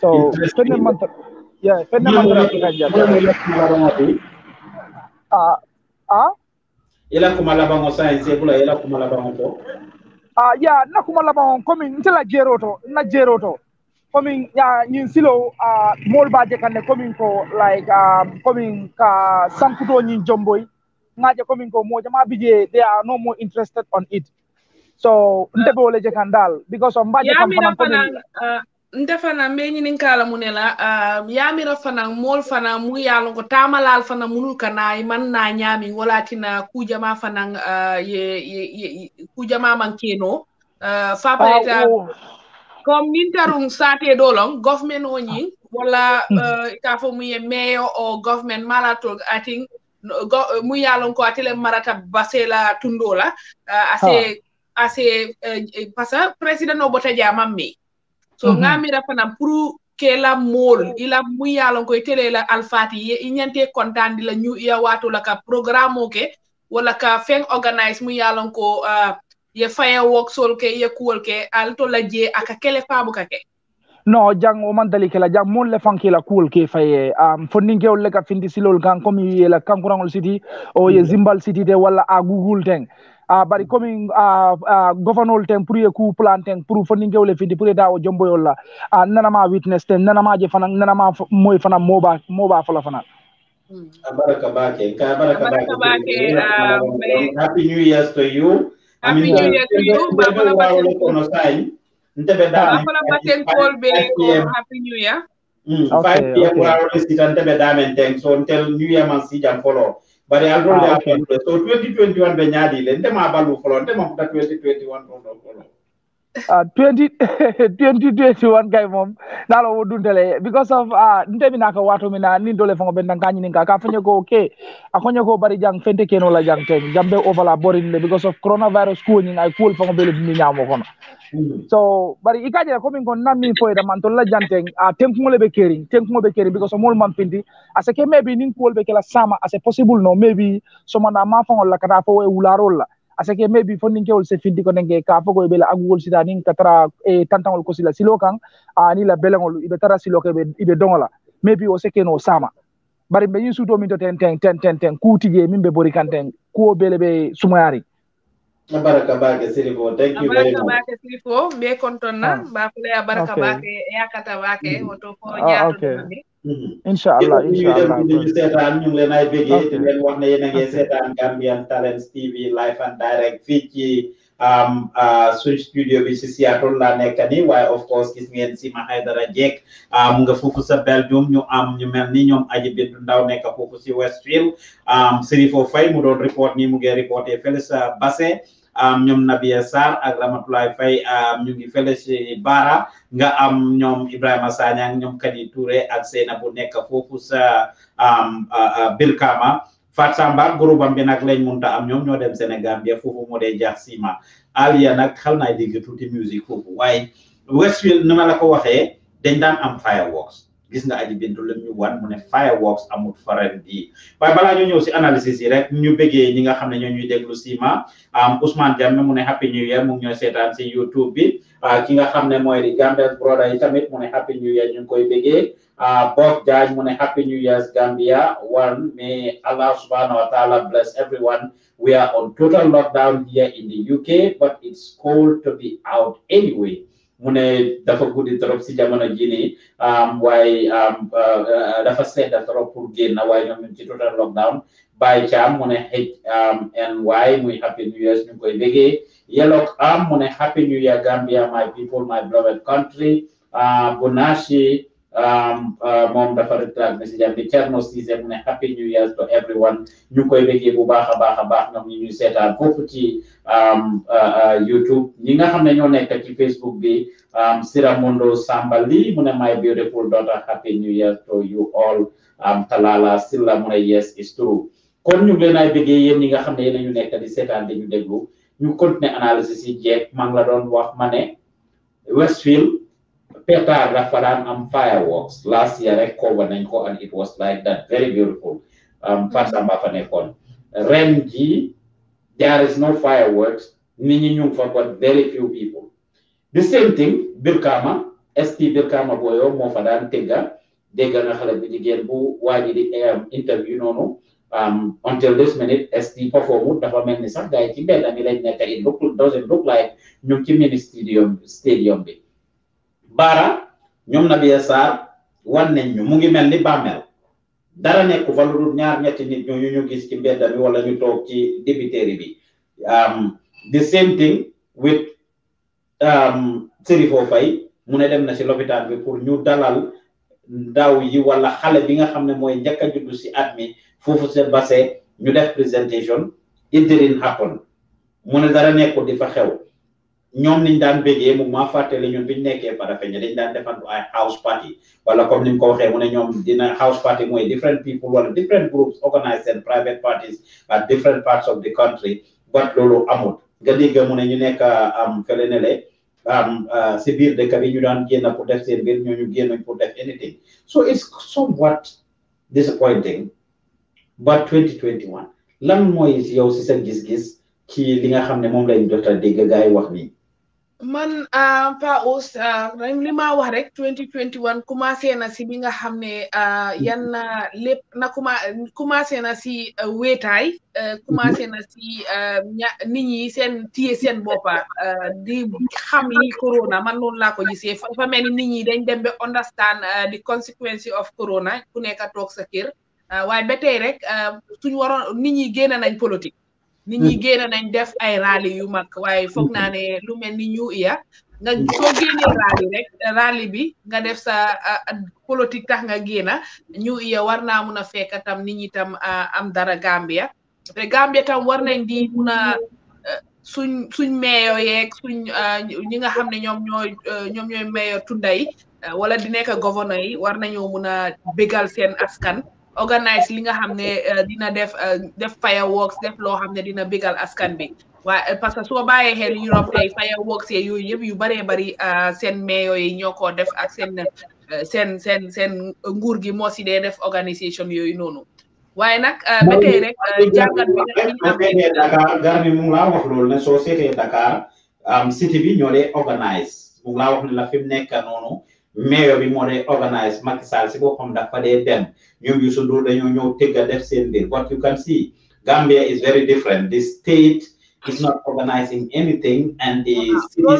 So ಎಷ್ಟನೇ month ಯಾ ಎಷ್ಟನೇ ಮಂತ್ರ ila kuma labango sa nze bula ila kuma labango to ah ya na kuma labango komi ntela jero to na jero to komi ya nyin nah, nah, ya, silo ah mol ba je kanne komi ko like um komi ka sankuto nyin jomboy ngaje komi ko mo jama bije they are no more interested on it so ndebole je kandal because on ba je kan fana ya, komi ndefana mbeñi nin kala munela uh, yamira fana mol fana mu tamalal fana munul kana man na nyami walatina kujama fana uh, ye, ye, ye kujama man keno uh, fapareta oh, oh. comme dolong government oñi wala uh, ka fo mu o government malatog ating go, mu yalongo atele marata basela tundola uh, ase oh. ase uh, eh, eh, pasa president o bota jamamme so mm -hmm. ngamira fana pour ke la mool ila muyalon koye télé la alfati ye i ñante contandi la ñu iya watu la ka programme o ke wala ka fen organise muyalon ko uh, ye faya woksol ke ye kuwol ke al to la aka kele faabu ka ke no jang o man dali kela jang mon le fanki la cool ke faye am um, fonding kan komi ye la kankurangol city o ye mm. zimbal city de wala a google teng uh, bari coming uh, uh, governor ten pour ye ku plan ten pour fo ni ngewle fidi pour dawo jomboyol la uh, ma witness ten nana ma je fana nana ma moy fana moba moba fana happy new year happy I mean, new year to you babala bake kono sai ntebe da bari a ɗon ɗe a balluɗe so 2021 ɓe ñaaɗi le ndema ballu folon ndema futa 2021 ɗon ɗon folon uh, 20, <laughs> 2021 kay mom nalo woduntele because of uh, ah, ntemi naka watu mina ni dole fongo ben nanka nyini ka fanyo go okay akonyo go bari jang fente keno la jang ten jambe overla borin le because of coronavirus ko ni ay cool fongo bele mi nyamo kono so bari ikaje ko min gon nammi fo ida man tolla janteng a uh, tenku le be kering tenku be kering because of mol man pindi asake maybe nin cool be kala sama as possible no maybe so man ma fongo la kata fo e ularola. asake maybe fonninkewol findiko nenge ka fogo ɓe la agugol sita nin ka tara e tantagol ko sila silo kan ani la belegol iɓe tara silo ke iɓe dogola maybe o sekeno sama bari ɓe yin suuto min to ten ten ten ten ten kuutige min ɓe bori kan ten kuwo bele ɓe sumoyari baraka bake sirifo thank you very much bake sirifo mbiye konton na mbafuleya ah. baraka bake yakata bake woto fo ñaato Mm-hmm. incha allah incha allah ñu ngi seetaan ñu ngi leen ay bëggee te leen wax ne yéen a ngi seetaan Gambian Talents TV live and direct fii ci um, uh, suñ studio bi si Seattle laa nekk nii waaye of course gis ngeen Sima Haidara Dieng uh, mu nga foofu sa Belgium ñu am ñu mel ni ñoom aji bintu ndaw nekk foofu si Westfield um, Serifo Faye mu doon report nii mu ngi reporté fële sa Basse ñoom na Nabia Sarr ak Ramatoulaye Faye ñu ngi fële ci Baara nga am ñoom Ibrahima Sagna ak ñoom Kadi Touré ak Seynabou nekk foofu sa Birkama Fat Samba groupam bi nag lañ munta am ñoom ñoo dem Sénégal bi foofu moo dee jax sima Aliya nag xal naa dégg tuuti musique foofu waaye Westfield ni ma la ko waxee dañ daan am fireworks gis nga aji bindu lim ñu wan mu ne fireworks amul faral bi waaye bala ñu ñew si analysis yi rek ñu bëggé ñi nga xam ñoo ñuy déglu sima am Ousmane Diamé mu ne happy new year mu ngi ñoo seetaan si YouTube bi ah, ki nga xam moy di Gambia brother yi tamit mu ne happy new year ñu koy bëggé bëggee ah, Bob Jaaj mu ne happy new year Gambia one may Allah subhanahu wa ta'ala bless everyone we are on total lockdown here in the UK but it's cool to be out anyway mu ne dafa guddi trop si jamono jii nii waaye euh, dafa sedda trop pour na waaye ñoom ñu ci total lockdown Baye Cham mu ne HNY muy happy new year ñu koy bégee Yellow am mu ne happy new year Gambia my people my beloved country ah, Bunashi Uh, moom dafa retraite message am bi Thierno Cissé mu ne happy new year to everyone ñu koy béggee bu baax a baax a baax ñoom ñu ñuy seetaan foofu ci um, uh, uh, YouTube ñi nga xam ne ñoo nekk ci Facebook bi um, Siramundo Sambali mu ne my beautiful daughter happy new year to you all um, Talala Silla mu ne yes is true kon ñu ngi leen ay yéen ñi nga xam ne yéen ñu nekk di seetaan dañu ñu ñu continuer analysis yi jeeg maa la doon wax ma ne Westfield pétard dafa daan am um, fireworks last year rek eh, cover nañ ko and it was like that very beautiful um, Fansamba fa nekkoon ren ji there is no fireworks nit ñi ñu fa but very few people the same thing Birkama ST Birkama booyo moo fa daan tëgga dégg nga xale bu jigéen bu waaji di um, interview noonu until this minute ST performut dafa mel ni sax gars yi ci mbedd mi lañ nekk it look doesn't look like ñu ci mini stadium bi baara ñoom Nabiya Sarr wan nañ ñu mu ngi mel ni bàmmeel dara nekku fa lu ñaar ñetti nit ñooñu ñu gis ci mbedd bi wala ñu toog ci débiteri bi um, the same thing with um, Serifo Faye mu ne dem na si lopitaan bi pour ñu dalal ndaw yi wala xale bi nga xam ne mooy njëkk a juddu si at mi foofu se base ñu def présentation it didn't happen mu ne dara nekku di fa xew ñoom niñ daan béggee mu maa fàttali ñun biñ nekkee Parafeñe dañ daan defantu house party wala comme ni ko waxee mu ne ñoom dina house party mooy different people wala different groups organize seen private parties at different parts of the country but loolu amul nga dégg mu ne ñu nekk am fële ne am euh, si biir de bi ñu daan génn pour def seen biir ñu génnuñ pour def anything so it's somewhat disappointing but 2021 lan mooy yow si sa gis-gis ci li nga xam ne moom lañ jot a dégg gaay man Pa euh, Ous euh, li ma wax rek 2021 commencé na si bi nga xam ne euh, yan na lépp na commencé na si wéetaay commencé na si nit ñi seen téye seen boppa di xam li corona man noonu laa ko gisee fa mel ni nit ñi dañ dem ba understand the consequence of corona ku nekk toog sa kër waaye ba tey rek suñu waroon nit ñi génn nañ politique. nit ñi génn nañ def ay rally yu mag waaye foog naa ne lu mel ni ñu iya nga soo génnee rally rek rally bi nga def sa politique tax nga génn ñu iya war naa mun a fekk tam nit ñi tam am dara Gambia te Gambia tam war nañ di mun a suñ suñ meeyoo yeeg nga xam ne ñoom ñooy ñoom ñooy meeyoo tunda yi wala di nekk gouverneur yi war nañoo mun a bégal seen askan. organise li nga xam ne dina def def fireworks def loo xam ne dina bégal askan bi waaye parce que soo bàyyee xel Europe tey fireworks yooyu yëpp yu baree bari seen yi ñoo ko def ak seen seen seen seen nguur gi moo si dee def organisation yooyu noonu waaye nag ba tey rek jàngat bi nga Dakar loolu ne organise mu wax ne la fi mu noonu mayor bi moo day organise Macky Sall si boppam dafa dee dem ñoom yu sundu dañoo ñëw tëgga def seen biir what you can see Gambia is very different the state is not organizing anything and ah,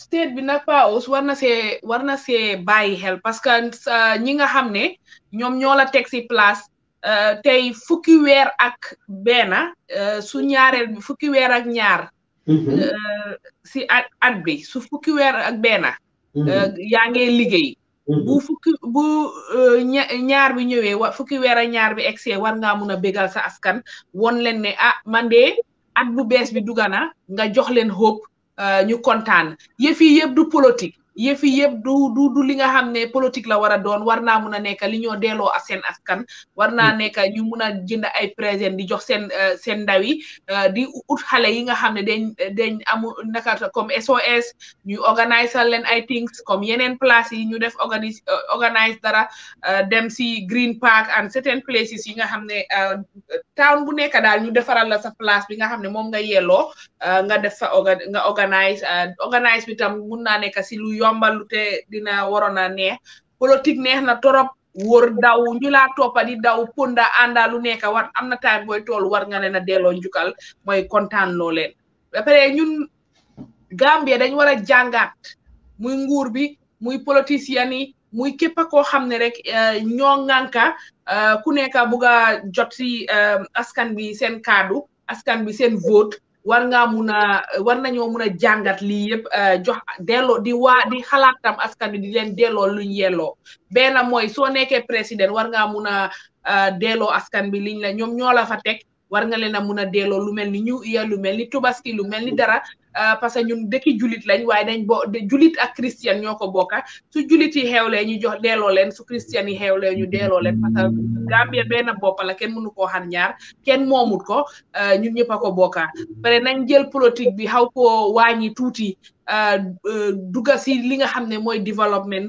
state bi nag Pao war see war na see bàyyi xel parce que uh, ñi nga xam ne ñoom ñoo la teg si place uh, tey fukki weer ak benn uh, su ñaareel bi fukki weer ak ñaar. Mm-hmm. si at at bi su fukki weer ak benn. Euh, mm-hmm. yaa ngi liggéey. Mm-hmm. bu fukki bu euh, ñaar bi ñëwee wa fukki weer ñaar bi egsee war ngaa mun a bégal sa askan won leen ne ah man de at bu bees bi dugana nga jox leen hope euh, ñu kontaan yëf yi yëpp du politique. yëfi yëpp du du du li nga xam ne politique la war a doon war naa mun a nekk li ñoo delloo ak seen kan war naa mm. nekk ñu mun a jënd ay présent di jox seen euh, seen ndaw yi euh, di ut xale yi nga xam ne dañ dañ amu naka comme SOS ñu organise leen ay things comme yeneen places yi ñu def organise euh, organise dara dem si Green Park and certain places yi nga xam ne town bu nekk daal ñu defaral la sa place bi nga xam ne moom nga yelloo nga def sa nga organise organise bi mun naa nekk si lu yombalute dina waroon a neex politique neex na torop wóor daw ñu laa toppa daw ponda ànda lu nekk war am na time booy tool war nga na a delloo njukkal mooy kontaan loo leen ba dañ war a muy nguur bi muy politicien yi muy képp koo xam ne rek eh, ñoo ŋànka eh, ku nekk bugg a jot si eh, askan bi seen kaddu askan bi seen vote war ngaa mun a war nañoo mun a jàngat lii yëpp euh, jox delloo di waa di xalaatam askan wi di leen delloo luñ yelloo benn mooy soo nekkee président war ngaa mun a euh, delloo askan bi liñ la ñoom ñoo la fa teg war nga leen a mun a delloo lu mel ni ñu iya lu mel ni tubaski lu mel ni dara Euh, parce que ñun dëkki julit lañ waaye dañ bo julit ak christian ñoo ko bokka su julit yi xewlee ñu jox delloo leen su christian yi xewlee ñu delloo leen parce que Gambia benn bopp kenn mënu koo xan ñaar kenn moomut ko euh, ñun ñëpp a ko bokka pare nañ jël politique bi xaw koo wàññi tuuti euh, duga si li nga xam ne mooy développement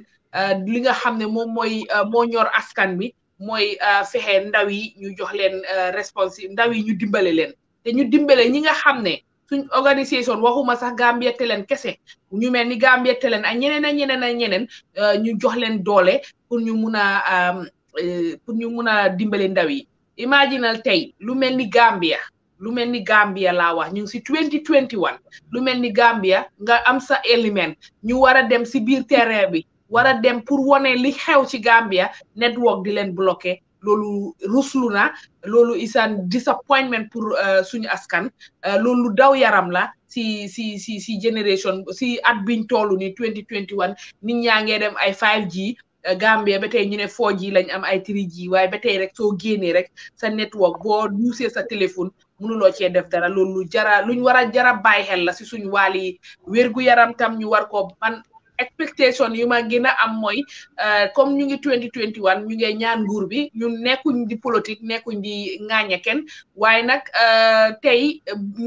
li nga xam ne moom mooy moo ñor askan bi mooy fexe ndaw yi ñu jox leen response ndaw yi ñu dimbale leen te ñu dimbale ñi nga xam ne suñ organisation waxuma sax Gambian Talents kese ñu mel ni Gambian Talents ak ñeneen ak ñeneen ak ñeneen euh, ñu jox leen doole pour ñu mun a euh, pour ñu mun a dimbale ndaw yi imaginal tey lu mel ni Gambia lu mel ni Gambia laa wax ñu si ngi si 2021 lu mel ni Gambia nga am sa élément ñu war a dem si biir terrain bi war a dem pour wane li xew ci Gambia network di leen bloqué loolu ruslu na loolu isaan disappointment pour euh, suñu askan euh, loolu daw yaram la si si si si génération si at biñ toll ni 2021 nit ñaa ngee dem ay 5G euh, Gambia ba tey ñu ne 4G lañ am ay 3 ji waaye ba tey rek soo génnee rek sa network boo duusee sa téléphone mënuloo cee def dara loolu jara luñ war a jara bàyyi xel la si suñu wàll yi wér gu yaram tam ñu war ko man expectation yu ma gën a am mooy euh, comme ñu ngi 2021 ñu ngi ñaan nguur bi ñun nekkuñ di politique nekkuñ di ŋaañe kenn waaye nag euh, tey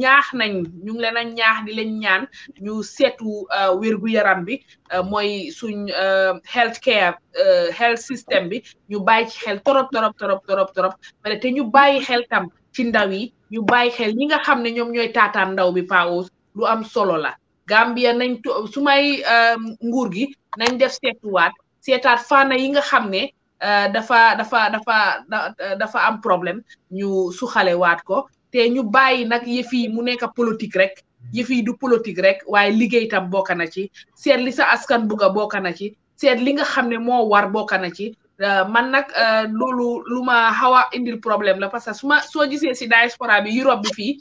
ñaax nañ ñu ngi leen a ñaax di leen ñaan ñu seetu euh, wir gu yaram bi mooy suñ health care health system bi ñu bàyyi xel torop torop torop torop pare te ñu bàyyi xel tam ci ndaw yi ñu bàyyi xel ñi nga xam ne ñoom ñooy taataan ndaw bi paus lu am solo la Gambia nañ su may euh, nguur gi nañ def seetuwaat seetaat fànna yi nga xam ne euh, dafa dafa dafa dafa am problème ñu suxalewaat ko te ñu bàyyi nag yëf mu nekk politique rek yëf yi du politique rek waaye liggéey tam bokk na ci seet li sa askan bugg a bokk na ci seet li nga xam ne moo war bokk na ci euh, man nag loolu lu ma xawa indil problème la parce que su ma soo gisee si diaspora bi Europe bi fii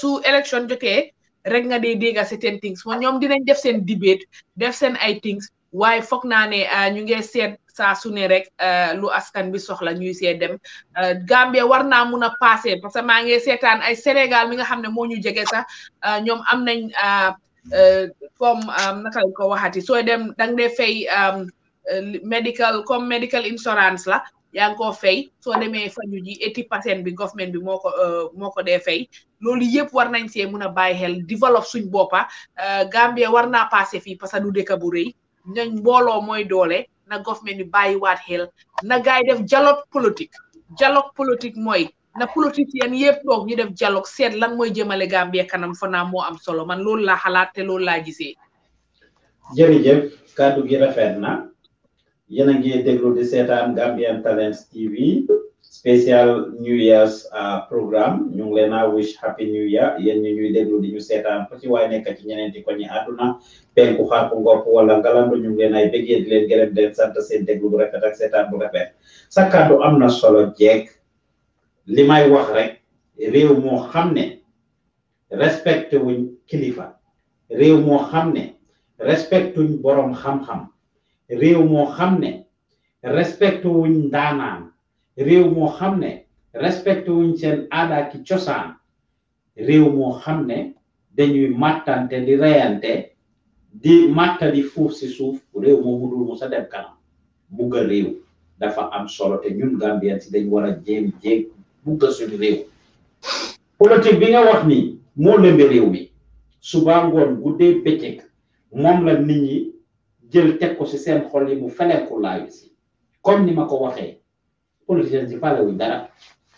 su élection jotee rek nga dee dégg certain things mo ñoom dinañ def seen debate def seen ay things waaye foog naa ne ah, ñu ngi seet saa su ne rek ah, lu askan bi soxla ñuy seet dem ah, Gambia war naa mun a passé parce que maa ngi seetaan ay Sénégal mi nga xam ne moo ñu jege sax ñoom am nañ eh, comme naka lañ ko waxati sooy dem dang dee fay eh, medical comme medical insurance la yaa ngi koo fay soo demee faju ji étipasen bi government bi moo ko euh, moo ko dee fay loolu yëpp war nañ see mun a bàyyi xel développe suñ boppa euh, Gambia war naa passé fii parce que du dëkk bu rëy ñoñ mbooloo mooy doole na government bi bàyyiwaat xel na gaay def dialogue politique dialogue politique mooy na politicien yëpp toog ñu def dialogue seet lan mooy jëmale Gambia kanam fa naa moo am solo man loolu laa xalaat te loolu laa gisee jërëjëf kàddu gi rafet na yéen a ngi déglu di seetaan Gambian Talents TV spécial New Year's euh, programme ñu ngi leen a wish happy new year yéen ñu ñuy déglu di ñu seetaan ku ci waay nekk ci ñeneen di ko ñi àdduna penku xarku ngopp wala ngalandu ñu ngi leen ay bëggee di leen gërëm di leen sant seen déglu bu rafet ak seetaan bu rafet sa am na solo jeeg li may wax rek réew moo xam ne respecté wuñ kilifa réew moo xam ne respectuñ borom xam-xam. réew moo xam ne respecté wuñ ndaanaan réew moo xam ne respecté wuñ seen aada cosaan réew moo xam ne dañuy màttante di reyante di di fuuf si suuf réew moo mudul mu sa dem kanam bugga réew dafa am solo te ñun Gambien si dañ war a jéem jéem bugga suñu réew politique bi nga wax ni moo lëmbe réew mi suba ngoon guddee bëccëg moom la nit ñi jël teg ko si seen xol yi mu feneenku laayu si comme ni ma ko waxee politiciens yi fàlewuñ dara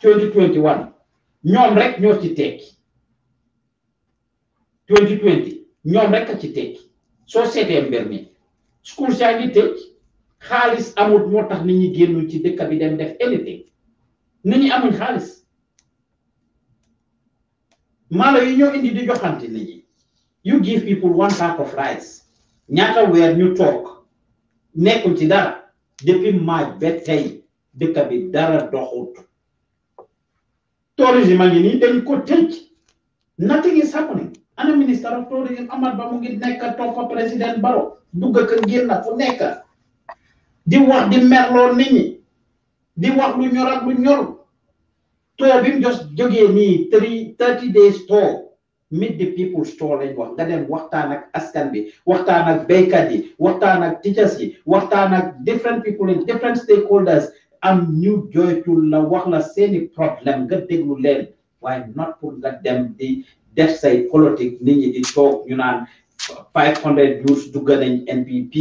twenty twenty one ñoom rek ñoo ci tekki twenty twenty ñoom rek a ci tekki soo seetee mbir mi school saa ngi tëj xaalis amut moo tax ni ñi génnu ci dëkk bi dem def anything nit ñi amuñ xaalis maalo yi ñoo indi di joxante nit ñi you give people one sack of rice ñaata weer ñu toog nekkul ci dara depuis maaj ba tey dëkk bi dara doxut tourisme a ngi nii dañ ko tëj nothing is happening ana ministre of tourism Amat Bah mu ngi nekk toog fa président Barrow dugg ak génn fu nekk di wax di merloo nit ñi di wax lu ñor ak lu ñor tour bi mu jos jógee nii three thirty days tour meet the people store lañ wax nga dem waxtaan ak askan bi waxtaan ak béykat yi waxtaan ak teachers yi waxtaan ak different people in different stakeholders am ñu joytul na wax na seeni problème nga déglu leen waaye not pour nga dem di def say politique nit ñi di toog ñu naan five hundred youths dugg nañ NPP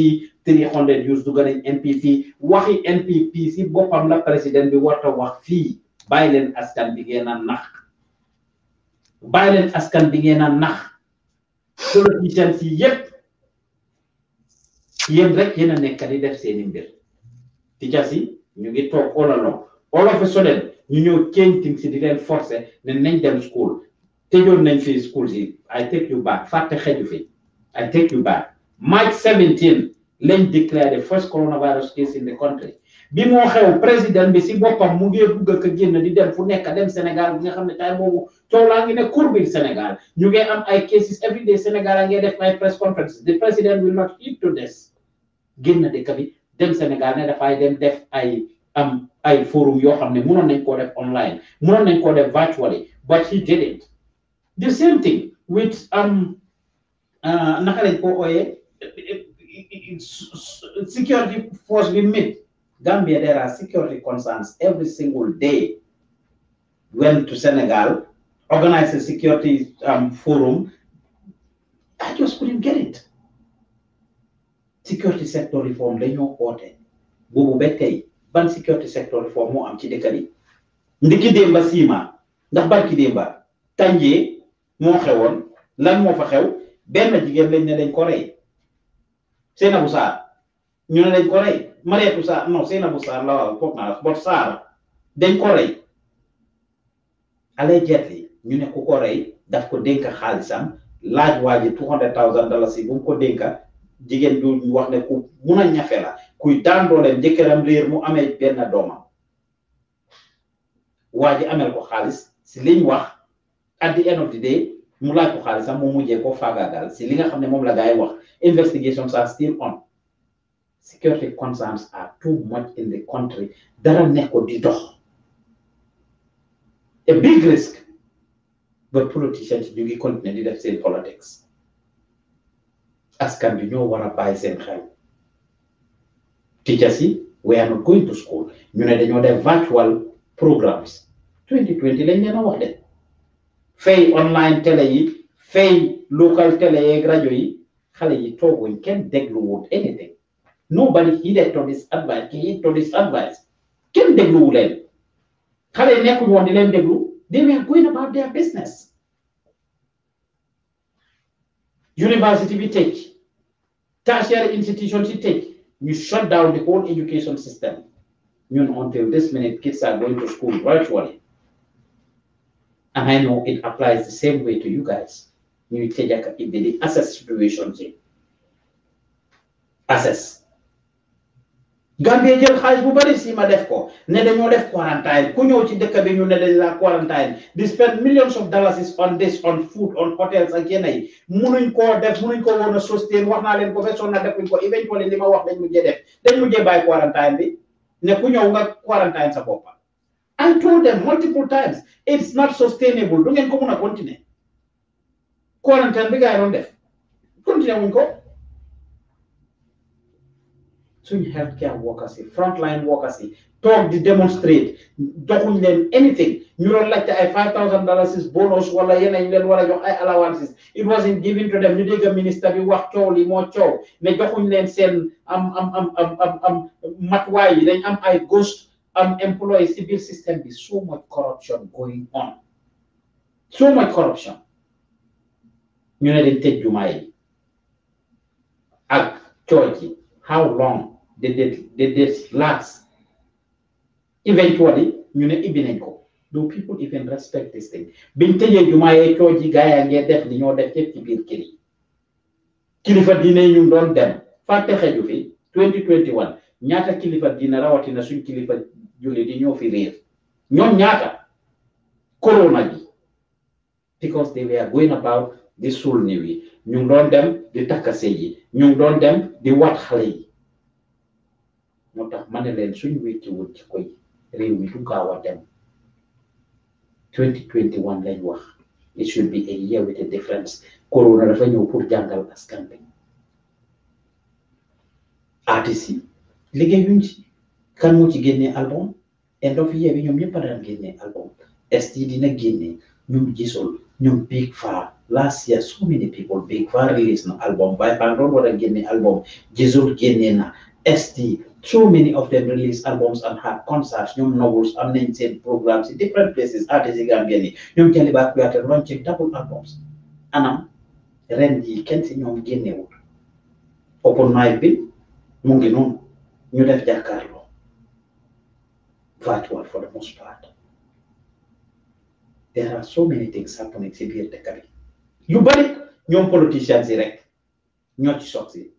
three hundred youths dugg nañ NPP waxi NPP si boppam la président bi warta wax fii bàyyi leen askan bi ngeen a nax Violent as askan bi ngeen a nax politiciens yi yëpp yéen rek yéen a nekk di def seeni mbir teachers yi ñu ngi toog all along all of a sudden ñu ñëw change things di leen force ne nañ dem school tëjoon nañ fi school yi I take you back fàtte xeju fi I take you back March 17 lañ declare the first coronavirus case in the country bi moo xew président bi si boppam mu ngee bugg ak a génn di dem fu nekk dem Sénégal bi nga xam ne tay boobu coow laa ngi ne cour Sénégal ñu ngi am ay cases every day Sénégal a ngi def ay press conference the president will not eat to this génn dëkk bi dem Sénégal ne dafay dem def ay am ay forum yoo xam ne mënoon nañ koo def online mënoon nañ koo def virtually but he didn't the same thing with am um, uh, naka lañ ko ooyee security force bi mit Gambia, there are security concerns every single day. Went to Senegal, organized a security um, forum. I just couldn't get it. Security sector reform, they know what it. Bobu ban security sector reform, mo am ci dekali. Ndiki demba sima, ndax barki demba, tanje mo xewon, lan mo fa xew, ben jigen lañ ne dañ ko rey. Seynabou Sarr, ñu ne dañ ko rey. Mariatu Sarr non Seynabou Sarr la waaw foog naa bot Sarr dañ ko rey alay jetli ñu ne ku ko rey daf ko dénka xaalisam laaj waa ji two hundred thousand dollars yi bu ko dénka jigéen ju ñu wax ne ku mun a ñafe la kuy daan dooleen jëkkëram réer mu amee benn doomam waa ji amel ko xaalis si liñ wax at the end of day mu laaj ko xaalisam mu mujjee ko faagaagal si li nga xam ne moom la gaay wax investigation sa still on security concerns are too much in the country dara nekkul di dox a big risk but politicians ñu ngi continuer di def seen politics askan bi ñoo war a bàyyi seen xel teachers yi we are not going to school ñu ne dañoo def virtual programmes 2020 lañ leen a wax de fay online télé yi fay local télé yeeg rajo yi xale yi tooguñ kenn dégluwut anything nobody heeded to his advice heeded to his advice kenn the leen xale yi nekkuñu woon di the déglu they were going about their business university we take. tertiary institutions, we take. We shut down the whole education system know, until this minute kids are going to school virtually and I know it applies the same way to you guys You take a, ibbi assess situations eh? assess Gambie jël xaalis bu bëri si ma def ko ne dañoo def quarantine ku ñëw ci dëkk bi ñu ne dañ la quarantine di spend millions of dollars on this on food on hotels ak yenn yi munuñ koo def munuñ ko woon a sustain wax naa leen ko fe soon na defuñ ko éventually li ma wax dañ mujjee def dañ mujjee bàyyi quarantine bi ne ku ñëw nga quarantine sa boppam I told them multiple times it's not sustainable du ngeen ko mun a continuer quarantine bi gaa yi doon def continuer wuñ ko Tunj healthcare workers yi frontline workers yi toog di demonstrate joxuñ leen anything ñu doon laajte ay five thousand dollars bonus wala yeneen leen war a jox ay allowances it wasn't given to them ñu dégg ministre bi wax coow li moo coow ne joxuñ leen seen am am am am am matuwaay yi dañ am ay ghost am employee? ci biir système bi so much corruption going on so much corruption ñu ne dañ tëj jumaa yi ak cooc yi how long déedéet déedéet last eventually ñu ne ibbi nañ ko do people even respect this thing biñ tëjee jumaa yee cooji gaa yaa ngee def li ñoo def yëpp ci biir kër yi kilifa diine ñu doon dem fàtte xeju fi 2021 ñaata kilifa diine rawatina suñ kilifa julli di ñoo fi réer ñoom ñaata corona bi because they were going about di suul niw yi ñu ngi doon dem di takk sëy yi ñu ngi doon dem di wat xale yi moo tax ma ne leen suñu wécciwul ci koy réew mi du gaaw a dem 2021 lañ wax it should be a year with a difference corona dafa ñëw pour jàngal askan bi artiste yi liggéeyuñ ci kan moo ci génnee album end of year bi ñoom ñëpp a daan génnee album est dina génnee ñoom gisul ñoom Big Faa last year so many people Big Faa release na album Vibe Pandora war génne album gisul génnee na est so many of them release albums and have concerts ñoom novels am nañ seen programmes in different places artistes yi Gambien yi ñoom Jaliba Kuyateh doon ci double albums anam ren jii kenn si ñoom génnewul open mic bi mu ngi noonu ñu def jàkkaarloo virtual for the most part there are so many things happening si biir dëkk bi yu bari ñoom politiciens yi rek ñoo ci soog si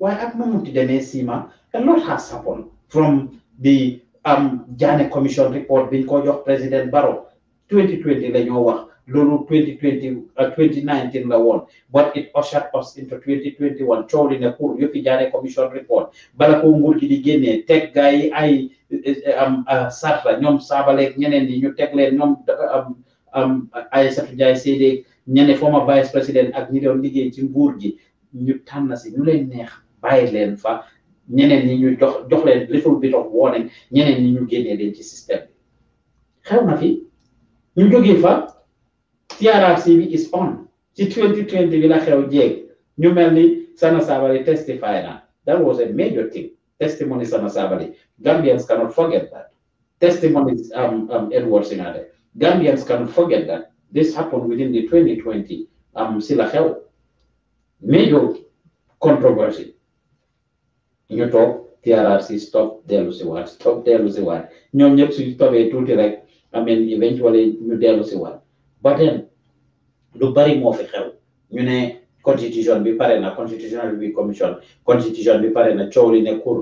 waaye ak mu munti demee Sima. a lot has happened from the am um, Janneh commission report biñ ko jox président Barrow 2020 la ñoo wax loolu 2020 2019 uh, la woon but it ushered us into 2021 coow li ne pour yëpp Janneh commission report bala ko nguur gi di génnee teg gaa yi ay eh, am ah, sarta ñoom saabaleeg ñeneen yi ñu teg leen ñoom am Isatou Njie Sédé ñene former vice président ak ñi doon liggéey ci nguur gi ñu tànn si ñu leen neex bàyyi fa ñeneen ñi ñuy jox jox leen little bit of warning ñeneen ñi ñu génnee leen ci système bi xew na fi ñu jógee fa TRRC bi is on ci 2020 bi la xew jeeg ñu mel ni Sana Sabally testify na that was a major thing testimony Sana Sabally Gambians cannot forget that testimony um, um, Edward Singade Gambians cannot forget that this happened within the 2020 um, sila la xew major controversy ñu toog TRRC stop dellu si waat stop dellu si waat ñoom ñëpp suñu stopee tuuti rek ameen eventually ñu dellu si waat ba ten lu bari moo fi xew ñu ne constitution bi pare na constitutional review commission constitution bi pare na coow li ne cour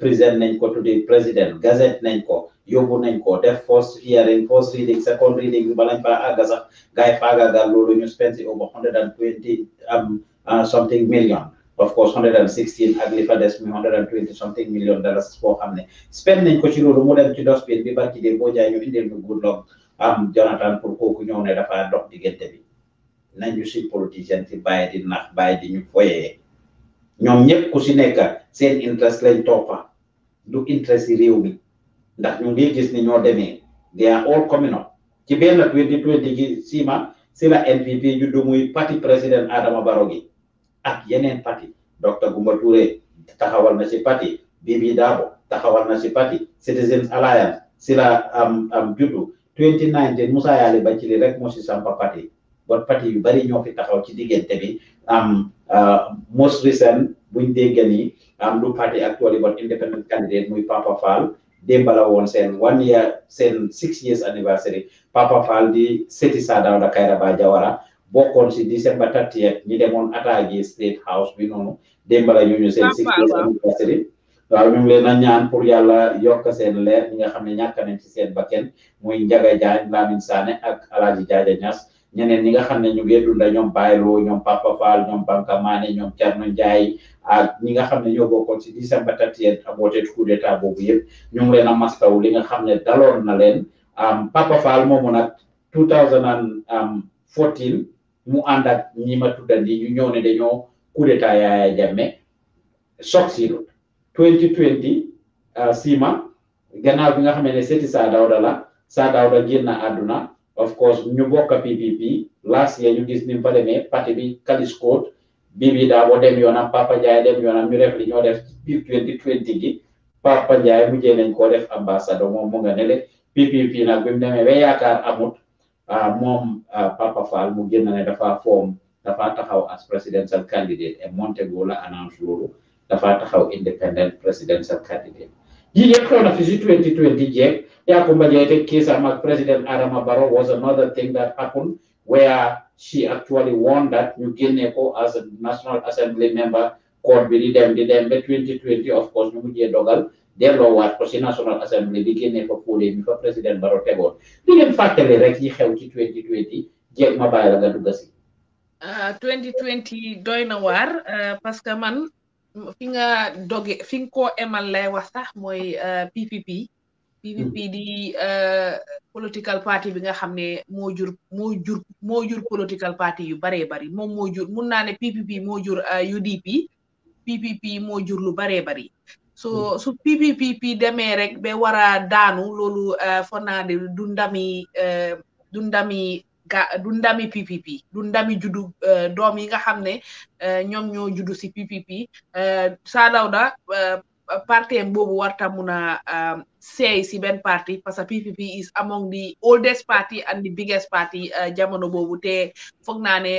président nañ ko tuddi président gazette nañ ko yóbbu nañ ko def first hearing first reading second reading bi balañ fa àgg sax gaay faagaagal loolu ñu spend si over hundred and twenty um, uh, something million of course hundred and sixteen ak li fa des mi hundred and twenty something million dollars boo xam ne spend nañ ko ci loolu mu dem ci dosbin bi barki dee boo jaay ñu indil ñu good luck am Jonathan pour kooku ñëw ne dafa dox diggante bi nañu si politicien ci bàyyi di nax bàyyi di ñu foyee ñoom ñëpp ku si nekk seen interest lañ toppa du interest yi réew bi ndax ñu ngi gis ni ñoo demee they are all coming ci benn twenty twenty gi sima si la NPP juddu muy parti président ak yeneen parti docteur Goumba Touré taxawal na ci parti Bibi Dabo taxawal na ci parti Citizens Alliance si la am am juddu 2019 Moussa Yali Bacili rek moo si sampa parti bon parti yu bari ñoo fi taxaw ci diggante bi am euh, most recent buñ dégg ni am lu parti actually bon independent candidate muy Papa Fall démbala woon seen one year seen six years anniversary Papa Fall di seti Saa Dawda Kairaba Jawara bokkoon si December 30th ñi demoon attaqué State House bi noonu démbala ñu ñu seen sixtieth anniversary waaw ñaan pour yàlla yokk seen leer ñi nga xam ne ñàkk nañ ci seen bakken muy Njaga Jaañ Lamin Saane ak Alaaji Jaaja Ñas ñeneen ñi nga xam ne ñu ngi dunda ñoom Baylo ñoom Papa Fall ñoom Banka Maane ñoom Thierno Ndiaye ak ñi nga xam ne ñoo bokkoon si December 30th aboote coup d'état boobu yëpp ñu leen a mastaw li nga xam ne daloon na leen Papa Fall moomu nag 2014 mu ànd ak ñi ma tuddandi ñu ñëw ne dañoo coup d'état Yaya Jammeh succeeded euh, 2020 Sima gannaaw bi nga xamee ne seeti Saa Dawda la Saa Dawda na àdduna of course ñu bokk PPP last year ñu gis ni mu fa demee parti bi Kallis Court Bibi Darboe dem yoonam Papa Jammeh dem yoonam ñu def li ñoo def biir 2020 gi Papa Jammeh mujjee nañ koo def ambassadeur moom mu nga ne le PPP nag bi mu demee ba yaakaar amut. Ah, moom ah, Papa Fall mu génn ne dafa form dafa taxaw as presidential candidate et Montego la announce dafa taxaw independent presidential candidate yi yëpp xew na fi si 2020 jeeg Yakuba Jaiteh case am ak president Adama Barrow was another thing that happened where she actually won that ñu génne ko as a national assembly member court bi di dem di dem ba 2020 of course ñu mujjee dogal delloowaat ko si national assembly bi génne fa puule bi fa président Barrow tegoon di leen fàttali rek yi xew ci 2020 jéeg ma bàyyi la nga dugg ah, na waar euh, parce que man fi nga doge fi nga koo emal lay wax sax mooy PPP. Euh, PPP mm. di euh, political party bi nga xam ne moo jur moo jur moo jur political party yu baree bari moom moo jur mun naa ne PPP moo jur UDP PPP moo jur lu baree bari su hmm. su PPP demee rek ba war a daanu loolu euh, fo naa de du ndami euh, du ndami ga du ndami du ndami juddu euh, doom yi nga xam ne ñoom ñoo juddu si PPP Saa Dawda parti boobu warta mun a seey si benn parti parce que PPP is among the oldest party and the biggest party jamono boobu te foog naa ne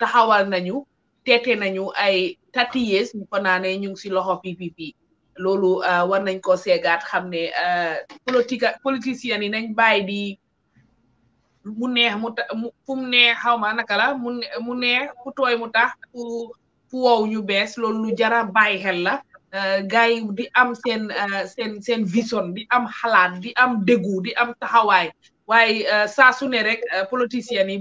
taxawal nañu teete nañu ay thirty years ñu ko naa ne ñu ngi si loxo PPP loolu euh, war nañ ko seegaat xam ne euh, politique politiciens yi nañ bàyyi di mu neex mu ta fu mu neex xaw ma naka la mu mu neex fu tooy mu tax fu fu wow ñu bees loolu lu jara bàyyi xel la euh, gars yi di am seen seen seen vision di am xalaat di am déggu di am taxawaay waaye saa su ne rek politiciens yi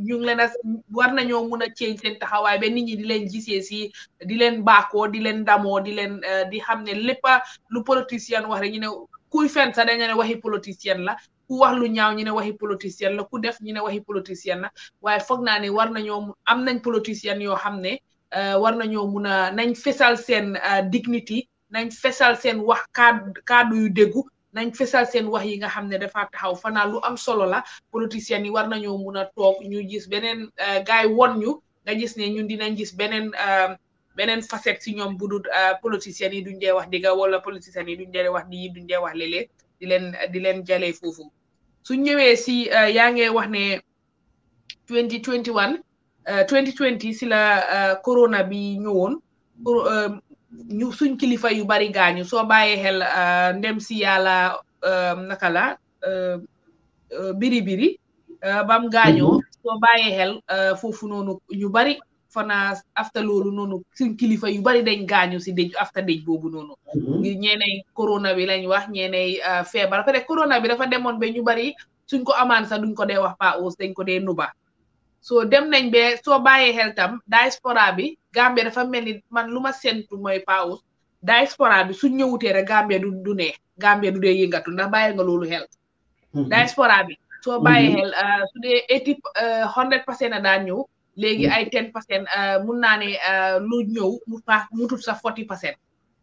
ñu ngi leen a war nañoo mun a change seen taxawaay ba nit ñi di leen gisee si di leen baakoo di leen damoo di leen euh, di xam ne lépp lu politicien wax rek ñu ne kuy fen sa dañu ne waxi politicien la ku wax lu ñaaw ñu ne waxi politicien la ku def ñu ne waxi politicien la waaye foog naa ne war nañoo am nañ politicien yoo xam ne euh, war nañoo mun a nañ fesal seen euh, dignity nañ fesal seen wax kaad kaadu yu déggu nañ fesal seen wax yi nga xamne dafa taxaw fana lu am solo la politiciens yi war nañu mëna tok ñu gis benen euh, gaay won ñu nga gis ne ñun dinañ gis benen euh, benen facette budut euh, politiciens yi duñ dee wax diga wala politiciens yi duñ wax di duñ dee wax lele di len di len jalé fofu su ñëwé si ya nga wax ne 2021 2020 si la corona bi ñëwoon ñu suñ kilifa yu bari gaañu soo bàyyee xel euh, ndem si yàlla euh, naka la euh, biri biri bam gaañoo mhm. soo bàyyee xel foofu noonu ñu bari fanaa afta loolu noonu suñ kilifa yu bari dañ gaañu si dëj afta dëj boobu noonu mhm. ngir ñeeney corona bi lañ wax ñeeney feebara pare être bi dafa demoon ba ñu bari suñ ko amaan sax duñ ko dee wax pa aus dañ ko dee nuba so dem nañ be soo bàyyee xel tam diaspora bi Gambia dafa mel ni man lu ma séntu mooy paus diaspora bi su ñëwutee rek Gambia du du neex Gambia du dee yëngatu ndax bàyyi nga loolu xel. Mhm. diaspora bi soo bàyyee mhm. xel ah, su dee eighty ah, hundred a daan ñëw léegi mhm. ay ten percent ah, mun naa ne lu ñëw mu faax mu tut sax forty percent.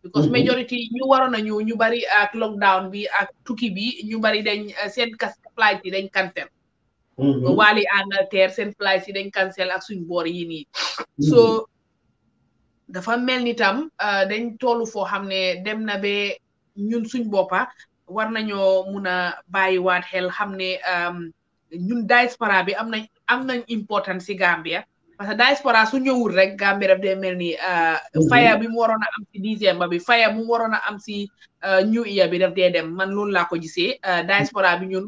because majority ñu waroon a ñëw ñu bari ak lockdown bi ak tukki bi ñu bari dañ seen kas flight yi dañ cancel. Mm-hmm. ba Wally Angleterre seen place yi dañ cancel ak suñ boor yi nii mm-hmm. so dafa mel ni tam uh, dañ toolu foo xam ne dem na ba ñun suñ boppa war nañoo mun a bàyyiwaat xel xam ne um, ñun diaspora bi am nañ am nañ importance si Gambia parce que diaspora su ñëwul rek Gambia daf dee mel ni uh, mm-hmm. faya bi mu waroon a am si décembre bi faya mu waroon a am si uh, New Year bi daf dee dem man loolu laa ko gisee diaspora bi ñun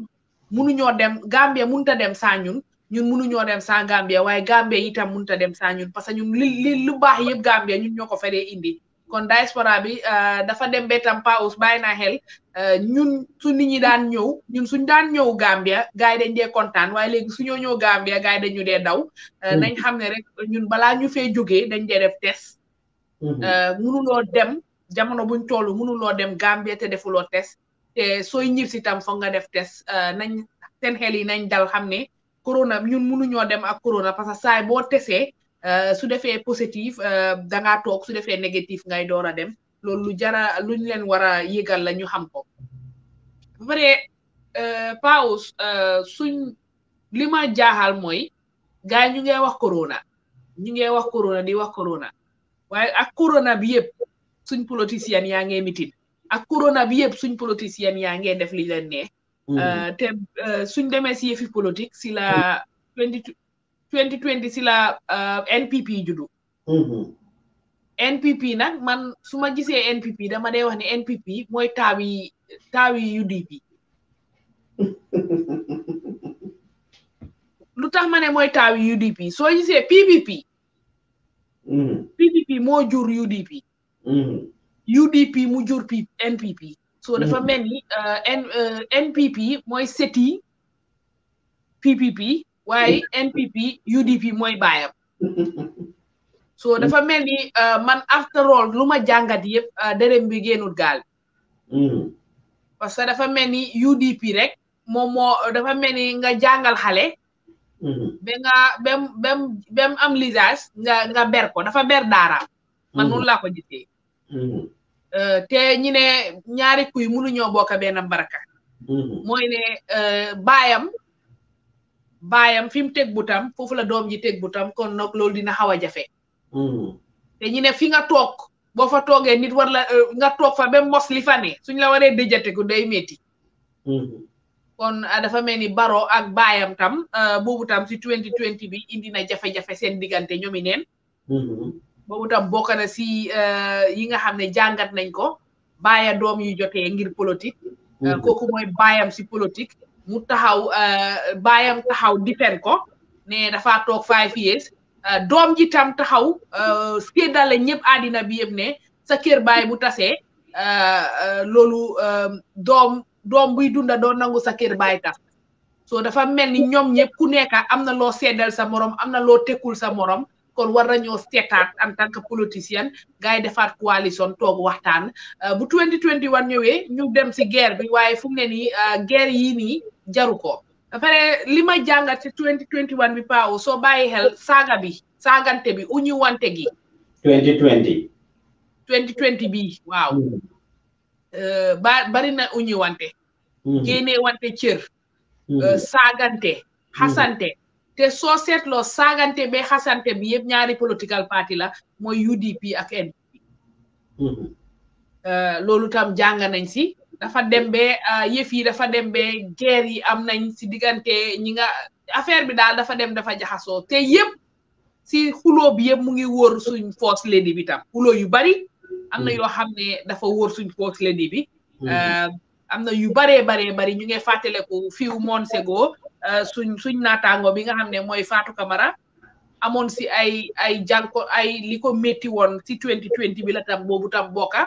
munuñoo dem Gambia mënut a dem saa ñun ñun dem saa Gambia waaye Gambia itam mënut a dem saa parce que ñun li li lu baax yëpp Gambia ñun ñoo ko feree indi. kon diaspora bi euh, dafa dem ba tam Paos bàyyi naa xel euh, ñun su nit ñi daan ñëw ñun suñ daan ñëw Gambia gars yi dañ dee kontaan waaye léegi suñoo ñëw Gambia gars yi dañu dee daw. Euh, mm. nañ xam ne rek ñun balaa ñu fee jógee dañ dee def test. mënuloo mm-hmm. dem jamono buñ toll mënuloo dem Gambia te defuloo test. te sooy ñib si tam foog nga def test euh, nañ seen xel yi nañ dal xam ne corona ñun mënuñoo dem ak corona parce que saay boo tesee euh, su defee positif euh, da ngaa toog su defee négatif ngay door a dem loolu lu jara luñ leen war a yëgal la ñu xam ko ba pare Pao suñ li ma jaaxal mooy gars ñu ngay wax corona ñu ngay wax corona di wax corona waaye ak corona bi yëpp suñ politicien yaa ngee mitin ak corona bi yëpp suñ politiciens yaa ngee def li leen neex mm. euh, te euh, suñ demee si yëfi politique si la mm. twenty twenty si la euh, NPP juddu mm-hmm. NPP nag man su ma gisee NPP dama dee wax ne NPP mooy taawi taawi UDP <laughs> lu tax ma ne mooy taawi UDP soo gisee PPP PPP mm-hmm. moo jur UDP mm-hmm. UDP mu jur P NPP. Mm-hmm. Uh, uh, mm-hmm. <laughs> so dafa mel ni N NPP mooy seti PPP waaye NPP UDP mooy baayam. so dafa mel ni man after all lu ma jàngat yëpp uh, dërëm bi génnul gaal. Mm-hmm. parce que dafa mel ni UDP rek moom moo dafa mel ni nga jàngal xale. ba nga bem bem am lisage nga nga ko dafa ber daaraam. man noonu laa ko Euh, te ñi ne ñaari kuy mënuñoo bokk na mbaraka mhm. mooy ne euh, baayam baayam fi mu teg butam foofu la doom ji teg butam kon nag loolu dina xaw a jafe mhm. te ñi ne fi nga toog boo fa toogee nit war la euh, nga toog fa ba mos li fa ne suñ la waree dëjateku day metti mhm. kon dafa mel ni baro ak baayam tam boobu tam si 2020 bi indi na jafe-jafe seen diggante ñoomi neen boobu tam bokk na si eh, yi nga xam ne jàngat nañ ko baaya doom yi jotee ngir politique. Eh, mhm. kooku mooy baayam si politique. mu taxaw eh, baayam taxaw difen ko ne dafa toog five years doom ji tam taxaw séddale ñëpp àddina bi yëpp ne sa kër baay bu tasee loolu doom doom buy dunda doo nangu sa kër baay tas so dafa mel ni ñoom ñëpp ku nekk am na loo seddal sa morom am na loo tekkul sa morom. kon war nañoo seetaat en tant que politicien gars yi defaat coalition toog waxtaan euh, bu 2021 ñëwee ñu dem si guerre bi waaye fu mu ne nii euh, guerre yii nii jaru ko ba pare li ma jàngat si 2021 bi paaw soo bàyyi xel saaga bi saagante bi uñu wante gi. 2020. 2020 bi waaw. Mm. Euh, ba bari na uñu wante. Mm. génnee wante cër. Mm. saagante xasante. te soo seetloo saagante be xasante bi yëpp ñaari political party la mooy UDP ak NDP mm-hmm. euh, loolu tam jàng nañ si dafa dem be euh, yëf yi dafa dem be guerre yi am nañ si diggante ñi nga affaire bi daal dafa dem dafa jaxasoo te yëpp si xuloo bi yëpp mu ngi wóor suñ force lady bi tam xuloo yu bari am na mm-hmm. yoo xam ne dafa wóor suñ force lady bi mm-hmm. euh, am na yu baree baree bari ñu ngi fàttaleku fiw Montego euh, suñ suñ naataango bi nga xam ne mooy Fatou Camara amoon si ay ay jànko ay li ko métti woon si 2020 bi la tam boobu tam bokka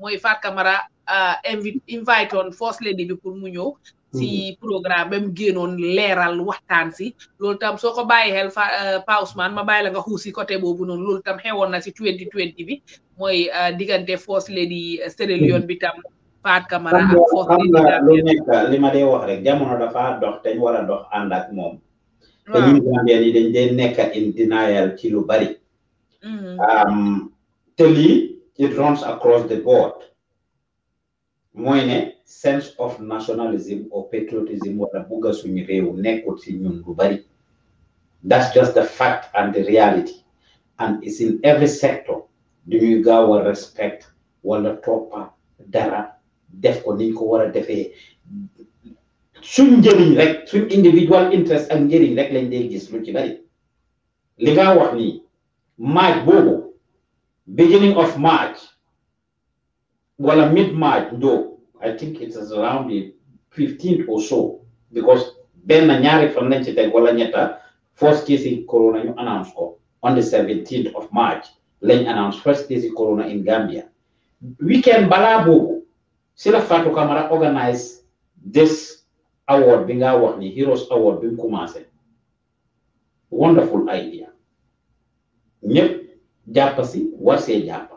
mooy Fatou Camara euh, invite invite on first lady bi pour mu ñëw si mm-hmm. programme ba mu génnoon leeral waxtaan si loolu tam soo ko bàyyi xel euh, Pa Ousmane ma bàyyi la nga xuus si côté boobu noonu loolu tam xewoon na si 2020 bi mooy diggante first lady Sierra yoon bi tam Faat kamara. ak foofu xam nga lu nekk li ma dee wax rek jamono dafa dox te ñu war a dox ànd ak moom. te ñun Gambien yi dañ dee nekk in denial ci lu bari. Mm-hmm. te lii it runs across the board. mooy ne sense of nationalism or patriotism wala bugga suñu réew nekkul ci ñun lu bari. that's just the fact and the reality and it's in every sector du ñuy gaaw respect wala topa dara def ko niñ ko war a defee suñ njëriñ rek suñ individual interest ak njëriñ rek lañ dee gis lu ci bari li nga wax nii March boobu beginning of March wala mid March ndoo I think it is around the fifteenth or so because Ben ñaari fan lañ ci teg wala ñetta first case in corona ñu announced ko on the seventeenth of March lañ announce first case in corona in Gambia weekend balaa boobu si la Fatou Camara organise this award bi nga wax ni Heroes Award bi mu commencé wonderful idea ñëpp jàpp si war see jàpp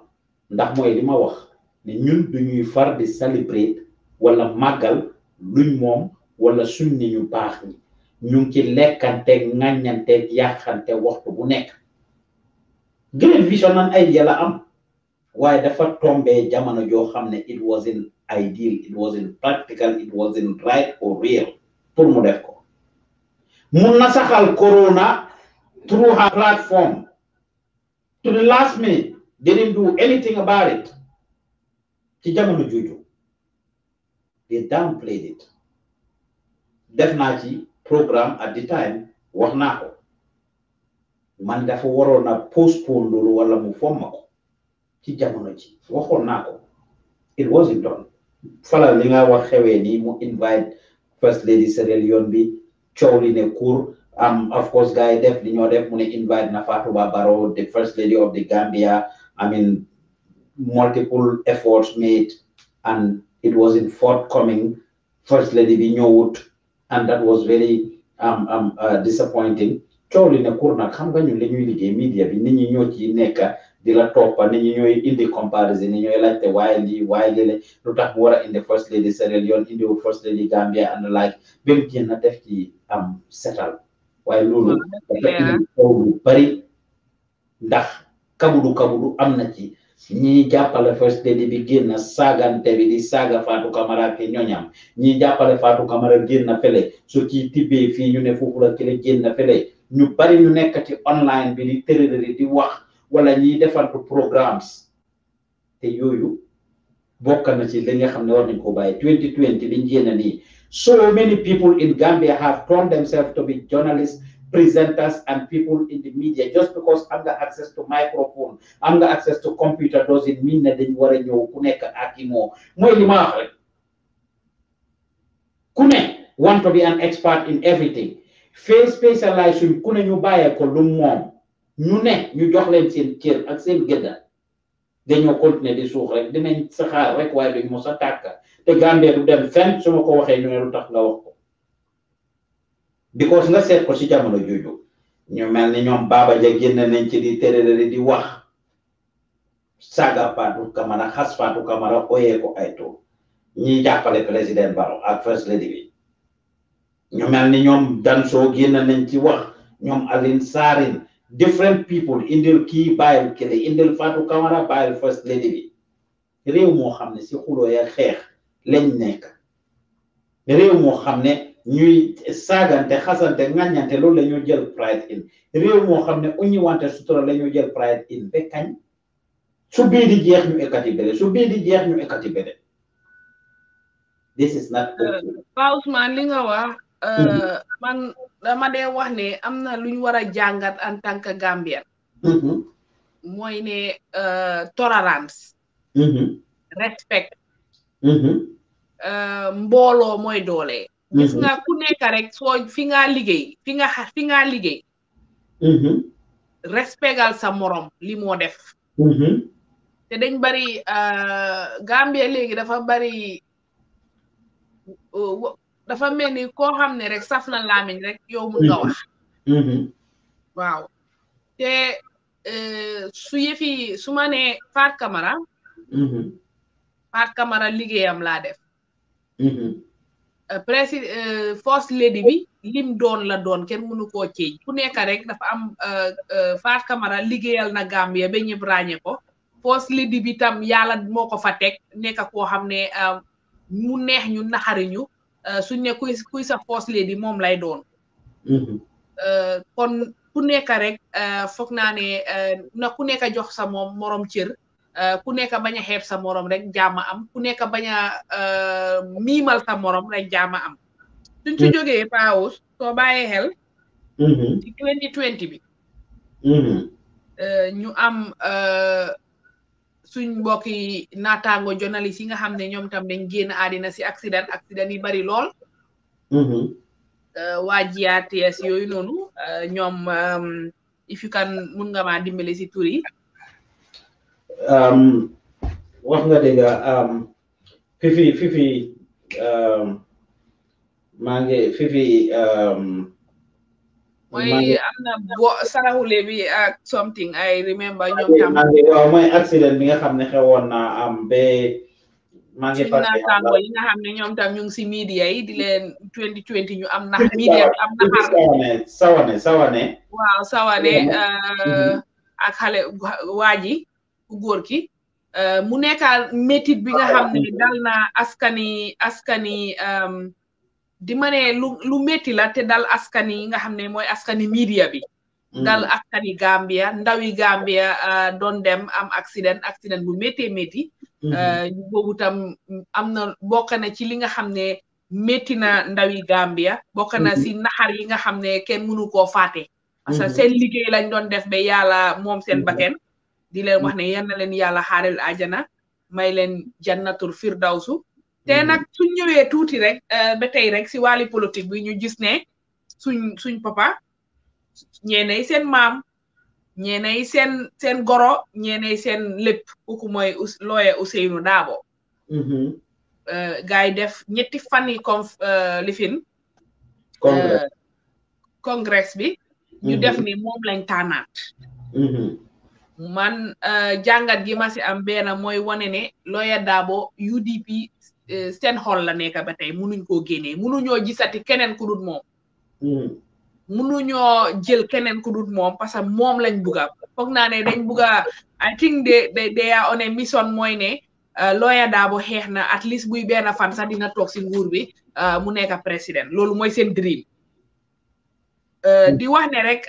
ndax mooy li ma wax ne ñun duñuy far di celebrate walla màggal luñ moom wala suñ ni ñu baax ñi ñu ngi ci lekkanteeg ŋàññanteeg yàqante waxtu bu nekk gëneen vision nan idea la am waaye dafa tombé jamono joo xam ne it wasn't ideal it wasn't practical it wasn't right or real pour mu def ko corona through her platform to the last minute didn't do anything about it ci jamono juju they downplayed it def ci programme at the time wax naa ko man dafa waroon a postpone loolu wala mu fomma ci jamono ci waxoon naa ko it wasn't done falal li nga wax xewee nii mu invite first lady Sierra Leone bi coow li ne cour am of course gars yi def li ñoo def mu ne invite na Fatouba Barrow the first lady of the Gambia I mean multiple efforts made and it wasn't forthcoming first lady bi ñëwut and that was very um, um, uh, disappointing coow li ne cour nag xam nga ñu li ñuy liggéey media bi nit ñi ñoo ci nekka di la toppa nit ñi indi comparison ni ñooy laajte waaye lii waaye lii la lu tax mu war a indi first lady Sierra Leone indi first lady Gambia and like ba mu def ci am setal waaye loolu dafa bari ndax kabudu kabudu am na ci ñii jàppale first lady bi génn saagante bi di saaga Fatou Camara ak ñoñam ñii jàppale Fatou Camara génn fële su ci tibbee fii ñu ne foofu la kële génn fële ñu bari ñu nekk ci online bi di tërërëri di wax wala ni defantu programmes te yooyu bokk na ci li nga xam ne war nañ ko bàyyi 2020 liñ yéene nii so many people in Gambia have turned themselves to be journalists presenters and people in the media just because am nga access to microphone am nga access to computer doesn't mean na dañ war a ñëw ku nekk ak i moo mooy li ma wax rek ku ne want to be an expert in everything fee spécialisé suñ ku ne ñu bàyyee ko lu moom ñu ne ñu jox leen seen cër ak seen gëdda dañoo continuer di suux rek dinañ saxaar rek waaye duñ mos a tàkka te Gambie du dem fenn su ma ko waxee ñu ne lu tax nga wax ko because nga seet ko si jamono jooju ñu mel ni ñoom Baba Ja génn nañ ci di tërërëri di wax saaga Fatou Camara xas Fatou Camara oyee ko ay tur ñi jàppale président Barrow ak first lady bi ñu mel ni ñoom Danso génn nañ ci wax ñoom Alin Saarin different people indil kii bàyyil kële indil Fatou Camara bàyyil first lady bi réew moo xam ne si xuloo ya xeex lañ nekk réew moo xam ne ñuy saagante xasante ŋàññante loolu la ñu jël pride in réew moo xam ne uñu wante sutura la ñu jël pride in ba kañ su bii jeex ñu ekkati bele su bii jeex ñu ekkati bele this is not. Ba uh, Ousmane li nga wax. Euh, mm-hmm. man dama dee wax ne am na lu ñu war a jàngat en tant que Gambien. Mm-hmm. mooy ne euh, tolérance. Mm-hmm. respect. Euh, mbooloo mooy doole. gis ku nekk rek soo fi nga liggéey fi nga fi nga liggéey. respectal sa moroom li moo def. te dañ bari Gambia léegi dafa bari. dafa mel ni koo xam ne rek saf na laamiñ rek yow mun nga wax waaw te e, su yëfi su ma nee Fatou Camara mm-hmm. Fatou Camara liggéeyam laa def mm-hmm. e, prési e, first lady bi lim doon la doon kenn mënu koo ciy ku nekk rek dafa am Fatou Camara liggéeyal na Gambia ba ñëpp ràññee ko first lady bi tam yàlla moo ko fa teg nekk koo xam ne mu neex ñu naxariñu Euh, suñ ne kuy kuy sa first lady moom lay doon mhm. euh, ku nekk rek euh, foog naa ne na ku nekk jox sa moom morom cër ku nekk bañ a xeeb sa moroom rek jaama am ku nekk bañ a miimal sa morom rek jaama am suñ ci mhm. jógee paawus soo bàyyee xel mhm. ci 2020 bi ñu am suñ yi naataango journalist yi nga xam ne ñoom tam dañ génn àddina si accident accident yi bari lool mm-hmm. euh, waa GRTS yooyu noonu euh, ñoom euh, if you can mun nga maa dimbali si tur yi um, wax nga dégg um, fifi fifi um, maa ngi fifi mooy am bo saraxule bi ak something I remember mooy accident bi nga xam ne xewoon na am ba maa ngi naataango nga xam ne ñoom tam ñu si media yi di leen 2020 ñu am nax media bi am naxar sawane sawane waaw sawane euh, mm-hmm. ak xale waaji ku góor ki euh, mu nekka métit bi nga ah, xam ne dal na askani askani euh, di ma lu lu métti la te dal askan yi nga xam ne mooy askani media bi. Mm. dal askani Gambia ndawi Gambia uh, doon dem am accident accident bu méttee méti mm-hmm. uh, boobu tam am na bokk na ci li nga xam ne métti na ndawi Gambia. bokk na mm-hmm. si naxar yi nga xam ne kenn mënu koo faate. parce que mm-hmm. seen liggéey lañ doon def ba yàlla moom seen bakken. di leen wax ne yal na leen yàlla xaarel ajana may leen daw su te mm-hmm. nag suñ ñëwee tuuti rek eh, ba tey rek si wàlli politique bi ñu gis ne suñ suñ papa ñeenay seen maam ñeenay seen seen goro ñeenay seen lépp kooku mooy looye Ousseynou Daabo mm-hmm. eh, gars yi def ñetti fan yi eh, lifin congrès bi ñu mm-hmm. def ni moom man jàngat gi ma si am benn mooy wone ne looya Daabo UDP Eh, seen xol la nekk ba tey munuñ koo génnee munuñoo gisati keneen ku dut moom hmm. munuñoo jël keneen ku dut parce que moom lañ bouga foog naa ne dañ bugga I think de de they are mission mooy ne eh, lawyer Darboe xeex na at least buy benn fan sax dina toog si nguur bi eh, mu nekk président loolu mooy seen dream di wax ne rek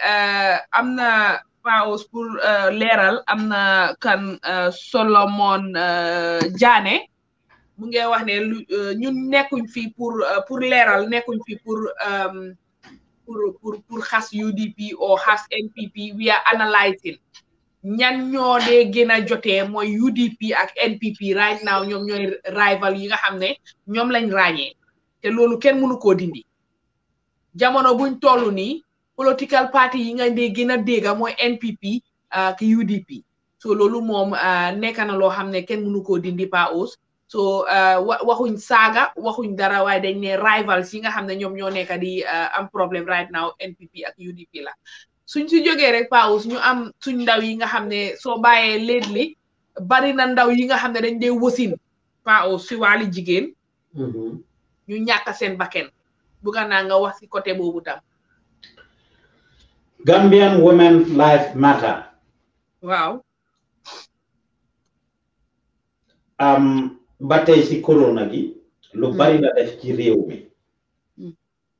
am na paos pour leeral am na kan Solomon Jaane mu ngi wax ne lu euh, ñun nekkuñ fii pour euh, pour leeral nekkuñ fii euh, pour pour pour xas UDP or xas NPP we are analysing ñan ñoo dee gën a jotee mooy UDP ak NPP right now ñoom ñooy rival yi nga xam ne ñoom lañ ràññee te loolu kenn mënu koo dindi jamono buñ toll nii political party yi nga dee gën a dégg mooy NPP ak UDP so loolu moom nekk na loo xam ne kenn mënu koo dindi Paa Ouz. so uh, waxuñ saaga waxuñ dara waaye dañ ne rivals yi nga xam ne ñoom ñoo nekk di uh, am problème right now NPP ak UDP la suñ si jógee rek paus ñu am suñ ndaw yi nga xam ne soo bàyyee lately bari na ndaw yi nga xam ne dañ dee wasin paus si wàlli jigéen mm-hmm. ñu ñàkk seen bakken bugga naa nga wax si côté boobu tam Gambian women life matter waaw um, ba tey ci corona gi. lu hmm. bari la def ci réew mi. Hmm.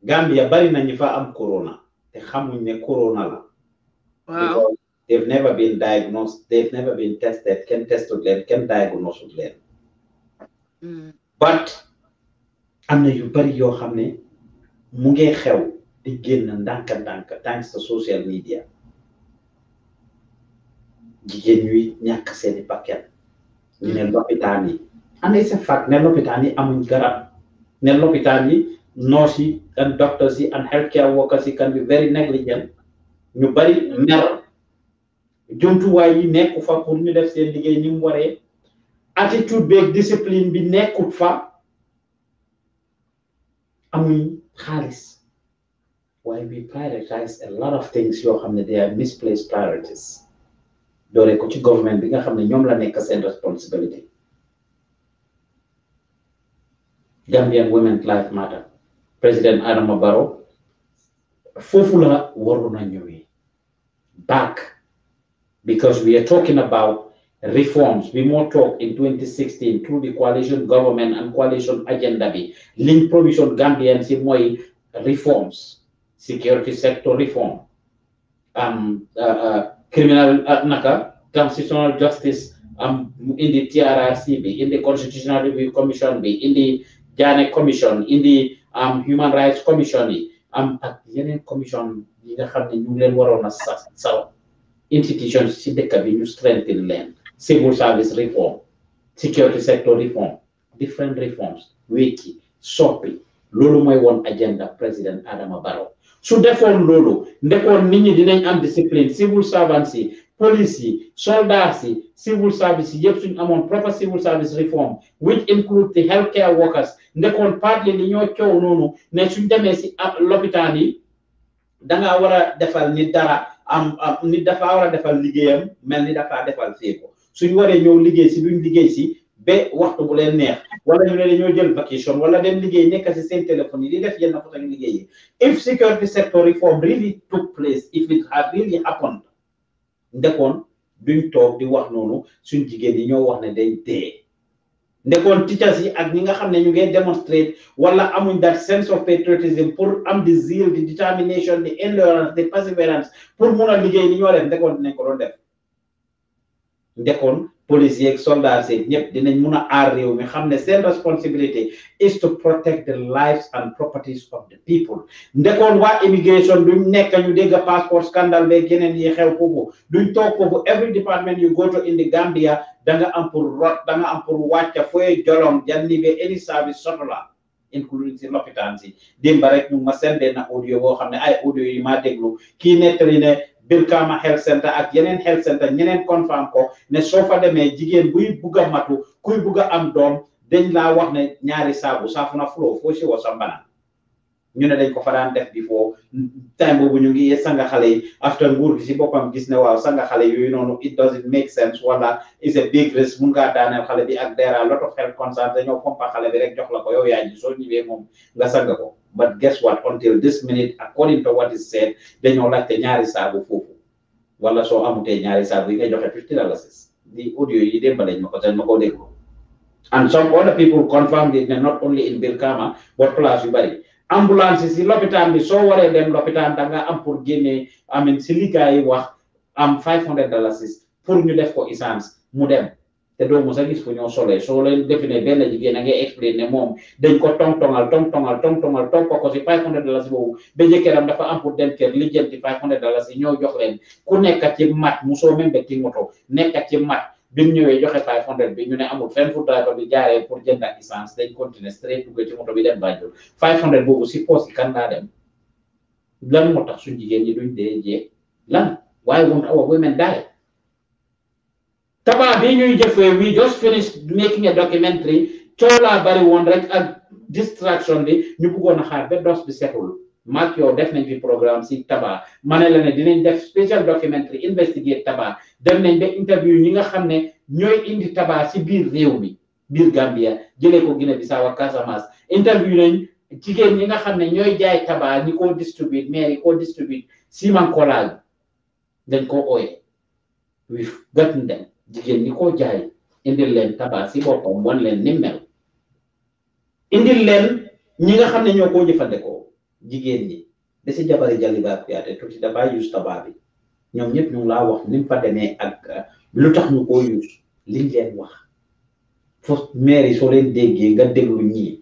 Gambia bari na fa am corona te xamuñ ne corona la. waaw they've never been diagnosed they've never been tested kenn testud leen kenn diagnostud leen. Hmm. but am na yu bari yoo xam ne mu ngi xew di génn ndànk ndànk thanks to social media. jigéen ñuy ñàkk seeni bakkan ñu ne lopitaan yi. année c'est fact ne lopitaan yi amuñ garab ne lopitaan yi nurse yi and doctors yi and healthcare workers yi can be very negligent ñu bari mer jumtuwaay yi nekku fa pour ñu def seen liggéey ñi mu waree attitude beeg discipline bi nekkut fa amuñ xaalis waaye we prioritize a lot of things yoo xam ne they are misplaced priorities dooree ko ci government bi nga xam ne ñoom la nekk seen responsibility Gambian Women's Life Matter President Adama Barrow Fufula Waruna waroon back because we are talking about reforms We more talk in 2016 through the coalition government and coalition agenda be link provision Gambian si reforms security sector reform uh, uh, criminal uh, naka transitional justice in the TRRC in the constitutional review commission in the jaane commission indi um, human rights commission um, am commission yi nga have the ñu ngi leen on a sa saw institutions ci dëkk bi ñu strengthen leen civil service reform security sector reform different reforms wiki, soppi Lulu, my one agenda président Adam Barrow So therefore, loolu therefore, nit ñi dinañ discipline civil servants police yi soldats si civil service yi yëpp suñu amoon proper civil service reform which include the healthcare workers ndekoon parti li ñoo coow noonu ne suñ demee si lopitaan yi dangaa war a defal nit dara am nit dafaa war a defal liggéeyam mel ni dafaa defal seeko suñ waree ñëw liggéey si duñ liggéey si ba waxtu bu leen neex wala ñu ne dañoo jël vacation wala dem liggéey nekk si seen téléphone yi di def yenn façon liggéey yi if security sector reform really took place if it had really ndekoon duñ toog di wax noonu suñ jigéen yi ñoo wax ne day dee ndekoon teachers yi ak ñi nga xam ne ñu ngi demonstrate wala amuñ that sense of patriotism pour am di zeal di determination di endurance di perseverance pour mun a liggéey ni ñoo def ndekoon dinañ ko doon def ndekoon police ex soldats yeeg ñëpp dinañ mun a have the same responsibility is to protect the lives and properties of the people ndekoon waa immigration duñ nekk ñu dégg passeport scandale beeg yeneen yi people. Do you talk foofu every department you go to in the Gambia da nga am pour rot da nga am pour wàcca fooy jolom janni be any service La, including the lopitaan si démba rek ñu ma sendee na audio boo xam ay audio yi maa déglu kii nettali ne Brikama health center ak yeneen health center ñeneen confirm ko ne soo fa demee jigéen buy bugg a matu kuy bugg am doom dañ laa wax ne ñaari saabu saafuna fuloo foo si woo sambana ñu ne dañ ko fa daan def before time boobu ñu ngi sanga xale yi after nguur gi si boppam gis ne waaw sanga xale yooyu noonu it doesn't make sense wala is a big risk mun ngaa daaneel xale bi ak there are lot of health concerns dañoo pompa xale bi rek jox la ko yow yaa moom nga sanga ko but guess what until this minute according to what is said dañoo laajte ñaari saabu foofu wala soo amutee ñaari saabu yi nga joxe fifty dollars di audio yi démb lañ ma ko dañ ma ko déglu and some other people confirmed it ne not only in Brikama but place yu bari ambulance si lopitaan bi soo waree den lopitaan danga nga am pour génne amin si li yi wax am five hundred dollars pour ñu def ko essence mu dem. te doo mos a gis fu ñoo solee soo leen defe ne benn jigéen a ngay expliqué ne moom dañ ko tongtongal tongtongal tongtongal tong ko ko si five hundred dollars boobu ba jëkkëram dafa am pour dem kër lijjanti five hundred dollars yi ñoo jox leen ku nekk ci mat musoo même ba ki moto nekk ci mat bi mu ñëwee joxe five hundred bi ñu ne amul fenn fu driver bi jaaree pour jënd ak essence dañ continuer straight duggee ci moto bi dem Banjul five hundred boobu si poos yi kan laa dem lan moo tax suñ jigéen ñi duñ dee jeeg lan why won't our women die Taba, bi ñuy jëfee we just finished making a documentary coow laa bari woon rek ak distraction bi ñu bëggoon a xaar ba dos bi setul maak yow def nañ fi programme si tabax ma ne la ne dinañ def special documentary investigate Taba, dem nañ ba interview ñi nga xam ne ñooy indi tabax si biir réew mi biir Gambia Jele ko Guinée Bissau ak Casamance interview nañ jigéen ñi nga xam ne jaay tabax ñi ko distribute maire ko distribute Simankola dañ ko oye. we've gotten them jigéen ñi koo jaay indil leen tabac si boppam wan leen ni mel indil leen ñi nga xam ne ñoo koo jëfandikoo jigéen ñi da si jabari jalibaat piyaate tuuti dafaa use tabac bi ñoom ñëpp ñu laa wax ni mu fa demee ak uh, lu tax ñu ko use liñ leen wax foofu mairie soo leen déggee nga déglu ñii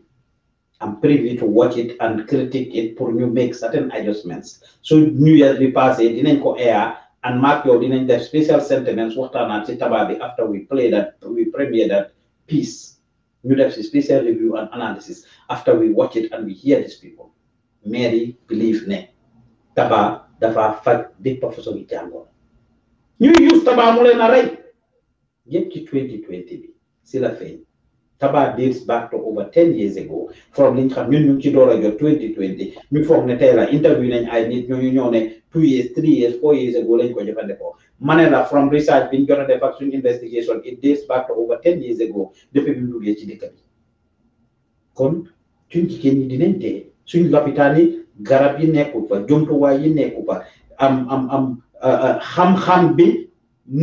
am privy to watch it and critique it pour ñu make certain adjustments so new year bi passé dinañ ko air and mark your dinañ The special sentiments waxtaanaat ci tabaa bi after we play that we premiere that piece ñu def si special review and analysis after we watch it and we hear these people Mary believe ne Taba dafa faj bépp professor we jàngoon ñuy use taba mu leen a rey yëpp ci 2020 bi si la feeñ Taba dates back to over 10 years ago from liñ xam ñun ñu ci door a jot 2020 ñu foog ne tey la interview nañ ay nit ñooñu ñëw ne two years, three years, four years ago lañ ko jëfandikoo ma ne from research bi ñu the a def investigation it dates back to over ten years ago The people do duggee ci dëkk bi didn't jigéen ñi dinañ tee suñ lopitaan yi garab yi nekkul fa jumtuwaay yi nekku fa am Ham am xam-xam bi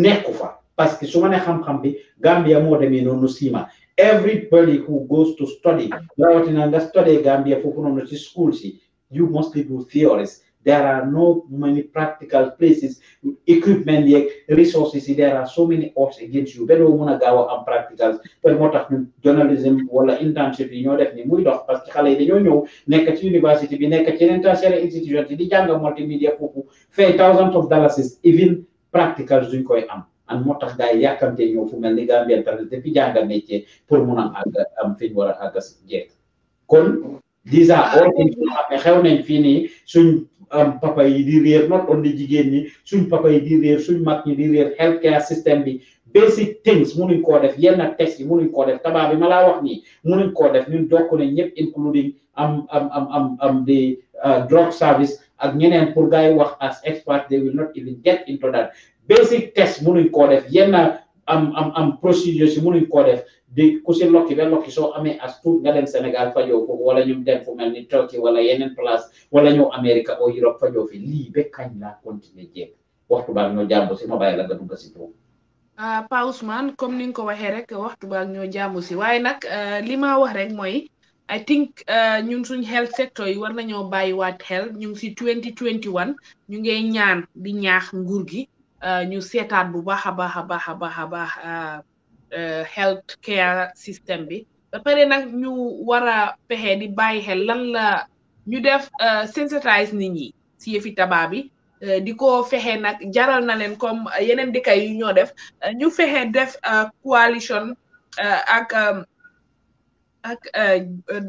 nekku fa parce que su ma ne xam-xam bi Gambia moo demee noonu everybody who goes to study in under study Gambia for noonu ci schools yi you mostly do theories there are no many practical places equipment yeeg resources yi there are so many odds against you ba doo mun a gaaw a am practicals ba moo tax journalism wala internship yi ñoo def ni muy dox parce que xale yi dañoo ñëw nekk ci university bi nekk ci yeneen tertiary institution yi di jàng multimedia foofu fay thousands of dollars even practicals duñ koy am and moo tax gars yi yàkkamte fu mel ni Gambia tamit depuis jàng métier pour mun a àgg am fi ñu war a àgg si jeeg kon these are am papa yi di réer not only jigéen ñi suñ papa yi di réer suñ mag ñi di réer healthcare system bi basic things munuñ koo def yenn test yi munuñ koo def tabaa bi ma laa wax nii munuñ koo def ñun dokk ne ñëpp including am am am am am the uh, drug service ak ñeneen pour gars yi wax as expert they will not even get into that basic test munuñ koo def yenn am am am procédure si mënuñ koo def di ku si lokki ba lokki soo amee as tuut nga dem Sénégal fajoo foofu wala ñu dem fu mel ni Turquie wala yeneen place wala ñëw Amérique au Europe fajoo fi lii ba kañ laa continuer jéeg waxtu baal ñoo jàmbu si ma bàyyi la nga dugg si tuut. Ah, pa Ousmane comme ni nga ko waxee rek waxtu baal ñoo jàmbu si waaye nag euh, li ma wax rek mooy I think euh, ñun suñ health sector yi war nañoo bàyyiwaat xel ñu ngi si 2021 ñu ngi ñaan di ñaax nguur gi. Uh, ñu seetaan bu baax a baax a baax a baax a baax uh, uh, health care système bi ba pare nag ñu war a pexe di bàyyi xel lan la ñu def sensitise nit ñi si yëfi tabaa bi di ko fexe nag jaral na leen comme yeneen dëkka yu ñoo def ñu fexe def coalition ak um, ak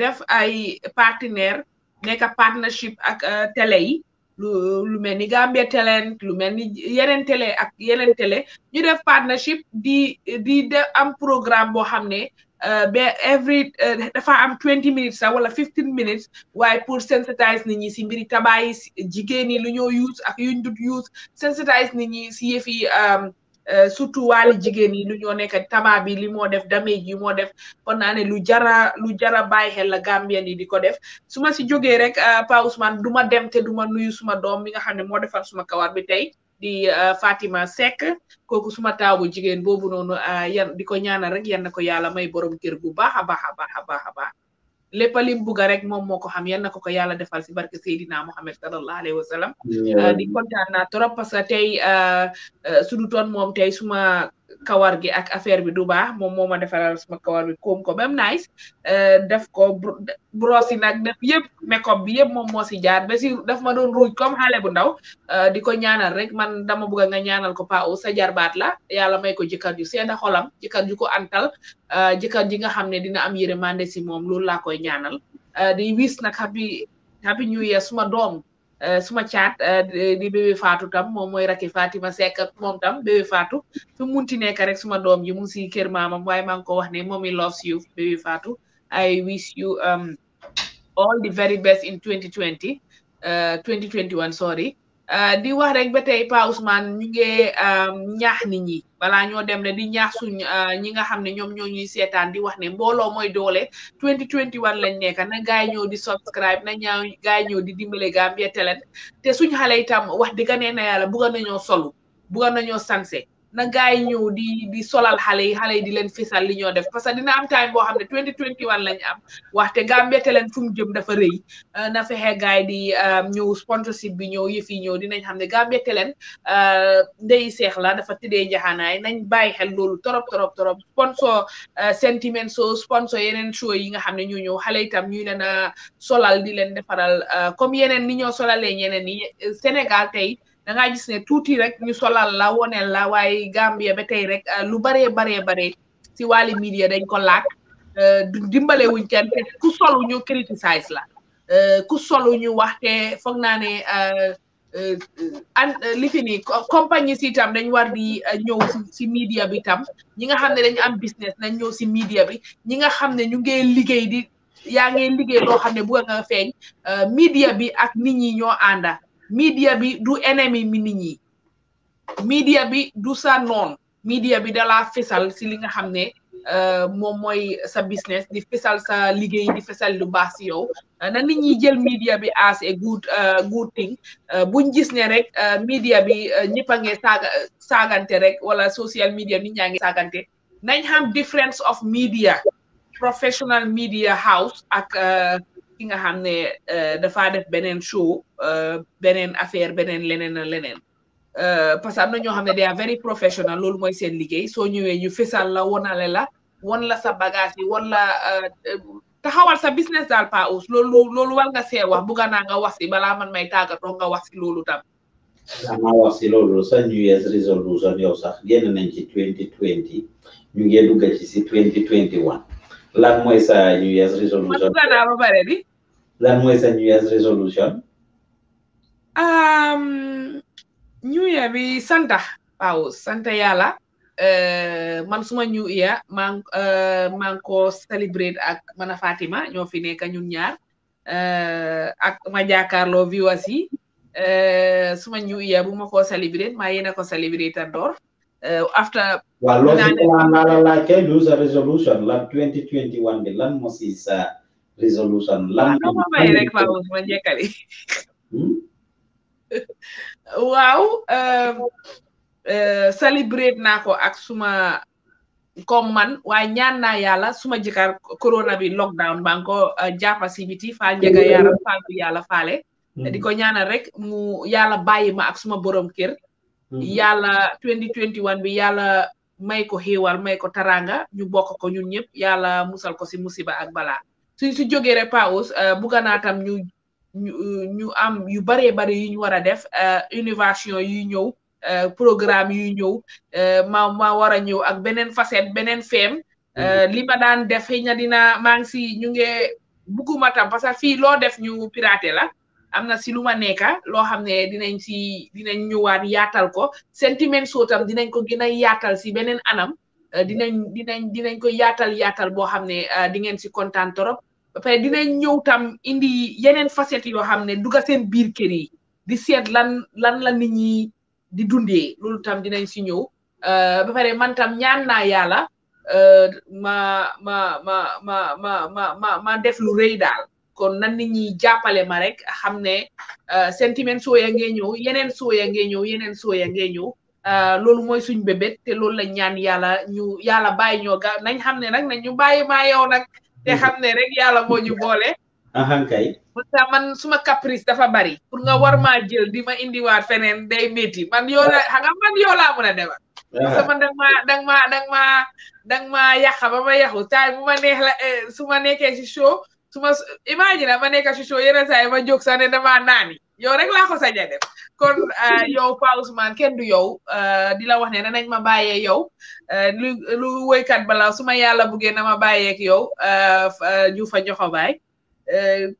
def ay partenaire nekk partnership ak télé yi lu lu mel ni Gambia Talent lu mel ni yeneen télé ak yeneen télé ñu def partnership di di de am programme boo xam ne euh, ba every euh, dafa am twenty minutes sax wala fifteen minutes waaye pour sensitise ni ñi si mbiri tabaay jigéen ñi lu ñoo use ak yuñ dut use sensitise ni ñi si yëfi um, Euh, surtout waali jigéen yi lu ñoo nekk taba bi li moo def damage yi moo def kon naa ne lu jara lu jara bàyyi xel la Gambien yi di ko def su ma si jógee rek euh, Pa duma dem te du ma nuyu suma doom mi nga xam ne moo defar suma kawar bi tey di euh, Fatima Seck kooku suma taaw bu jigéen boobu noonu yan di ko ñaanal rek yan na ko yàlla may borom kër gu baax a baax a baax lépp lim buga rek moom moo ko xam yal na ko ko yàlla defal si barke Seydina Mohamed sallallahu alayhi wa sallam di kontaan naa trop parce que tey euh, euh, su du toon moom tey suma kawar gi ak affaire bi du baax moom moo ma defaral suma kawar bi koom ko même nice euh, def ko brosse yi nag def yëpp makeup bi yëpp moom moo si jaar ba si daf ma doon ruuj comme xale bu ndaw euh, di ko ñaanal rek man dama bëgg nga ñaanal ko paa sa jarbaat la yàlla may ko jëkkër ju seeda xolam jikar ju ko antal euh, jëkkër ji nga xam ne dina am yërmande si moom loolu laa koy ñaanal di wis nag happy happy new suma doom Eh, suma caat eh, di bébé Fatou tam moom mooy rakki Fatima Seck ak moom tam bébé Fatou fi mu munti nekk rek suma doom ji mu si kër maamam waaye maa ngi ko wax ne moom i loves you bébé Fatou I wish you um, all the very best in 2020 2021 eh, sorry Euh, di wax rek ba tey Pa Ousmane ñu ngi euh, ñaax nit ñii balaa ñoo dem ne di ñaax suñ euh, ñi nga xam ne ñoom ñoo ñuy seetaan di wax ne mbooloo mooy doole 2021 lañ nekk na gaay ñëw di subscribe na ñaaw gaay ñëw di dimbale Gambian Talents te suñ xale itam wax dëgg nee na yàlla bugga nañoo solu bugga ñoo sanse na gaay yi ñëw di di solal xale yi xale yi di leen fisal li ñoo def parce que dina am time boo xam ne 2021 lañ am waxte Gambia Talents fu mu jëm dafa rëy euh, na fexe gaay di euh, ñëw sponsorship bi ñëw yëf yi ñëw dinañ xam ne Gambia Talents euh, ndey seex la dafa tëddee njaxaanaay nañ bàyyi xel loolu trop trop torop sponsor sentiment so sponsor yeneen show yi nga xam ne ñu ñëw xale itam ñuy leen a solal di leen defaral comme yeneen ni ñoo solalee ñeneen yi Sénégal tey da ngaa gis ne tuuti rek ñu solal la woneel la waaye Gambia ba tey rek ah, lu baree baree baree si wàllu media dañ ko laaj eh, dimbale wuñ kenn te ku solu ñu criticize la eh, ku solu ñu wax te foog naa ne ah, eh, an li fi nii compagnie si itam dañ war di ñëw si media bi tam ñi nga xam ne dañ am business nañ ñëw si media bi ñi nga xam ne ñu ngi liggéey di yaa ngi liggéey loo xam ne bëgg nga feeñ media bi ak nit ñi ñoo ànda media bi du ennemi mi nit ñi media bi du sa noon media bi dala fesal si li nga xam ne euh, moom mooy sa business di fesal sa liggéey di fesal lu baax si yow euh, na nit ñi jël media bi as a good euh, thing buñ gis ne rek media bi ñëpp a ngi rek wala social media nit ñaa ngi saagante nañ xam difference of media professional media house ak ki nga xam ne euh, dafaa def beneen show euh, beneen affaire beneen leneen a leneen euh, parce que am na ñoo xam ne they are very professional loolu mooy seen liggéey soo ñëwee ñu fesal la wonale la won la sa bagage yi wala taxawal sa business daal pa aus loolu loolu war nga see wax bugga naa nga wax si balaa man may tàggatoo nga wax loolu tam maa wax si loolu sa new year's resolution yow sax génn nañ ci 2020 ñu ngee duggal ci si 2021 lan moy sa New Year's resolution. mos naa ba bare di. lan moy sa New Year's resolution. Um, New Year bi santa waaw santa euh man suma New Year man, euh man ko celebrate ak mana Fatima ño fi nek ñun ñaar eh, ak ma jàkkaarloo viewers yi eh, suma New Year bu ma celebrate ma yena ko celebrate a uh, after well, like lose a resolution la 2021 di lan mesti sa resolution lan apa ya rek mau menjekali waaw celebrate nako ak suma comme man waaye ñaan na yalla suma jikar corona bi lockdown ba ko eh, jàppa si fa faal njëga fa faal bu faale hmm. diko ñaanal rek mu yalla bayima ma ak suma borom kër Mhm. yàlla 2021 bi yàlla may ko xéewal may ko taranga ñu bokk ko ñun ñëpp yàlla musal ko si musiba ak bala suñ si jógee rek Paos euh, bugga ñu ñu ñu am yu baree bari yu ñu war a def euh, innovation yuy ñëw euh, programme yuy ñëw ma ma war a ñëw ak beneen facette beneen feem mhm. li ma daan def xëy na dina si ñu nge bugguma tam parce que loo def ñu piraté la am na si lu ma nekka loo xam ne dinañ si dinañ ñëwaat yaatal ko sentiment sootam dinañ ko gën a yaatal si beneen anam euh, dinañ dinañ dinañ ko yaatal yaatal boo xam ne euh, di ngeen si kontaan trop ba pare dinañ ñëw tam indi yeneen facettes yoo xam ne dugga seen biir kër yi di seet lan lan la nit ñi di dundee loolu tam dinañ si ñëw euh, ba pare man tam ñaan naa yàlla ma ma ma ma ma ma ma def lu rëy daal kon nan ni ñi jàppale ma rek xam ne euh, sentiment sooya ngee ñëw yeneen sooya ngee ñëw yeneen sooya ngee ñëw euh, loolu mooy suñ bébét te loolu la ñaan yàlla ñu yàlla bàyyi ñoo ga nañ xam ne nag nañ ñu bàyyi maa yow nag te rek yàlla moo ñu boole ahankay man suma caprice dafa bari pour nga war maa jël di ma indiwaat feneen day métti man yow la xam nga man laa mën a defar parce que man danga maa danga maa danga maa danga maa yàqa ba ma yàqu taay bu ma neex la euh, su ma nekkee si show su eh, eh, ma imagine ma nekk si show yeneen saa ma jóg sax ne damaa naani yow rek laa ko sañ a kon yow Pa Ousmane kenn du yow di la wax ne nañ ma bàyyee yow lu lu woykat bala su ma yàlla buggee na ma bàyyeek yow ju fa joxo baay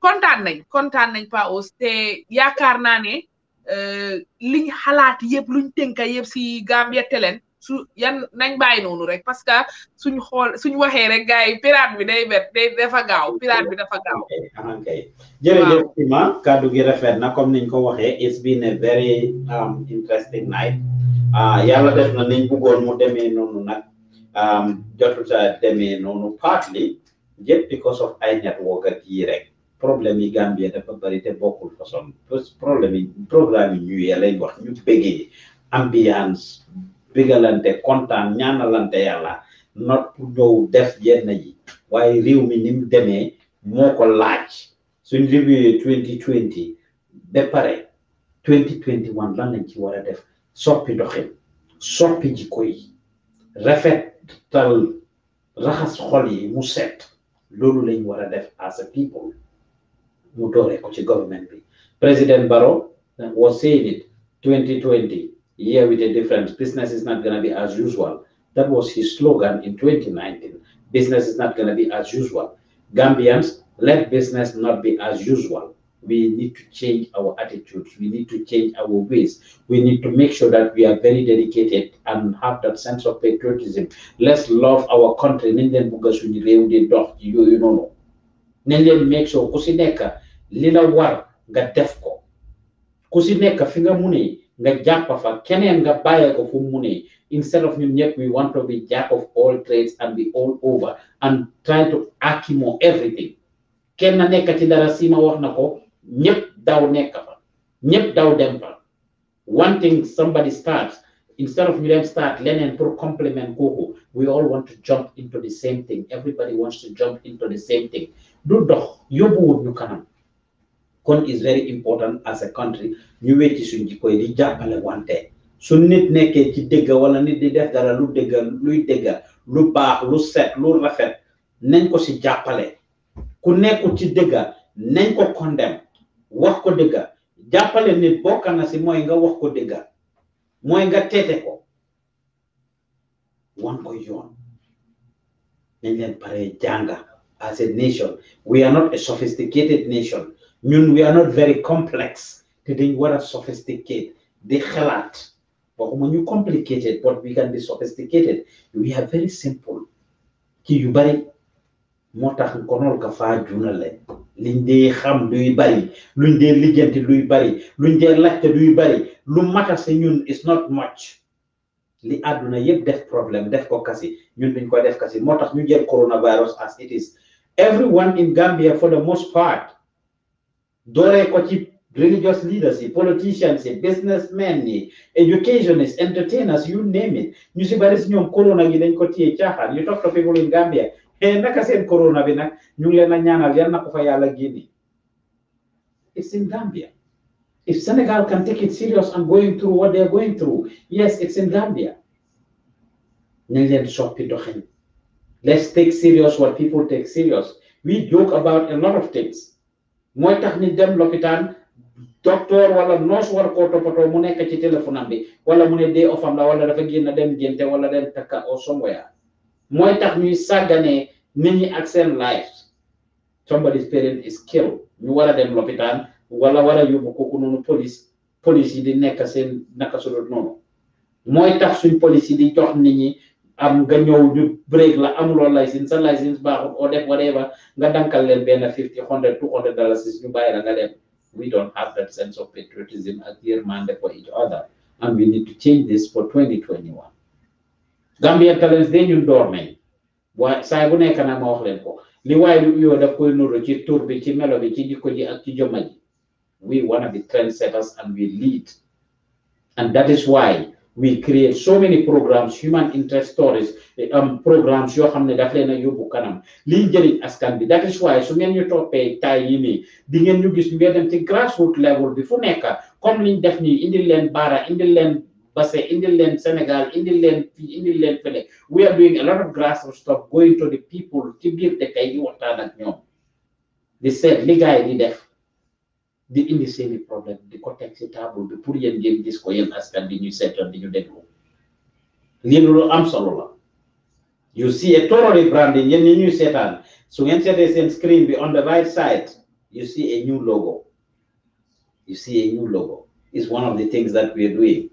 kontaan nañ kontaan nañ Pa te yaakaar naa ne eh, liñ xalaat yëpp luñ tënka yëpp si Gambia Talents su yan nañ bàyyi noonu rek parce que suñ xool suñ waxee rek gars yi pirate bi day bet day dafa gaaw pirate bi dafa gaaw kay jële Sima kàddu gi rafet na comme niñ ko waxee it's ne a very um, interesting night ah, yàlla def na niñ bëggoon mu demee noonu nag um, jotuta demee noonu partly just because of ay network ak yi rek problème yi Gambia dafa bari te bokkul façon problème yi programme yi ñu yee lañ wax ñu bëggee ambiance bégalante kontaan ñaanalante yàlla not pour ñëw def yenn yi waaye réew mi ni mu demee moo ko laaj suñ reviewé twenty twenty ba pare lan lañ ci war a def soppi doxin soppi jikko yi rafetal raxas xol yi mu set loolu lañ war a def as a people mu dooree ko ci government bi président Barrow was saying it twenty twenty year with a difference. Business is not going to be as usual. That was his slogan in 2019. Business is not going to be as usual. Gambians, let business not be as usual. We need to change our attitudes. We need to change our ways. We need to make sure that we are very dedicated and have that sense of patriotism. Let's love our country. Ninden buga suñu réew di dox ci yooyu noonu. Nañ leen make sure kusineka si war nga def ko. Ku si nga jàpp fa keneen nga bàyyee ko fu mu ne instead of ñun ñëpp we want to be jack of all trades and be all over and try to akimo everything kenn nekk ci dara sima wax na ko ñëpp daw nekk fa ñëpp daw dem fa one thing somebody starts instead of ñu dem start leneen pour complement kooku we all want to jump into the same thing everybody wants to jump into the same thing du dox yóbbuwut ñu kanam kon is very important as a country ñu wecci suñ jikko yi di jàppale wante su nit nekkee ci dëgg wala nit di def dara lu dëgg luy dëgg lu baax lu set lu rafet nañ ko si jàppale ku nekkul ci dëgg nañ ko condemn wax ko dëgg jàppale nit bokk na si mooy nga wax ko dëgg mooy nga teete ko wan ko yoon nañ leen pare jànga as a nation we are not a sophisticated nation ñun we are not very complex te dañ war a sophisticate. di xalaat waxuma ñu complicated but we can be sophisticated we are very simple kii yu bari moo tax konool ka faa junale liñ dee xam luy bari luñ dee lijjanti luy bari luñ dee laajte luy bari lu mata si ñun is not much li àdduna yëpp def problème def ko kasi ñun duñ ko def kasi moo tax ñu jël coronavirus as it is everyone in Gambia for the most part Dore religious leaders, politicians, businessmen, educationists, entertainers, you name it. You see, but it's new corona, you then got You talk to people in Gambia, and like I said, corona, vina, nyulena nyana, yana kufayala guinea. It's in Gambia. If Senegal can take it serious and going through what they're going through, yes, it's in Gambia. Let's take serious what people take serious. We joke about a lot of things. mooy tax ñu dem lopitaan docteur wala nurse war koo toppatoo mu nekk ci téléphone am bi wala mu ne dee ofam la wala dafa génn dem génte wala dem takka au somewhere mooy tax ñuy sàgganee nit ñi ak seen life somebody's parent is ñu war a dem lopitaan wala war a kooku noonu police police yi di nekk seen naka su dul noonu mooy tax suñ police yi di jox nit ñi am nga ñëw ñu break la amuloo license sa license baaxul def whatever nga dankal leen benn dollars ñu bàyyi la nga dem we don't have that sense of patriotism ak yërmande for each other and we need to change this for 2021 Gambian Talents de ñun door nañ waaye saa bu nekk na ma wax leen ko li waaye lu uyoo daf koy nuru ci tur bi ci melo bi ci jikko ji ak ci joma ji we wanna be trendsetters and we lead and that is why we create so many programs human interest stories am eh, um, programmes yoo xam ne daf leen a yóbbu kanam liy njëriñ askan bi that is why su ngeen ñu toppee tay yi nii di ngeen ñu gis ñu ngeen dem ci grassroots level bi fu nekk comme liñ def nii indil leen baara indil leen Basse, Indian Senegal, Indian, Indian Pele. We are doing a lot of grassroots stuff going to the people to give the Kayi Watanak Nyom. They said, Ligai Didef. The indi seeni problème di ko table the pour yéen ngeen gis ko yéen askan bi new set di the new lii lu am solo you see a brand branding new set ñuy So you see the same screen bi on the right side you see a new logo you see a new logo it's one of the things that we are doing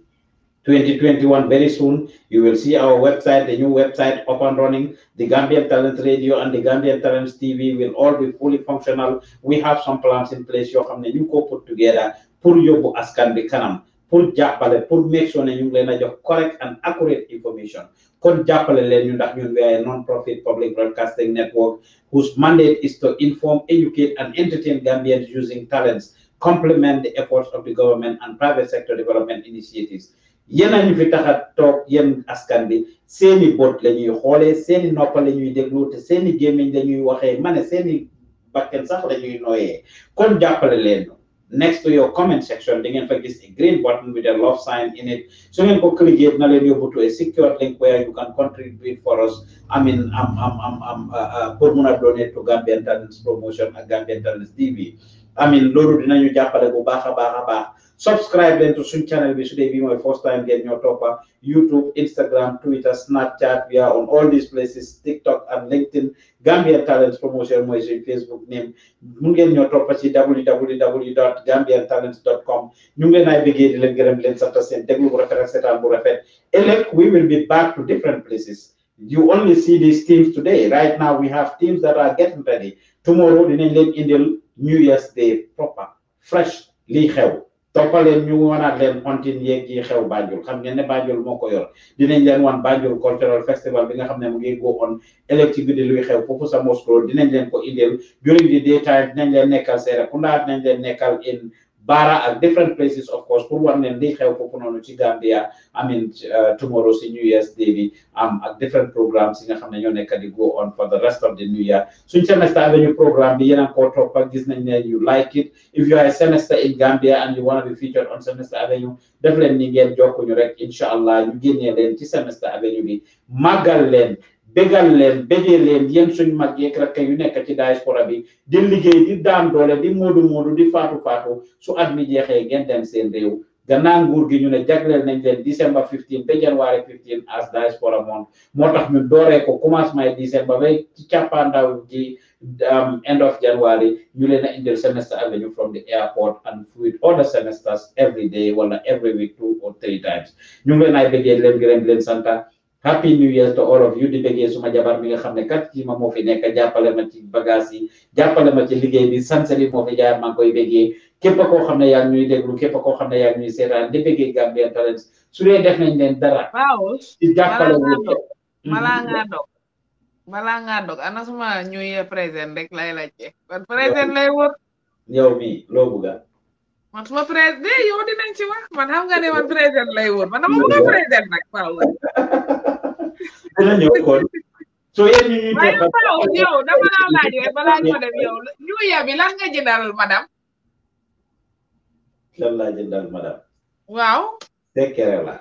2021 very soon. You will see our website, the new website up and running. The Gambian Talent Radio and the Gambian Talents TV will all be fully functional. We have some plans in place. You have the new co put together. Pour yobu askan bi kanam. Pour jappale, pour make sure na ñu leena jox correct and accurate information. Kon jappale leen New ndax we are a non-profit public broadcasting network whose mandate is to inform, educate and entertain Gambians using talents, complement the efforts of the government and private sector development initiatives. yéen a ñu fi tax a toog yéen askan bi seeni bot la ñuy xoolee seeni noppa la ñuy déglu te seeni gémmiñ la ñuy waxee ma ne seeni bakken sax la ñuy nooyee kon jàppale leen next to your comment section di ngeen fa gis a green button with a love sign in it su ngeen ko cliquer na leen yóbbu to a secure link where you can contribute for us I am am am am uh, uh, pour mun a donate to Gambian Talents promotion ak Gambian Talents TV. amin loolu dinañu jàppale bu baax a baax a baax subscribe then to suñ channel We should be my first time ngeen your topa. youtube instagram twitter snapchat we are on all these places tiktok and linkedin Gambia Talents Promotion My facebook name mun ngeen ñoo toppa ci www dot gambian ay bëggee di leen gërëm leen sant we will be back to different places you only see these teams today right now we have teams that are getting ready tomorrow dinañ in the. New Year's Day proper fresh lii xew toppaleen ñu wanaat leen continue yeeg yi xew Banjul xam ngeen ne Banjul moo ko yor dinañ leen wan Banjul cultural festival bi nga xam ne mu ngi go on électrique di luy xew foofu sa Moscow dinañ leen ko indil during the day time dinañ leen nekkal Serekunda dinañ leen nekkal in Barra at different places, of course, for one and they help Okononuchi Gambia, I mean, uh, tomorrow's New Year's Day, um, at different programs in Hamanyonek they go on for the rest of the new year. So in Semester Avenue program, the Yenan Court of Pakistan, you like it. If you are a semester in Gambia and you want to be featured on Semester Avenue, definitely get your inshallah, you get your Semester Avenue, Magal bégal leen béjee leen yéen suñ mag yeeg rakk yu nekk ci diaspora bi di liggéey di daan doole di moodu moodu di faatu faatu su at mi jeexee ngeen dem seen réew gannaaw nguur gi ñu ne jagleel nañ leen December 15 ba January 15 as diaspora moom moo tax ñu dooree ko commencement yi December ba ci càppaandaw gi um, end of January ñu leen a indil semester avenue from the airport and with other semesters every day wala every week two or three times ñu ngi leen ay leen gërëm happy new year to all of you di bëggee suma jabar mi nga xam ne kat kii ma moo fi nekk jàppale ma ci bagage yi jàppale ma ci liggéey bi sanse bi moo fi jaar maa ngi koy bëggee képp koo xam ne yaa ngi ñuy déglu képp koo xam ne yaa ngi ñuy seetaan di bëggee Gambian Talents su dee def nañ leen dara. waaw di jàppale balaa ngaa dog balaa ngaa dog ana suma ñuy présent rek lay laajte. kon présent lay wër. yow mi loo bëgg man su ma président yow dinañ ci wax man xam nga ne man président lay woon man dama bëgg a président nag waaw. dina ñëw yow dama la laaj ñoo dem yow ñu yabi lan nga jëndal madame. waaw. sekere ma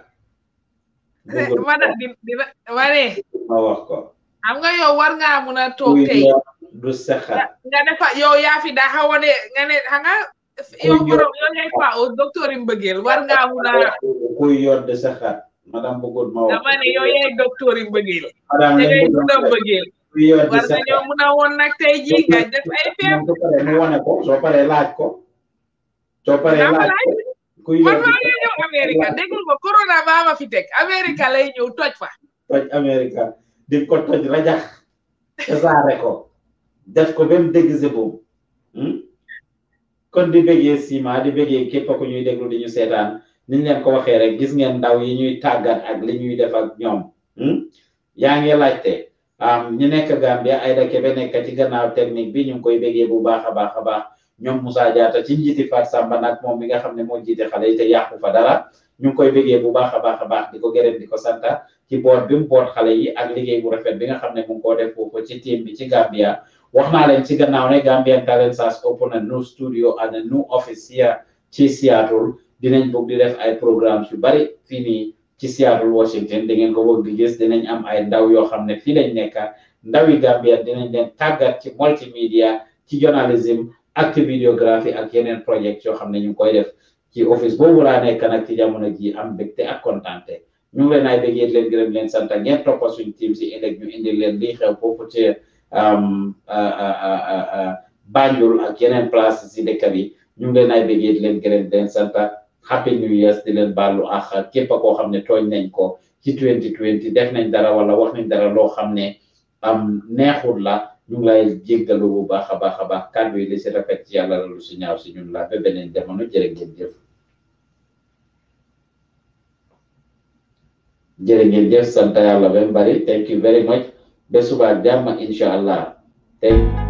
wax ko. xam nga yow war ngaa mun a toog tey. du saxaat nga defa yow yaa fi daa xaw a nga ne xam yow borom yow yaay faaw oh, docteur mbëggeel war ngaa mun a. kuy yor de sa xar madame ma wax. dama mun a mbëggeel. kuy de sa xar war nañoo mun a woon nag tey jii nga def ay feem. soo mu wane ko soo paree laaj ko. soo paree laaj ko kuy yor de sa xar man maa ngi ñëw Amérique déglu ko def ko ba mu dégg si boobu. Hmm? kon di bëggee Sima di bëggee képp ku ñuy déglu di ñu seetaan niñ leen ko waxee rek gis ngeen ndaw yi ñuy tàggat ak li ñuy def ak ñoom hmm? yaa ngi laajte ñu nekk Gambia Aida Kebe nekk ci gannaaw technique bi ñu ngi koy bëggee bu baax a baax a baax ñoom Moussa Diatta ci njiiti Fat Samba nag moom mi nga xam ne moo jiite xale yi te yàqu fa dara ñu ngi koy bëggee bu baax a baax a baax di ko gërëm di ko santa ci boot bi mu boot xale yi ak liggéey bu rafet bi nga xam ne mu koo def foofu ci team bi ci Gambia wax naa leen ci gannaaw ne Gambian Talents has opened a new studio and a new office here ci Seattle dinañ bëgg di def ay programmes yu bari fii nii ci Seattle Washington da ngeen ko bëgg di gis dinañ am ay ndaw yoo xam ne fii lañ nekk ndawi Gambia dinañ leen tàggat ci multimédia ci journalism ak ci vidéographie ak yeneen projets yoo xam ne ñu ngi koy def ci office boobu laa nekk nag ci jamono ji am mbégte ak kontante ñu ngi leen ay bëggee leen gërëm leen sant ngeen suñ team si ëllëg ñu indil leen lii xew foofu ci Um, uh, uh, uh, Banjul ak yeneen place si dëkk bi ñu ngi leen ay bégee di leen gërëm di leen sant happy new years di leen baalu ak képp koo xam ne tooñ nañ ko ci 2020 def nañ dara wala wax nañ dara loo xam ne am um, neexul la ñu ngi lay jéggalu bu baax a baax a baax kàddu yi di si rafet ci yàlla la lu si ñaaw si ñun la ba beneen jamono jërë ngeen jëf. jërë jëf sant yàlla ba bari thank you very much. ba subaa jàmm incha allah tey